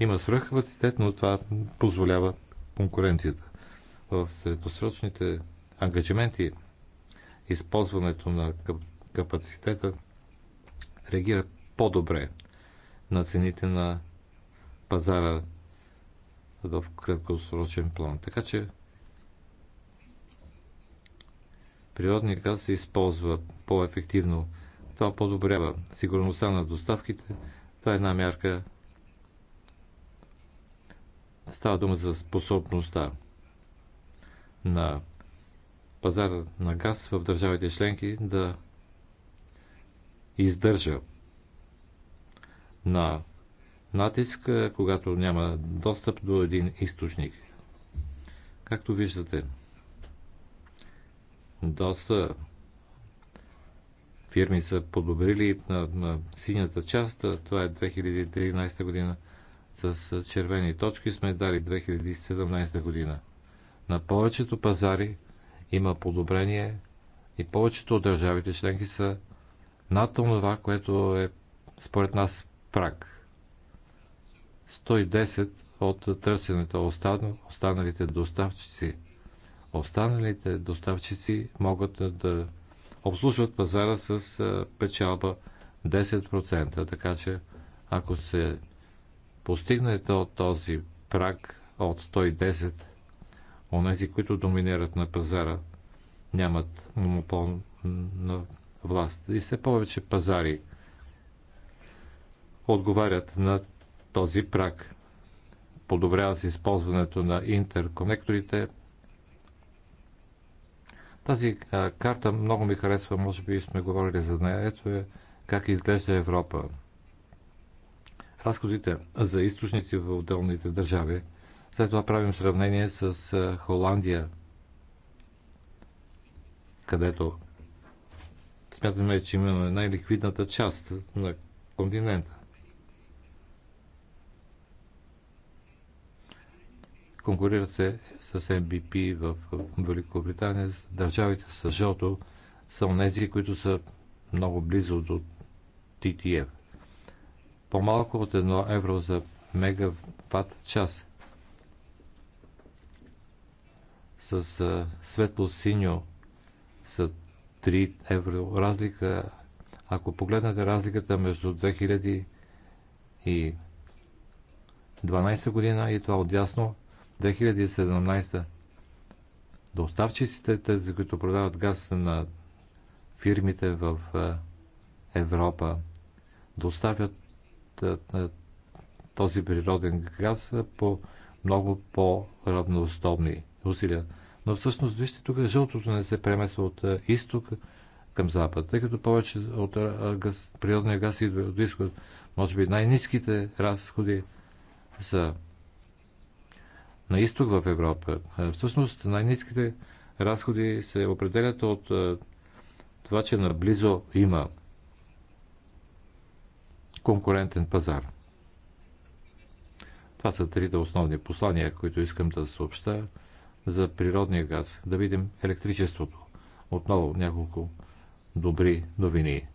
Има свръхкапацитет, но това позволява конкуренцията. В средносрочните ангажименти използването на капацитета реагира по-добре на цените на пазара в краткосрочен план. Така че природният газ се използва по-ефективно това подобрява сигурността на доставките. Това е една мярка. Става дума за способността на пазара на газ в държавите членки да издържа на натиск, когато няма достъп до един източник. Както виждате, доста фирми са подобрили на, на синята част, това е 2013 година. С червени точки сме дали 2017 година. На повечето пазари има подобрение и повечето от държавите членки са над това, което е според нас прак. 110 от търсенето, останалите доставчици. Останалите доставчици могат да обслужват пазара с печалба 10%. Така че, ако се постигне то, този праг от 110, онези, които доминират на пазара, нямат монопол на власт. И все повече пазари отговарят на този праг. Подобрява се използването на интерконекторите, тази а, карта много ми харесва, може би сме говорили за нея. Ето е как изглежда Европа. Разходите за източници в отделните държави. След това правим сравнение с а, Холандия, където смятаме, че имаме най-ликвидната част на континента. конкурират се с MBP в Великобритания. Държавите с жълто са онези, които са много близо до TTF. По-малко от 1 евро за мегаватт час с светло-синьо са 3 евро разлика. Ако погледнете разликата между 2000 и 12 година и това отясно, 2017 доставчиците, тези, които продават газ на фирмите в е, Европа, доставят е, е, този природен газ по много по-равностобни усилия. Но всъщност, вижте, тук жълтото не се премесва от изток към запад, тъй като повече от природния газ идва от изход. Може би най-низките разходи са на изток в Европа. Е, всъщност най-низките разходи се определят от е, това, че наблизо има конкурентен пазар. Това са трите основни послания, които искам да съобща за природния газ. Да видим електричеството. Отново няколко добри новини.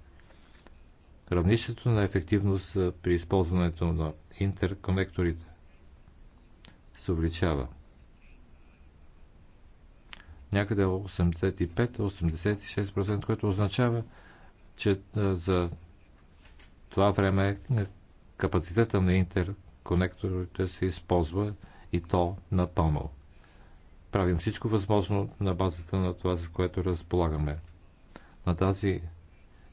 Равнището на ефективност е, при използването на интерконекторите се увеличава. Някъде 85-86%, което означава, че за това време е, капацитета на интерконекторите се използва и то напълно. Правим всичко възможно на базата на това, за което разполагаме. На тази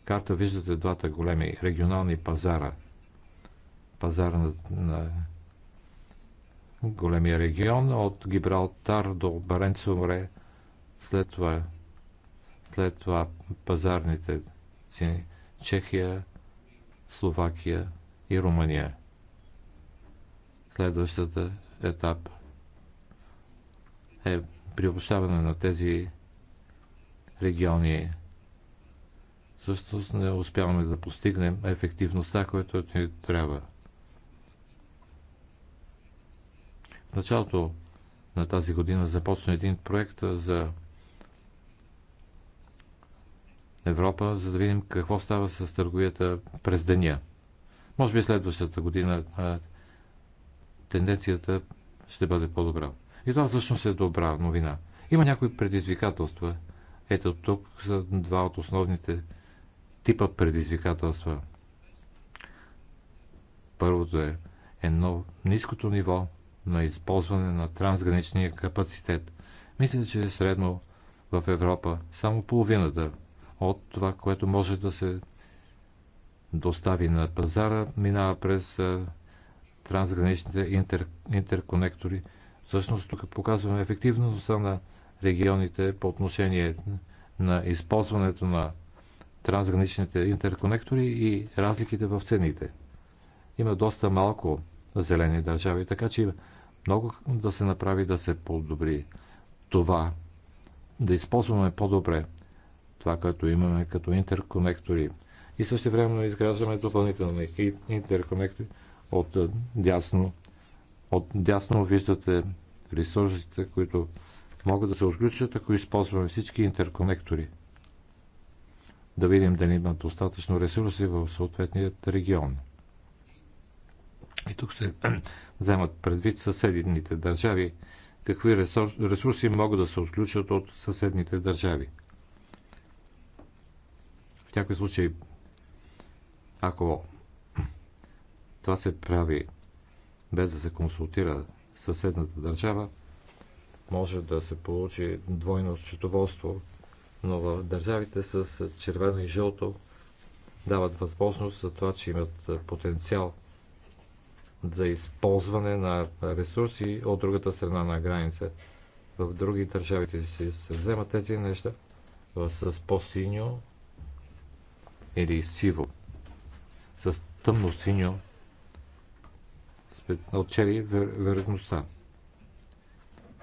карта виждате двата големи регионални пазара. Пазара на, на големия регион от Гибралтар до Баренцово море, след това, след това пазарните цени Чехия, Словакия и Румъния. Следващата етап е приобщаване на тези региони. Всъщност не успяваме да постигнем ефективността, която ни трябва. В началото на тази година започна един проект за Европа, за да видим какво става с търговията през деня. Може би следващата година а, тенденцията ще бъде по-добра. И това всъщност е добра новина. Има някои предизвикателства. Ето тук са два от основните типа предизвикателства. Първото е едно ниското ниво на използване на трансграничния капацитет. Мисля, че е средно в Европа само половината от това, което може да се достави на пазара, минава през трансграничните интер, интерконектори. Всъщност тук показваме ефективността на регионите по отношение на използването на трансграничните интерконектори и разликите в цените. Има доста малко зелени държави. Така че много да се направи да се подобри това, да използваме по-добре това, което имаме като интерконектори и също времено изграждаме допълнителни интерконектори от дясно. От дясно виждате ресурсите, които могат да се отключат, ако използваме всички интерконектори. Да видим дали има достатъчно ресурси в съответният регион. И тук се вземат предвид съседните държави, какви ресурси могат да се отключат от съседните държави. В някои случай ако това се прави без да се консултира съседната държава, може да се получи двойно счетоводство, но в държавите с червено и жълто дават възможност за това, че имат потенциал – за използване на ресурси от другата страна на граница. В други държавите си се вземат тези неща с по-синьо или сиво, с тъмно-синьо отчели вер, вероятността.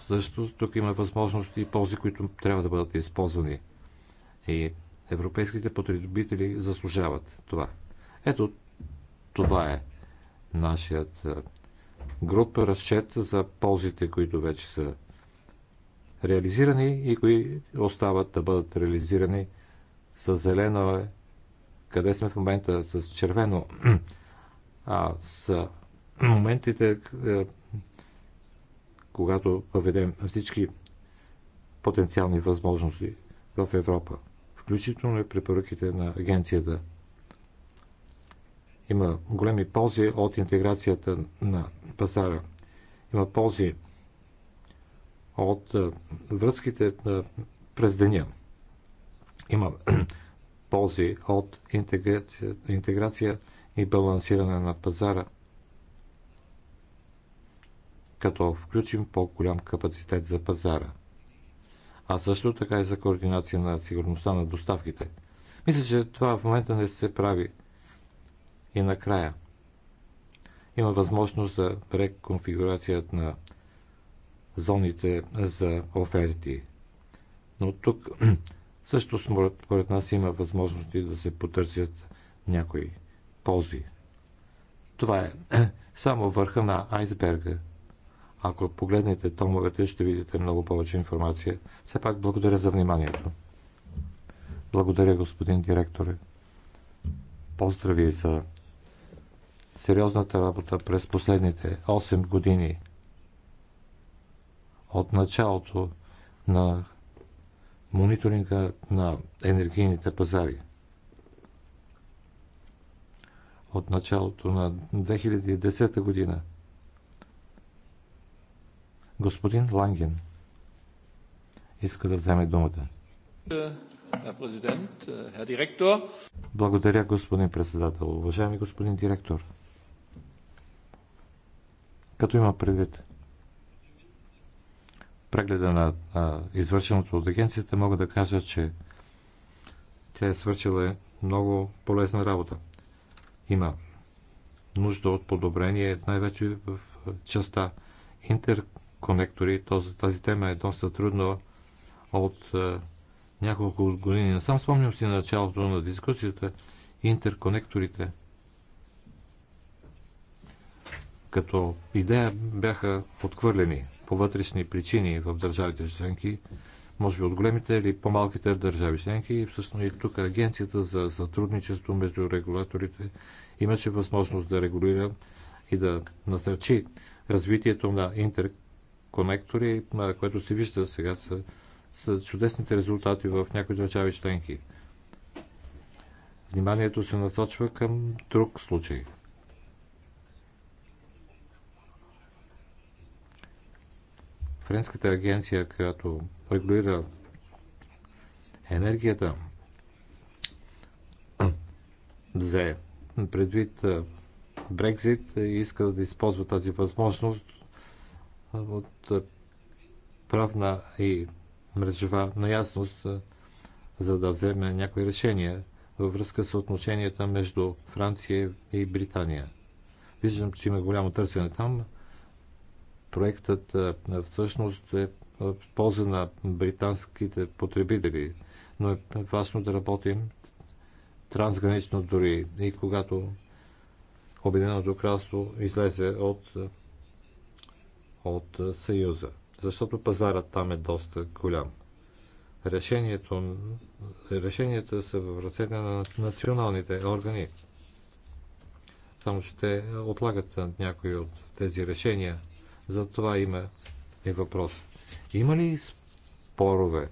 Също тук има възможности и ползи, които трябва да бъдат използвани. И европейските потребители заслужават това. Ето, това е нашият груп разчет за ползите, които вече са реализирани и кои остават да бъдат реализирани с зелено е, къде сме в момента с червено, а с моментите, е, когато въведем всички потенциални възможности в Европа, включително и препоръките на агенцията има големи ползи от интеграцията на пазара. Има ползи от връзките през деня. Има ползи от интеграция, интеграция и балансиране на пазара, като включим по-голям капацитет за пазара, а също така и за координация на сигурността на доставките. Мисля, че това в момента не се прави и накрая има възможност за преконфигурация на зоните за оферти. Но тук също според нас има възможности да се потърсят някои ползи. Това е само върха на айсберга. Ако погледнете томовете, ще видите много повече информация. Все пак благодаря за вниманието. Благодаря, господин директоре. Поздрави за сериозната работа през последните 8 години от началото на мониторинга на енергийните пазари. От началото на 2010 година господин Ланген иска да вземе думата. Благодаря, господин председател. Уважаеми господин директор, като има предвид прегледа на а, извършеното от агенцията, мога да кажа, че тя е свършила много полезна работа. Има нужда от подобрение, най-вече в частта интерконектори. Тази тема е доста трудна от а, е, няколко години. Не сам спомням си началото на дискусията. Интерконекторите – като идея бяха подхвърлени по вътрешни причини в държавите членки, може би от големите или по-малките държави членки. И всъщност и тук Агенцията за сътрудничество между регулаторите имаше възможност да регулира и да насърчи развитието на интерконектори, което се вижда сега са са чудесните резултати в някои държави членки. Вниманието се насочва към друг случай – Френската агенция, която регулира енергията, взе предвид Брекзит и иска да използва тази възможност от правна и мрежева наясност, за да вземе някои решения във връзка с отношенията между Франция и Британия. Виждам, че има голямо търсене там проектът всъщност е в полза на британските потребители, но е важно да работим трансгранично дори и когато Обединеното кралство излезе от, от Съюза, защото пазарът там е доста голям. Решението, решенията са в ръцете на националните органи. Само ще отлагат някои от тези решения за това има и е въпрос. Има ли спорове,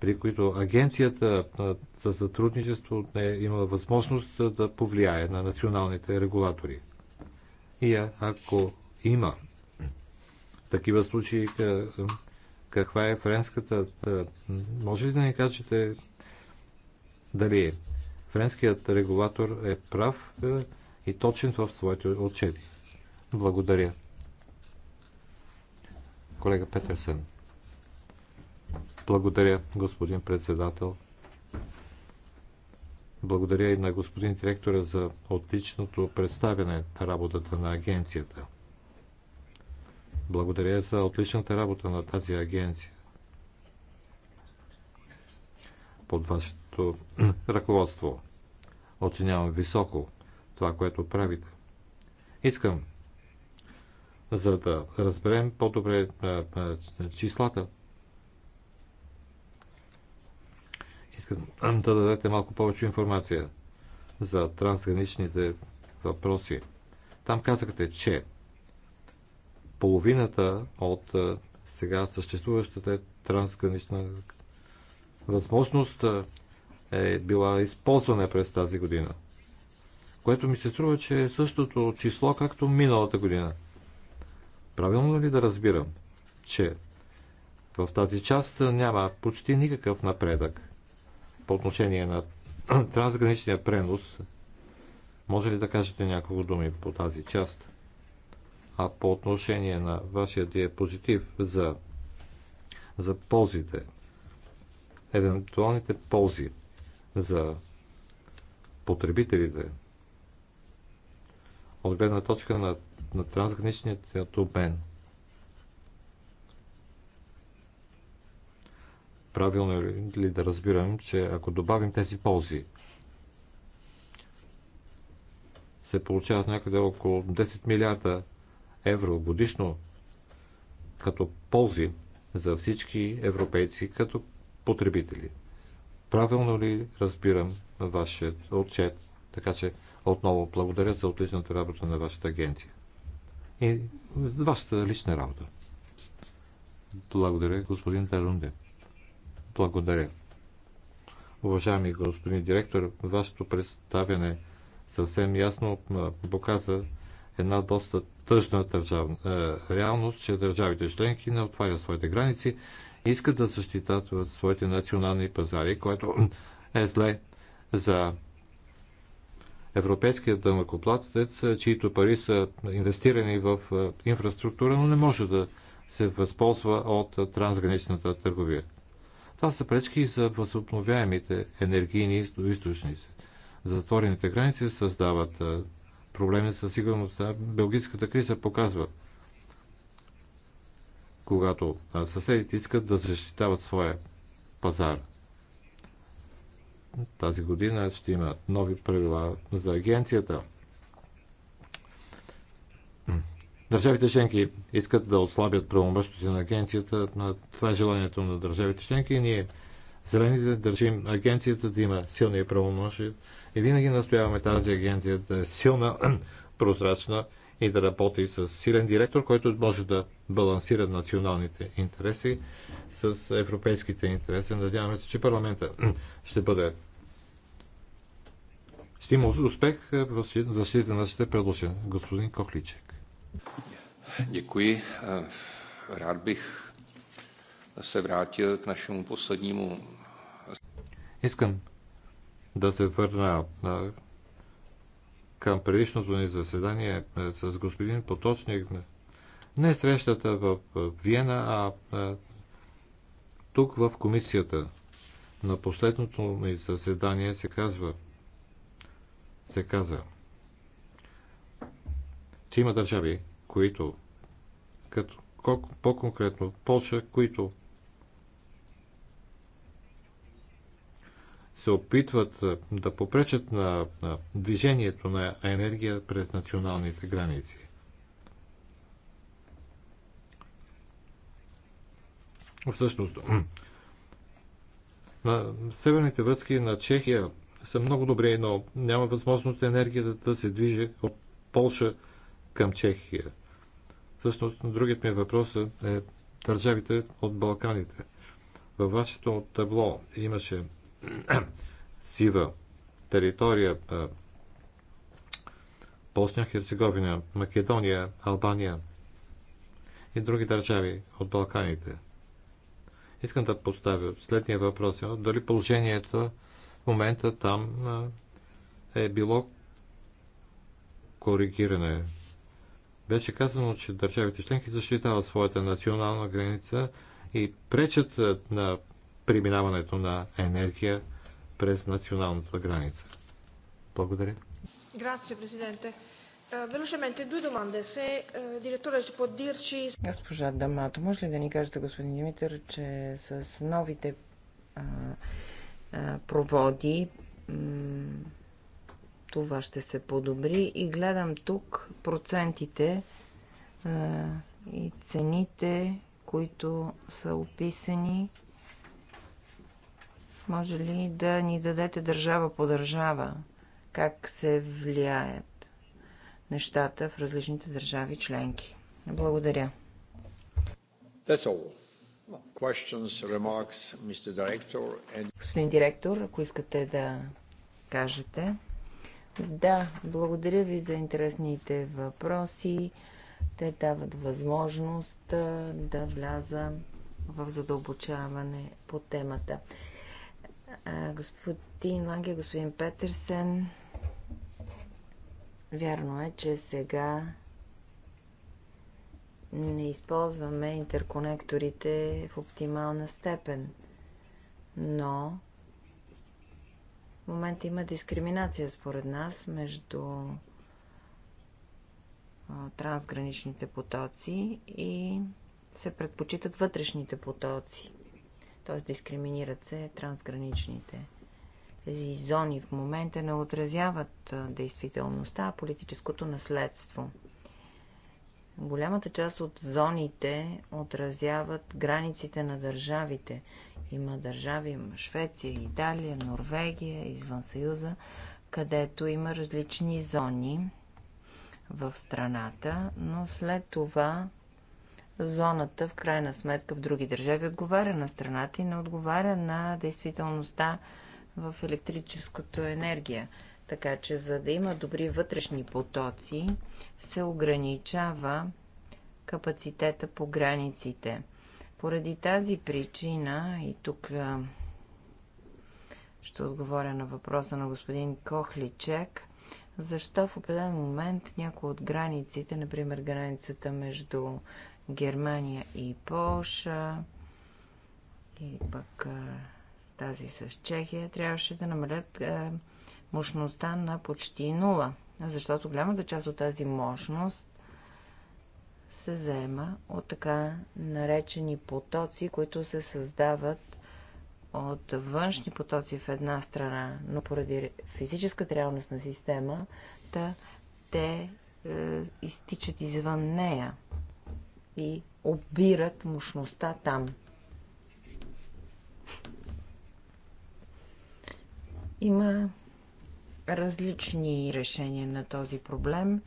при които агенцията за сътрудничество не е има възможност да повлияе на националните регулатори? И ако има такива случаи, каква е френската? Може ли да ни кажете дали френският регулатор е прав и точен в своите отчети? Благодаря. Колега Петърсен. Благодаря, господин председател. Благодаря и на господин директора за отличното представяне на работата на агенцията. Благодаря за отличната работа на тази агенция. Под вашето ръководство оценявам високо това, което правите. Искам за да разберем по-добре числата. Искам да дадете малко повече информация за трансграничните въпроси. Там казахте, че половината от сега съществуващата трансгранична възможност е била използвана през тази година, което ми се струва, че е същото число, както миналата година – Правилно ли да разбирам, че в тази част няма почти никакъв напредък по отношение на трансграничния пренос? Може ли да кажете няколко думи по тази част? А по отношение на вашия диапозитив за, за ползите, евентуалните ползи за потребителите от гледна точка на на трансграничният обмен. Правилно е ли да разбирам, че ако добавим тези ползи, се получават някъде около 10 милиарда евро годишно като ползи за всички европейци като потребители. Правилно ли разбирам вашия отчет? Така че отново благодаря за отличната работа на вашата агенция е вашата лична работа. Благодаря, господин Перунде. Благодаря. Уважаеми господин директор, вашето представяне съвсем ясно показа една доста тъжна държавна, е, реалност, че държавите членки не отварят своите граници и искат да защитат своите национални пазари, което е зле за европейският дънакоплатец, е, чието пари са инвестирани в е, инфраструктура, но не може да се възползва от е, трансграничната търговия. Това са пречки за възобновяемите енергийни източници. Затворените граници създават проблеми със сигурността. Белгийската криза показва, когато съседите искат да защитават своя пазар – тази година ще има нови правила за агенцията. Държавите членки искат да отслабят правомощите на агенцията. На това е желанието на държавите членки и ние Зелените държим агенцията да има силни правомощи и винаги настояваме тази агенция да е силна, прозрачна и да работи с силен директор, който може да балансира националните интереси с европейските интереси. Надяваме се, че парламента ще бъде ще има успех в защита на сите предложен. Господин Кохличек. Děkuji. Е, rád bych се vrátil к нашему последнему... Искам да се върна към предишното ни заседание е, с господин Поточник. Не срещата в Виена, а тук в комисията. На последното ми заседание се казва – се каза, че има държави, които, като по-конкретно Польша, които се опитват да попречат на, на движението на енергия през националните граници. Всъщност, на северните връзки на Чехия са много добри, но няма възможност енергията да се движи от Полша към Чехия. Всъщност, другият ми въпрос е държавите от Балканите. Във вашето табло имаше сива територия Босния, Херцеговина, Македония, Албания и други държави от Балканите. Искам да поставя следния въпрос. Дали положението в момента там е било коригиране. Беше казано, че държавите членки защитават своята национална граница и пречат на преминаването на енергия през националната граница. Благодаря. Грация, президенте. Velocemente, due domande. Se il direttore ci Госпожа Дамато, може ли да ни кажете, господин Димитър, че с новите проводи, това ще се подобри. И гледам тук процентите и цените, които са описани. Може ли да ни дадете държава по държава? Как се влияят нещата в различните държави членки? Благодаря. That's all. Господин директор, ако искате да кажете. Да, благодаря ви за интересните въпроси. Те дават възможност да вляза в задълбочаване по темата. Господин Ланге, господин Петерсен, вярно е, че сега не използваме интерконекторите в оптимална степен. Но в момента има дискриминация според нас между трансграничните потоци и се предпочитат вътрешните потоци. Т.е. дискриминират се трансграничните. Тези зони в момента не отразяват действителността, а политическото наследство – Голямата част от зоните отразяват границите на държавите. Има държави, има Швеция, Италия, Норвегия, извън Съюза, където има различни зони в страната, но след това зоната в крайна сметка в други държави отговаря на страната и не отговаря на действителността в електрическото енергия. Така че, за да има добри вътрешни потоци, се ограничава капацитета по границите. Поради тази причина, и тук ще отговоря на въпроса на господин Кохличек, защо в определен момент някои от границите, например границата между Германия и Полша, и пък тази с Чехия, трябваше да намалят мощността на почти нула, защото голямата част от тази мощност се заема от така наречени потоци, които се създават от външни потоци в една страна, но поради физическата реалност на системата, те е, изтичат извън нея и обират мощността там. Има различни решения на този проблем.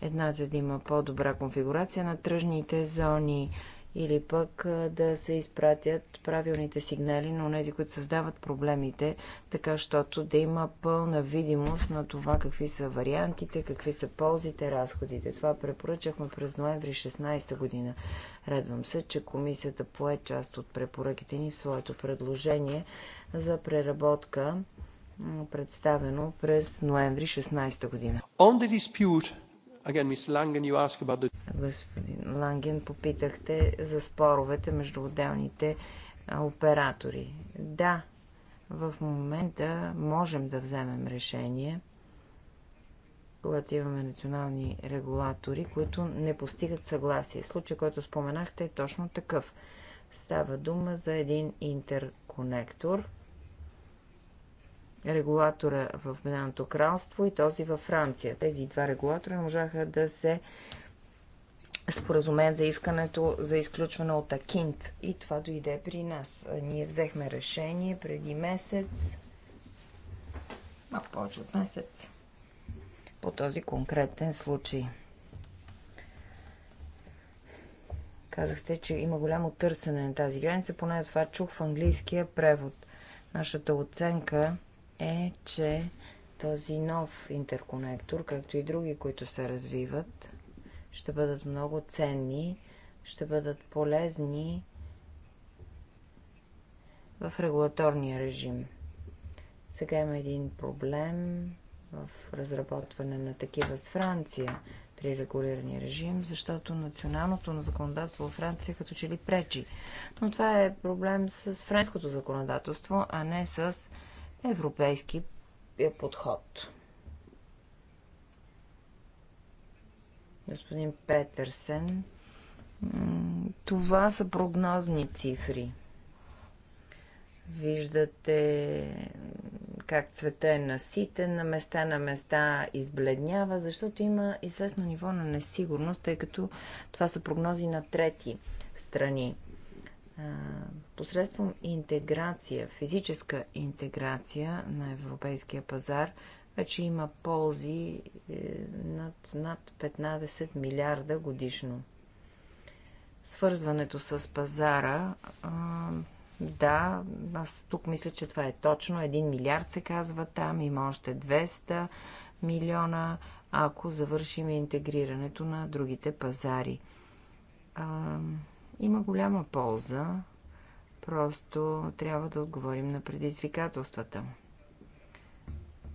Едната да има по-добра конфигурация на тръжните зони или пък да се изпратят правилните сигнали на тези, които създават проблемите, така щото да има пълна видимост на това какви са вариантите, какви са ползите, разходите. Това препоръчахме през ноември 16 година. Радвам се, че комисията пое част от препоръките ни в своето предложение за преработка представено през ноември 16 година. Again, Langen, the... Господин Ланген, попитахте за споровете между отделните оператори. Да, в момента можем да вземем решение, когато имаме национални регулатори, които не постигат съгласие. Случай, който споменахте, е точно такъв. Става дума за един интерконектор – регулатора в Обединеното кралство и този във Франция. Тези два регулатора можаха да се споразумеят за искането за изключване от Акинт. И това дойде при нас. Ние взехме решение преди месец, малко повече от месец, по този конкретен случай. Казахте, че има голямо търсене на тази граница, поне това чух в английския превод. Нашата оценка е, че този нов интерконектор, както и други, които се развиват, ще бъдат много ценни, ще бъдат полезни в регулаторния режим. Сега има един проблем в разработване на такива с Франция при регулирания режим, защото националното на законодателство в Франция като че ли пречи. Но това е проблем с френското законодателство, а не с европейски е, подход. Господин Петърсен, това са прогнозни цифри. Виждате как цвета е наситен, на места на места избледнява, защото има известно ниво на несигурност, тъй като това са прогнози на трети страни посредством интеграция, физическа интеграция на европейския пазар, вече има ползи е, над, над 15 милиарда годишно. Свързването с пазара, да, аз тук мисля, че това е точно. 1 милиард се казва там, има още 200 милиона, ако завършим интегрирането на другите пазари. Има голяма полза, просто трябва да отговорим на предизвикателствата.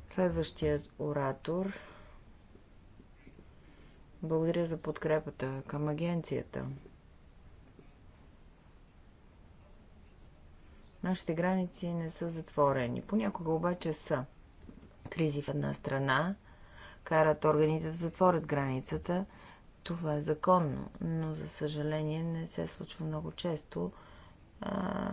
Следващият оратор. Благодаря за подкрепата към агенцията. Нашите граници не са затворени. Понякога обаче са. Кризи в една страна карат органите да затворят границата това е законно, но за съжаление не се случва много често. А,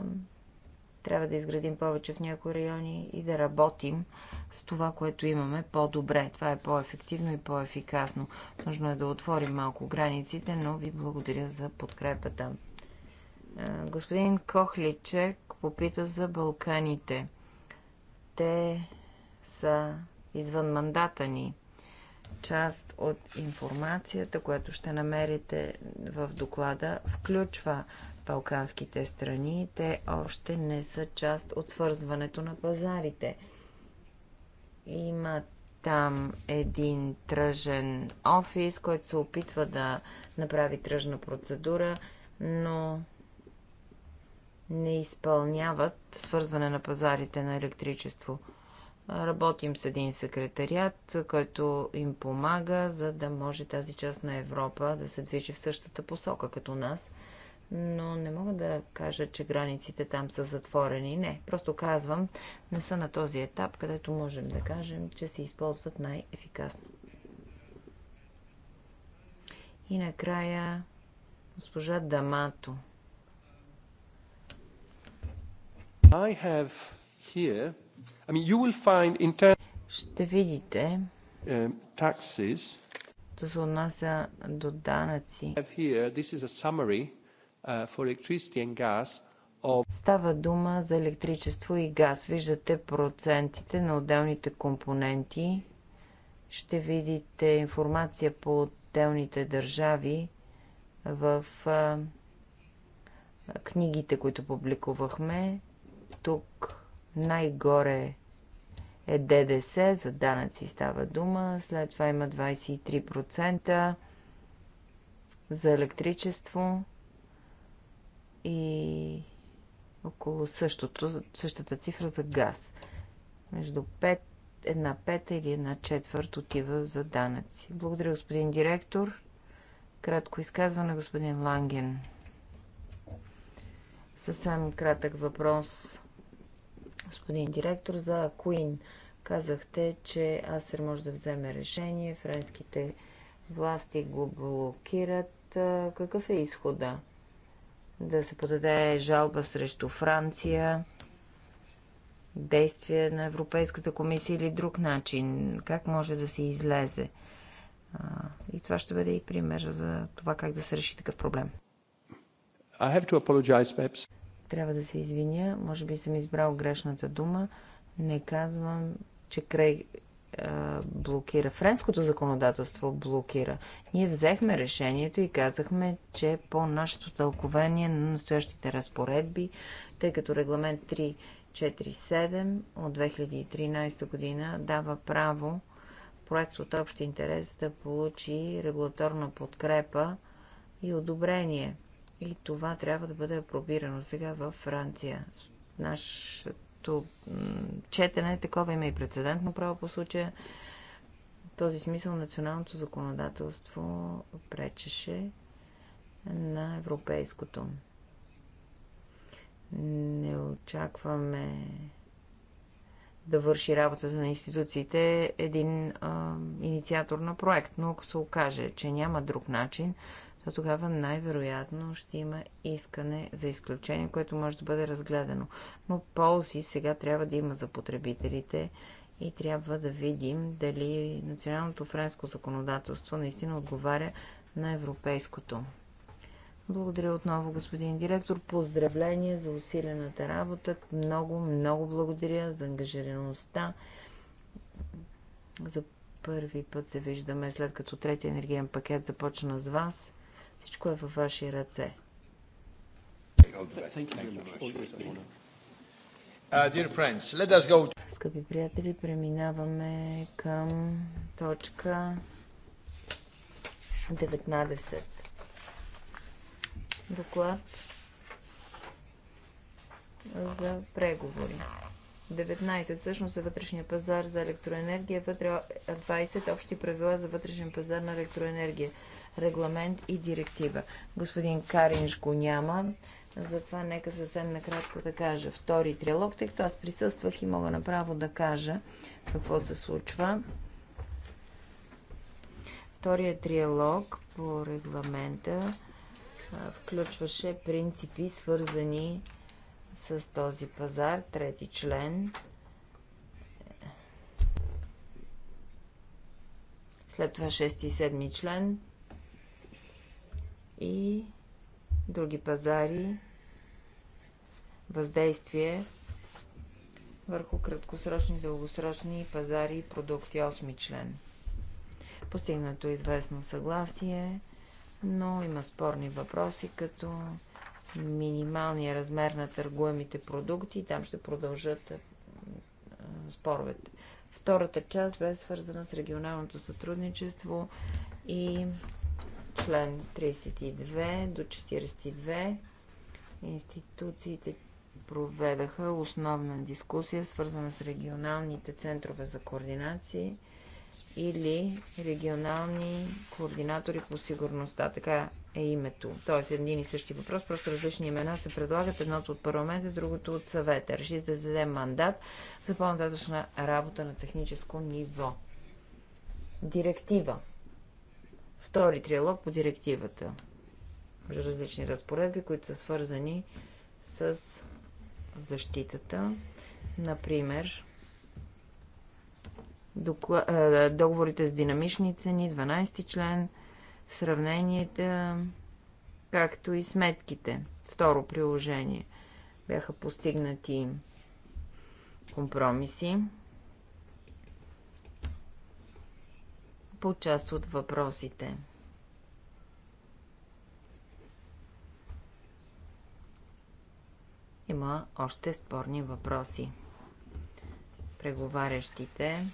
трябва да изградим повече в някои райони и да работим с това, което имаме по-добре. Това е по-ефективно и по-ефикасно. Нужно е да отворим малко границите, но ви благодаря за подкрепата. Господин Кохличек попита за Балканите. Те са извън мандата ни – част от информацията, която ще намерите в доклада, включва балканските страни. Те още не са част от свързването на пазарите. Има там един тръжен офис, който се опитва да направи тръжна процедура, но не изпълняват свързване на пазарите на електричество – Работим с един секретариат, който им помага, за да може тази част на Европа да се движи в същата посока като нас. Но не мога да кажа, че границите там са затворени. Не, просто казвам, не са на този етап, където можем да кажем, че се използват най-ефикасно. И накрая госпожа Дамато. I have here ще видите, то um, се отнася до данъци. Uh, Става дума за електричество и газ. Виждате процентите на отделните компоненти. Ще видите информация по отделните държави в книгите, които публикувахме. Тук най-горе е ДДС, за данъци става дума, след това има 23% за електричество и около същото, същата цифра за газ. Между 5, една пета или една четвърт отива за данъци. Благодаря, господин директор. Кратко изказване, господин Ланген. Съвсем кратък въпрос Господин директор, за Куин казахте, че Асер може да вземе решение, френските власти го блокират. Какъв е изхода? Да се подаде жалба срещу Франция, действие на Европейската комисия или друг начин? Как може да се излезе? И това ще бъде и пример за това как да се реши такъв проблем. I have to apologize, perhaps. Трябва да се извиня, може би съм избрал грешната дума. Не казвам, че край блокира. Френското законодателство блокира. Ние взехме решението и казахме, че по нашето тълкование на настоящите разпоредби, тъй като регламент 347 от 2013 година дава право проект от общ интерес да получи регулаторна подкрепа и одобрение – и това трябва да бъде апробирано сега във Франция. Нашето четене, е такова има и прецедентно право по случая. В този смисъл националното законодателство пречеше на европейското. Не очакваме да върши работата на институциите един а, инициатор на проект. Но ако се окаже, че няма друг начин, то тогава най-вероятно ще има искане за изключение, което може да бъде разгледано. Но ползи сега трябва да има за потребителите и трябва да видим дали националното френско законодателство наистина отговаря на европейското. Благодаря отново, господин директор. Поздравление за усилената работа. Много, много благодаря за ангажираността. За първи път се виждаме след като третия енергиен пакет започна с вас. Всичко е във ваши ръце. Скъпи приятели, преминаваме към точка 19. Доклад за преговори. 19. Всъщност е вътрешния пазар за електроенергия, вътре 20. Общи правила за вътрешен пазар на електроенергия регламент и директива. Господин Каринш го няма, затова нека съвсем накратко да кажа втори трилог, тъй като аз присъствах и мога направо да кажа какво се случва. Втория триалог по регламента включваше принципи, свързани с този пазар, трети член. След това 6 и 7 член и други пазари, въздействие върху краткосрочни и дългосрочни пазари и продукти, 8 член. Постигнато е известно съгласие, но има спорни въпроси, като минималния размер на търгуемите продукти и там ще продължат споровете. Втората част бе свързана с регионалното сътрудничество и Член 32 до 42 институциите проведаха основна дискусия, свързана с регионалните центрове за координации или регионални координатори по сигурността. Така е името. Тоест един и същи въпрос, просто различни имена се предлагат, едното от парламента, другото от съвета. Реши да зададе мандат за по-нататъчна работа на техническо ниво. Директива втори триалог по директивата. Различни разпоредби, които са свързани с защитата. Например, договорите с динамични цени, 12 ти член, сравненията, както и сметките. Второ приложение. Бяха постигнати компромиси. по част от въпросите. Има още спорни въпроси. Преговарящите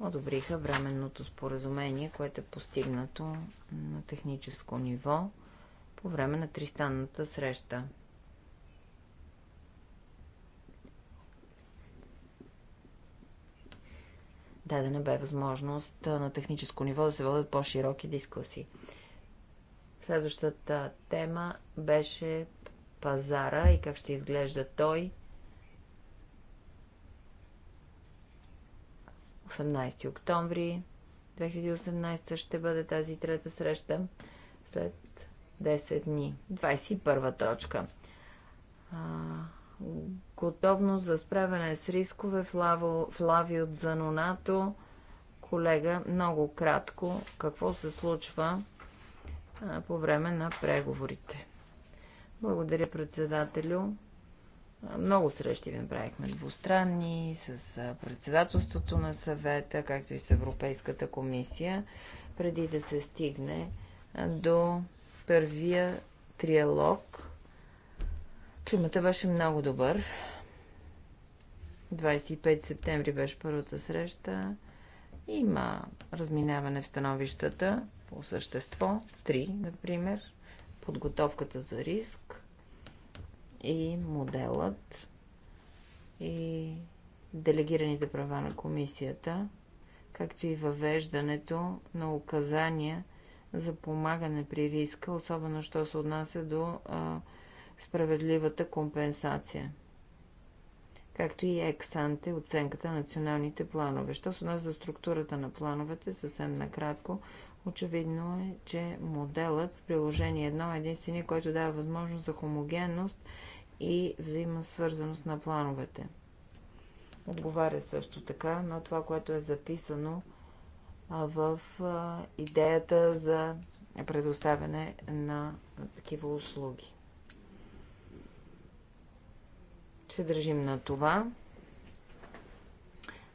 одобриха временното споразумение, което е постигнато на техническо ниво по време на тристанната среща. дадена бе възможност на техническо ниво да се водят по-широки дискусии. Следващата тема беше пазара и как ще изглежда той. 18 октомври 2018 ще бъде тази трета среща след 10 дни. 21 точка готовност за справяне с рискове в, лави от занонато. Колега, много кратко, какво се случва по време на преговорите. Благодаря, председателю. Много срещи ви направихме двустранни, с председателството на съвета, както и с Европейската комисия, преди да се стигне до първия триалог. Климата беше много добър. 25 септември беше първата среща. Има разминаване в становищата по същество. Три, например. Подготовката за риск и моделът и делегираните права на комисията, както и въвеждането на указания за помагане при риска, особено що се отнася до а, справедливата компенсация както и ексанте оценката на националните планове. Що се отнася за структурата на плановете, съвсем накратко, очевидно е, че моделът в приложение 1 е единствения, който дава възможност за хомогенност и взаимосвързаност на плановете. Отговаря също така на това, което е записано в идеята за предоставяне на такива услуги. Ще се държим на това.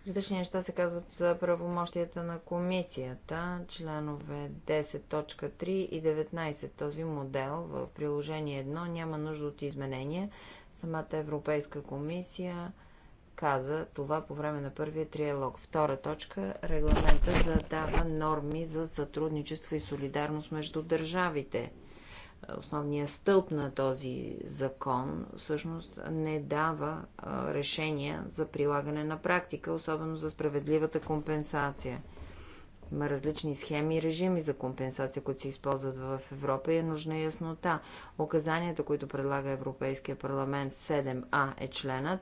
Различни неща се казват за правомощията на комисията, членове 10.3 и 19. Този модел в приложение 1 няма нужда от изменения. Самата Европейска комисия каза това по време на първия триалог. Втора точка – регламента задава норми за сътрудничество и солидарност между държавите – основния стълб на този закон, всъщност не дава решения за прилагане на практика, особено за справедливата компенсация. Има различни схеми и режими за компенсация, които се използват в Европа и е нужна яснота. Оказанията, които предлага Европейския парламент 7А е членът,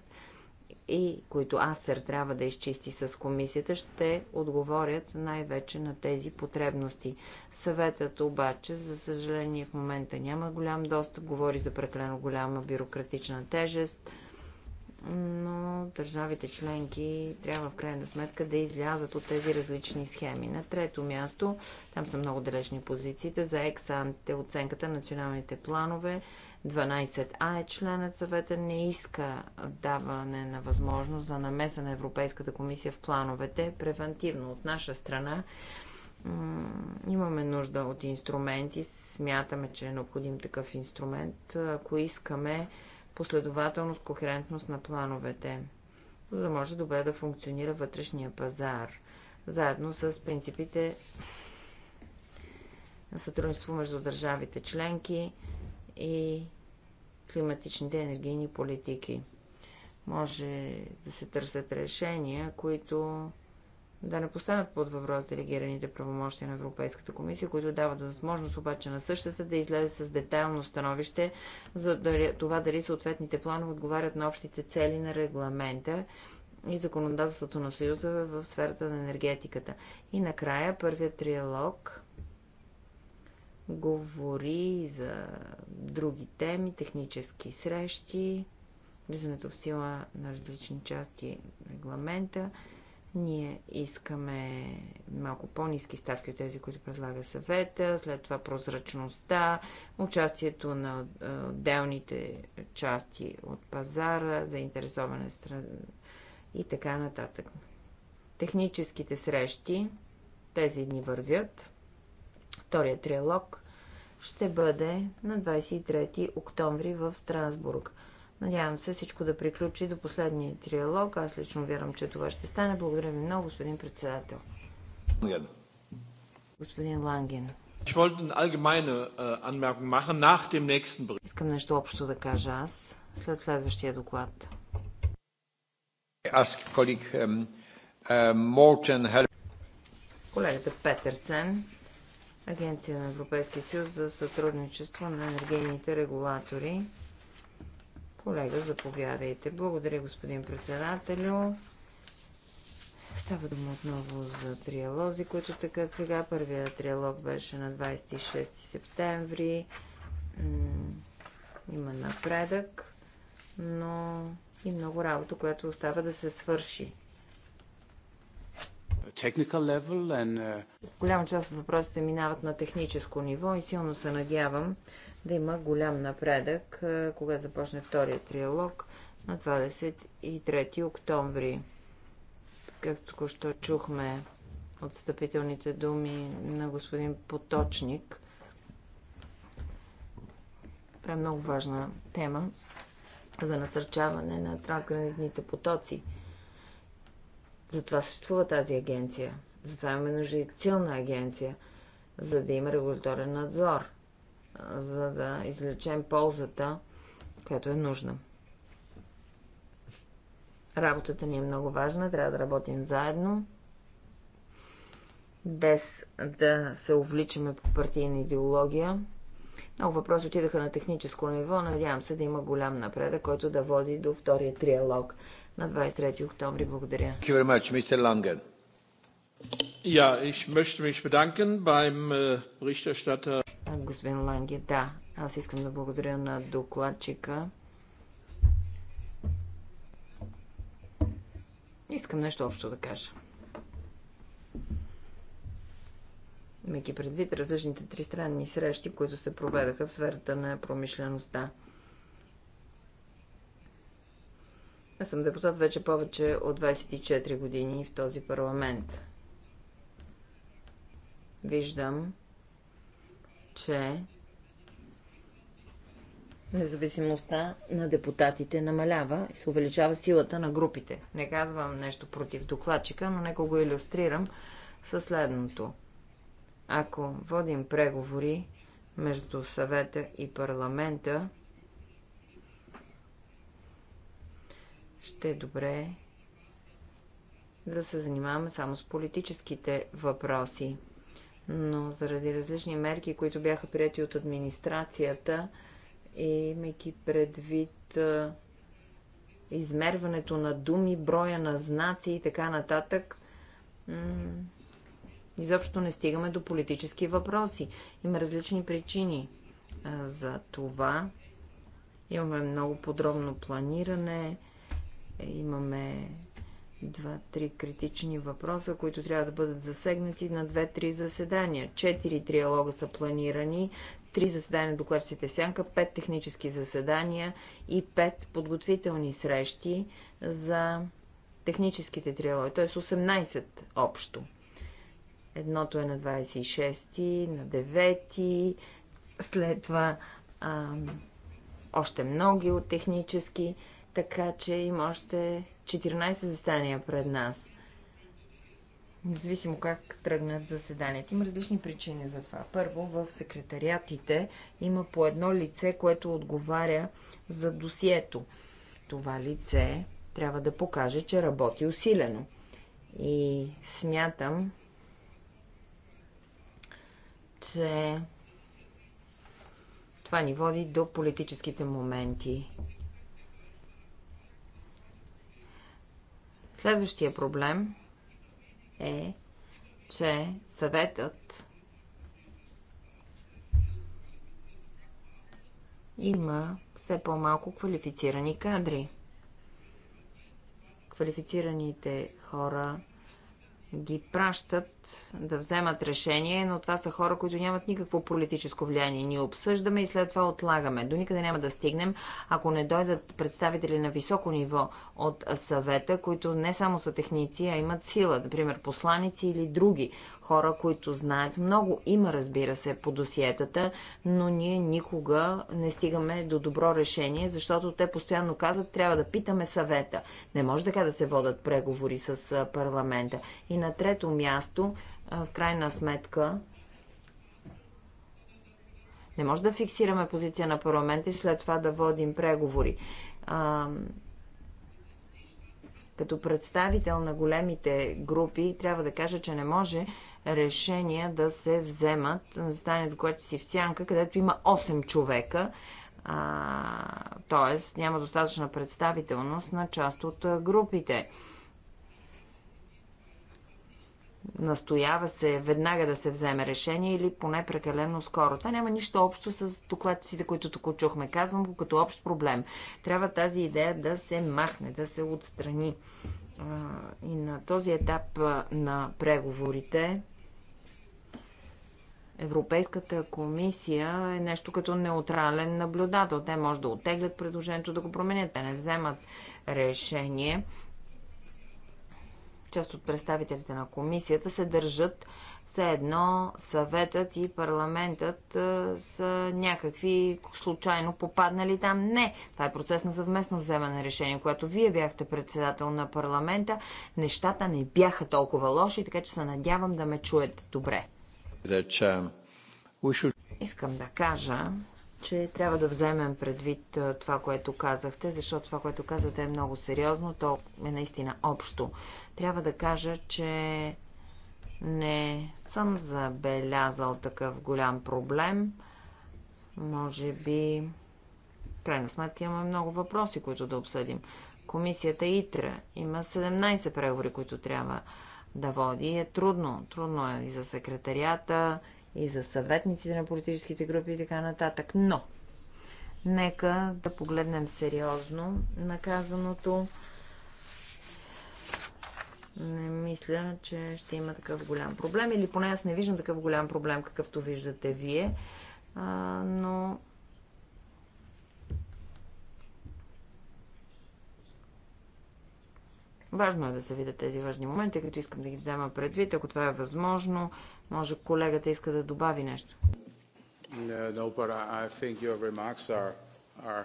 и които АСЕР трябва да изчисти с комисията, ще отговорят най-вече на тези потребности. Съветът обаче, за съжаление, в момента няма голям достъп, говори за преклено голяма бюрократична тежест, но държавите членки трябва в крайна сметка да излязат от тези различни схеми. На трето място, там са много далечни позициите, за ексанте оценката на националните планове, 12А е членът съвета не иска даване на възможност за намеса на Европейската комисия в плановете превентивно. От наша страна имаме нужда от инструменти, смятаме, че е необходим такъв инструмент, ако искаме последователност, кохерентност на плановете, за да може добре да функционира вътрешния пазар, заедно с принципите на сътрудничество между държавите членки, и климатичните енергийни политики. Може да се търсят решения, които да не поставят под въпрос делегираните правомощия на Европейската комисия, които дават възможност обаче на същата да излезе с детайлно становище за това дали съответните планове отговарят на общите цели на регламента и законодателството на Съюза в сферата на енергетиката. И накрая първият триалог говори за други теми, технически срещи, влизането в сила на различни части регламента. Ние искаме малко по-низки ставки от тези, които предлага съвета, след това прозрачността, участието на отделните части от пазара, заинтересоване страна и така нататък. Техническите срещи тези дни вървят. Втория триалог ще бъде на 23 октомври в Страсбург. Надявам се всичко да приключи до последния триалог. Аз лично вярвам, че това ще стане. Благодаря ви много, господин председател. Господин Ланген. Äh, Искам нещо общо да кажа аз след следващия доклад. Um, uh, Колегата Петърсен Агенция на Европейския съюз за сътрудничество на енергийните регулатори. Колега, заповядайте. Благодаря, господин председателю. Става дума отново за триалози, които така сега. Първият триалог беше на 26 септември. Има напредък, но и много работа, която остава да се свърши and... Uh, Голяма част от въпросите минават на техническо ниво и силно се надявам да има голям напредък, е, когато започне втория триалог на 23 октомври. Както току-що чухме от думи на господин Поточник, това е много важна тема за насърчаване на трансгранитните потоци – затова съществува тази агенция. Затова имаме нужда и силна агенция, за да има регуляторен надзор, за да излечем ползата, която е нужна. Работата ни е много важна, трябва да работим заедно, без да се увличаме по партийна идеология. Много въпроси отидаха на техническо ниво. Надявам се да има голям напредък, който да води до втория триалог на 23 октомври. Благодаря. Ja, ich möchte mich bedanken beim äh, Berichterstatter. Господин Ланге, да, аз искам да благодаря на докладчика. Искам нещо общо да кажа. Имайки предвид различните тристранни срещи, които се проведаха в сферата на промишлеността. Аз съм депутат вече повече от 24 години в този парламент. Виждам, че независимостта на депутатите намалява и се увеличава силата на групите. Не казвам нещо против докладчика, но нека го иллюстрирам със следното. Ако водим преговори между съвета и парламента, ще е добре да се занимаваме само с политическите въпроси. Но заради различни мерки, които бяха прияти от администрацията, и имайки предвид измерването на думи, броя на знаци и така нататък, изобщо не стигаме до политически въпроси. Има различни причини за това. Имаме много подробно планиране, Имаме два-три критични въпроса, които трябва да бъдат засегнати на две-три заседания. Четири триалога са планирани, три заседания до докладчиците сянка, пет технически заседания и пет подготвителни срещи за техническите триалоги, т.е. 18 общо. Едното е на 26, на 9, след това а, още много от технически така че има още 14 застания пред нас. Независимо как тръгнат заседанията. Има различни причини за това. Първо, в секретариатите има по едно лице, което отговаря за досието. Това лице трябва да покаже, че работи усилено. И смятам, че това ни води до политическите моменти Следващия проблем е, че съветът има все по-малко квалифицирани кадри. Квалифицираните хора ги пращат да вземат решение, но това са хора, които нямат никакво политическо влияние. Ние обсъждаме и след това отлагаме. До никъде няма да стигнем, ако не дойдат представители на високо ниво от съвета, които не само са техници, а имат сила, например посланици или други хора, които знаят много. Има, разбира се, по досиетата, но ние никога не стигаме до добро решение, защото те постоянно казват, трябва да питаме съвета. Не може така да се водат преговори с парламента. И на трето място, в крайна сметка не може да фиксираме позиция на парламента и след това да водим преговори. А, като представител на големите групи, трябва да кажа, че не може решения да се вземат на заседанието, което си в сянка, където има 8 човека, т.е. няма достатъчна представителност на част от групите. Настоява се веднага да се вземе решение или поне прекалено скоро. Това няма нищо общо с докладчиците, които тук чухме. Казвам го като общ проблем. Трябва тази идея да се махне, да се отстрани. И на този етап на преговорите Европейската комисия е нещо като неутрален наблюдател. Те може да отеглят предложението, да го променят. Те не вземат решение част от представителите на комисията се държат все едно съветът и парламентът са някакви случайно попаднали там. Не, това е процес на съвместно вземане на решение. Когато вие бяхте председател на парламента, нещата не бяха толкова лоши, така че се надявам да ме чуете добре. Uh, Искам да кажа, че трябва да вземем предвид това, което казахте, защото това, което казвате е много сериозно, то е наистина общо. Трябва да кажа, че не съм забелязал такъв голям проблем. Може би, в крайна сметка, имаме много въпроси, които да обсъдим. Комисията ИТРА има 17 преговори, които трябва да води. Е трудно. Трудно е и за секретарията, и за съветниците на политическите групи и така нататък. Но, нека да погледнем сериозно наказаното. Не мисля, че ще има такъв голям проблем. Или поне аз не виждам такъв голям проблем, какъвто виждате вие. А, но Важно е да се видят тези важни моменти, като искам да ги взема предвид, ако това е възможно, може колегата иска да добави нещо. No, are, are...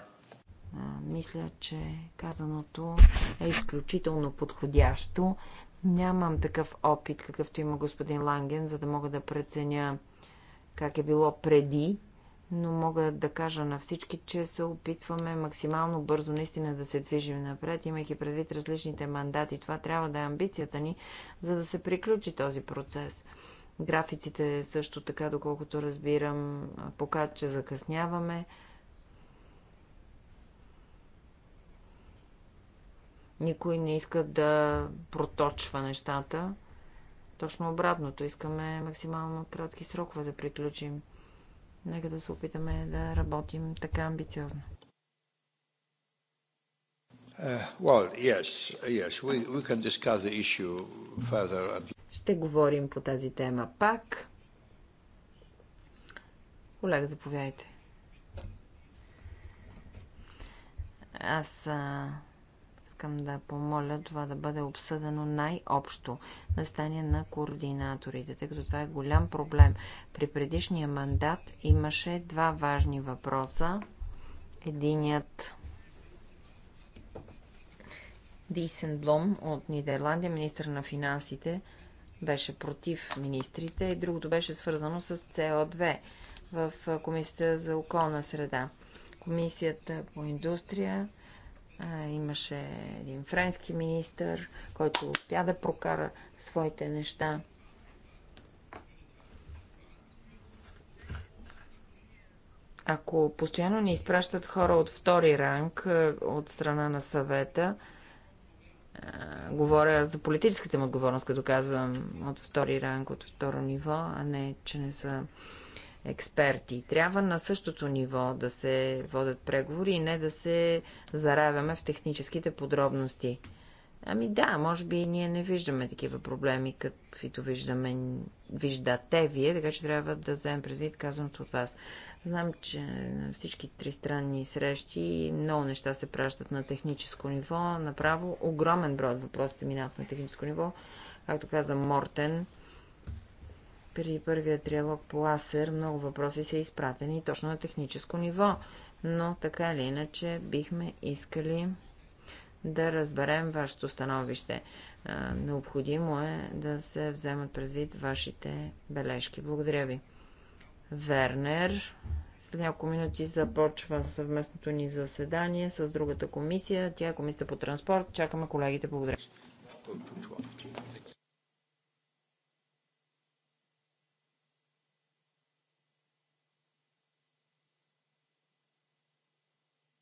А, мисля, че казаното е изключително подходящо. Нямам такъв опит, какъвто има господин Ланген, за да мога да преценя как е било преди, но мога да кажа на всички, че се опитваме максимално бързо наистина да се движим напред, имайки предвид различните мандати. Това трябва да е амбицията ни, за да се приключи този процес. Графиците също така, доколкото разбирам, покажат, че закъсняваме. Никой не иска да проточва нещата. Точно обратното, искаме максимално кратки срокове да приключим. Нека да се опитаме да работим така амбициозно. Uh, well, yes, yes, we, we can discuss the issue further. Ще говорим по тази тема пак. Олег, заповядайте. Аз а, искам да помоля това да бъде обсъдено най-общо на стане на координаторите, тъй като това е голям проблем. При предишния мандат имаше два важни въпроса. Единият Дисен Блом от Нидерландия, министър на финансите, беше против министрите и другото беше свързано с CO2 в Комисията за околна среда. Комисията по индустрия а, имаше един френски министр, който успя да прокара своите неща. Ако постоянно ни изпращат хора от втори ранг от страна на съвета, говоря за политическата им отговорност, като казвам от втори ранг, от второ ниво, а не, че не са експерти. Трябва на същото ниво да се водят преговори и не да се заравяме в техническите подробности. Ами да, може би ние не виждаме такива проблеми, каквито виждаме, виждате вие, така че трябва да вземем предвид казаното от вас. Знам, че на всички тристранни срещи много неща се пращат на техническо ниво. Направо огромен брой от въпросите минават на техническо ниво. Както каза Мортен, при първия триалог по АСЕР много въпроси са изпратени точно на техническо ниво. Но така или иначе бихме искали да разберем вашето становище. Необходимо е да се вземат предвид вашите бележки. Благодаря ви. Вернер. След няколко минути започва съвместното ни заседание с другата комисия. Тя е комисията по транспорт. Чакаме колегите. Благодаря.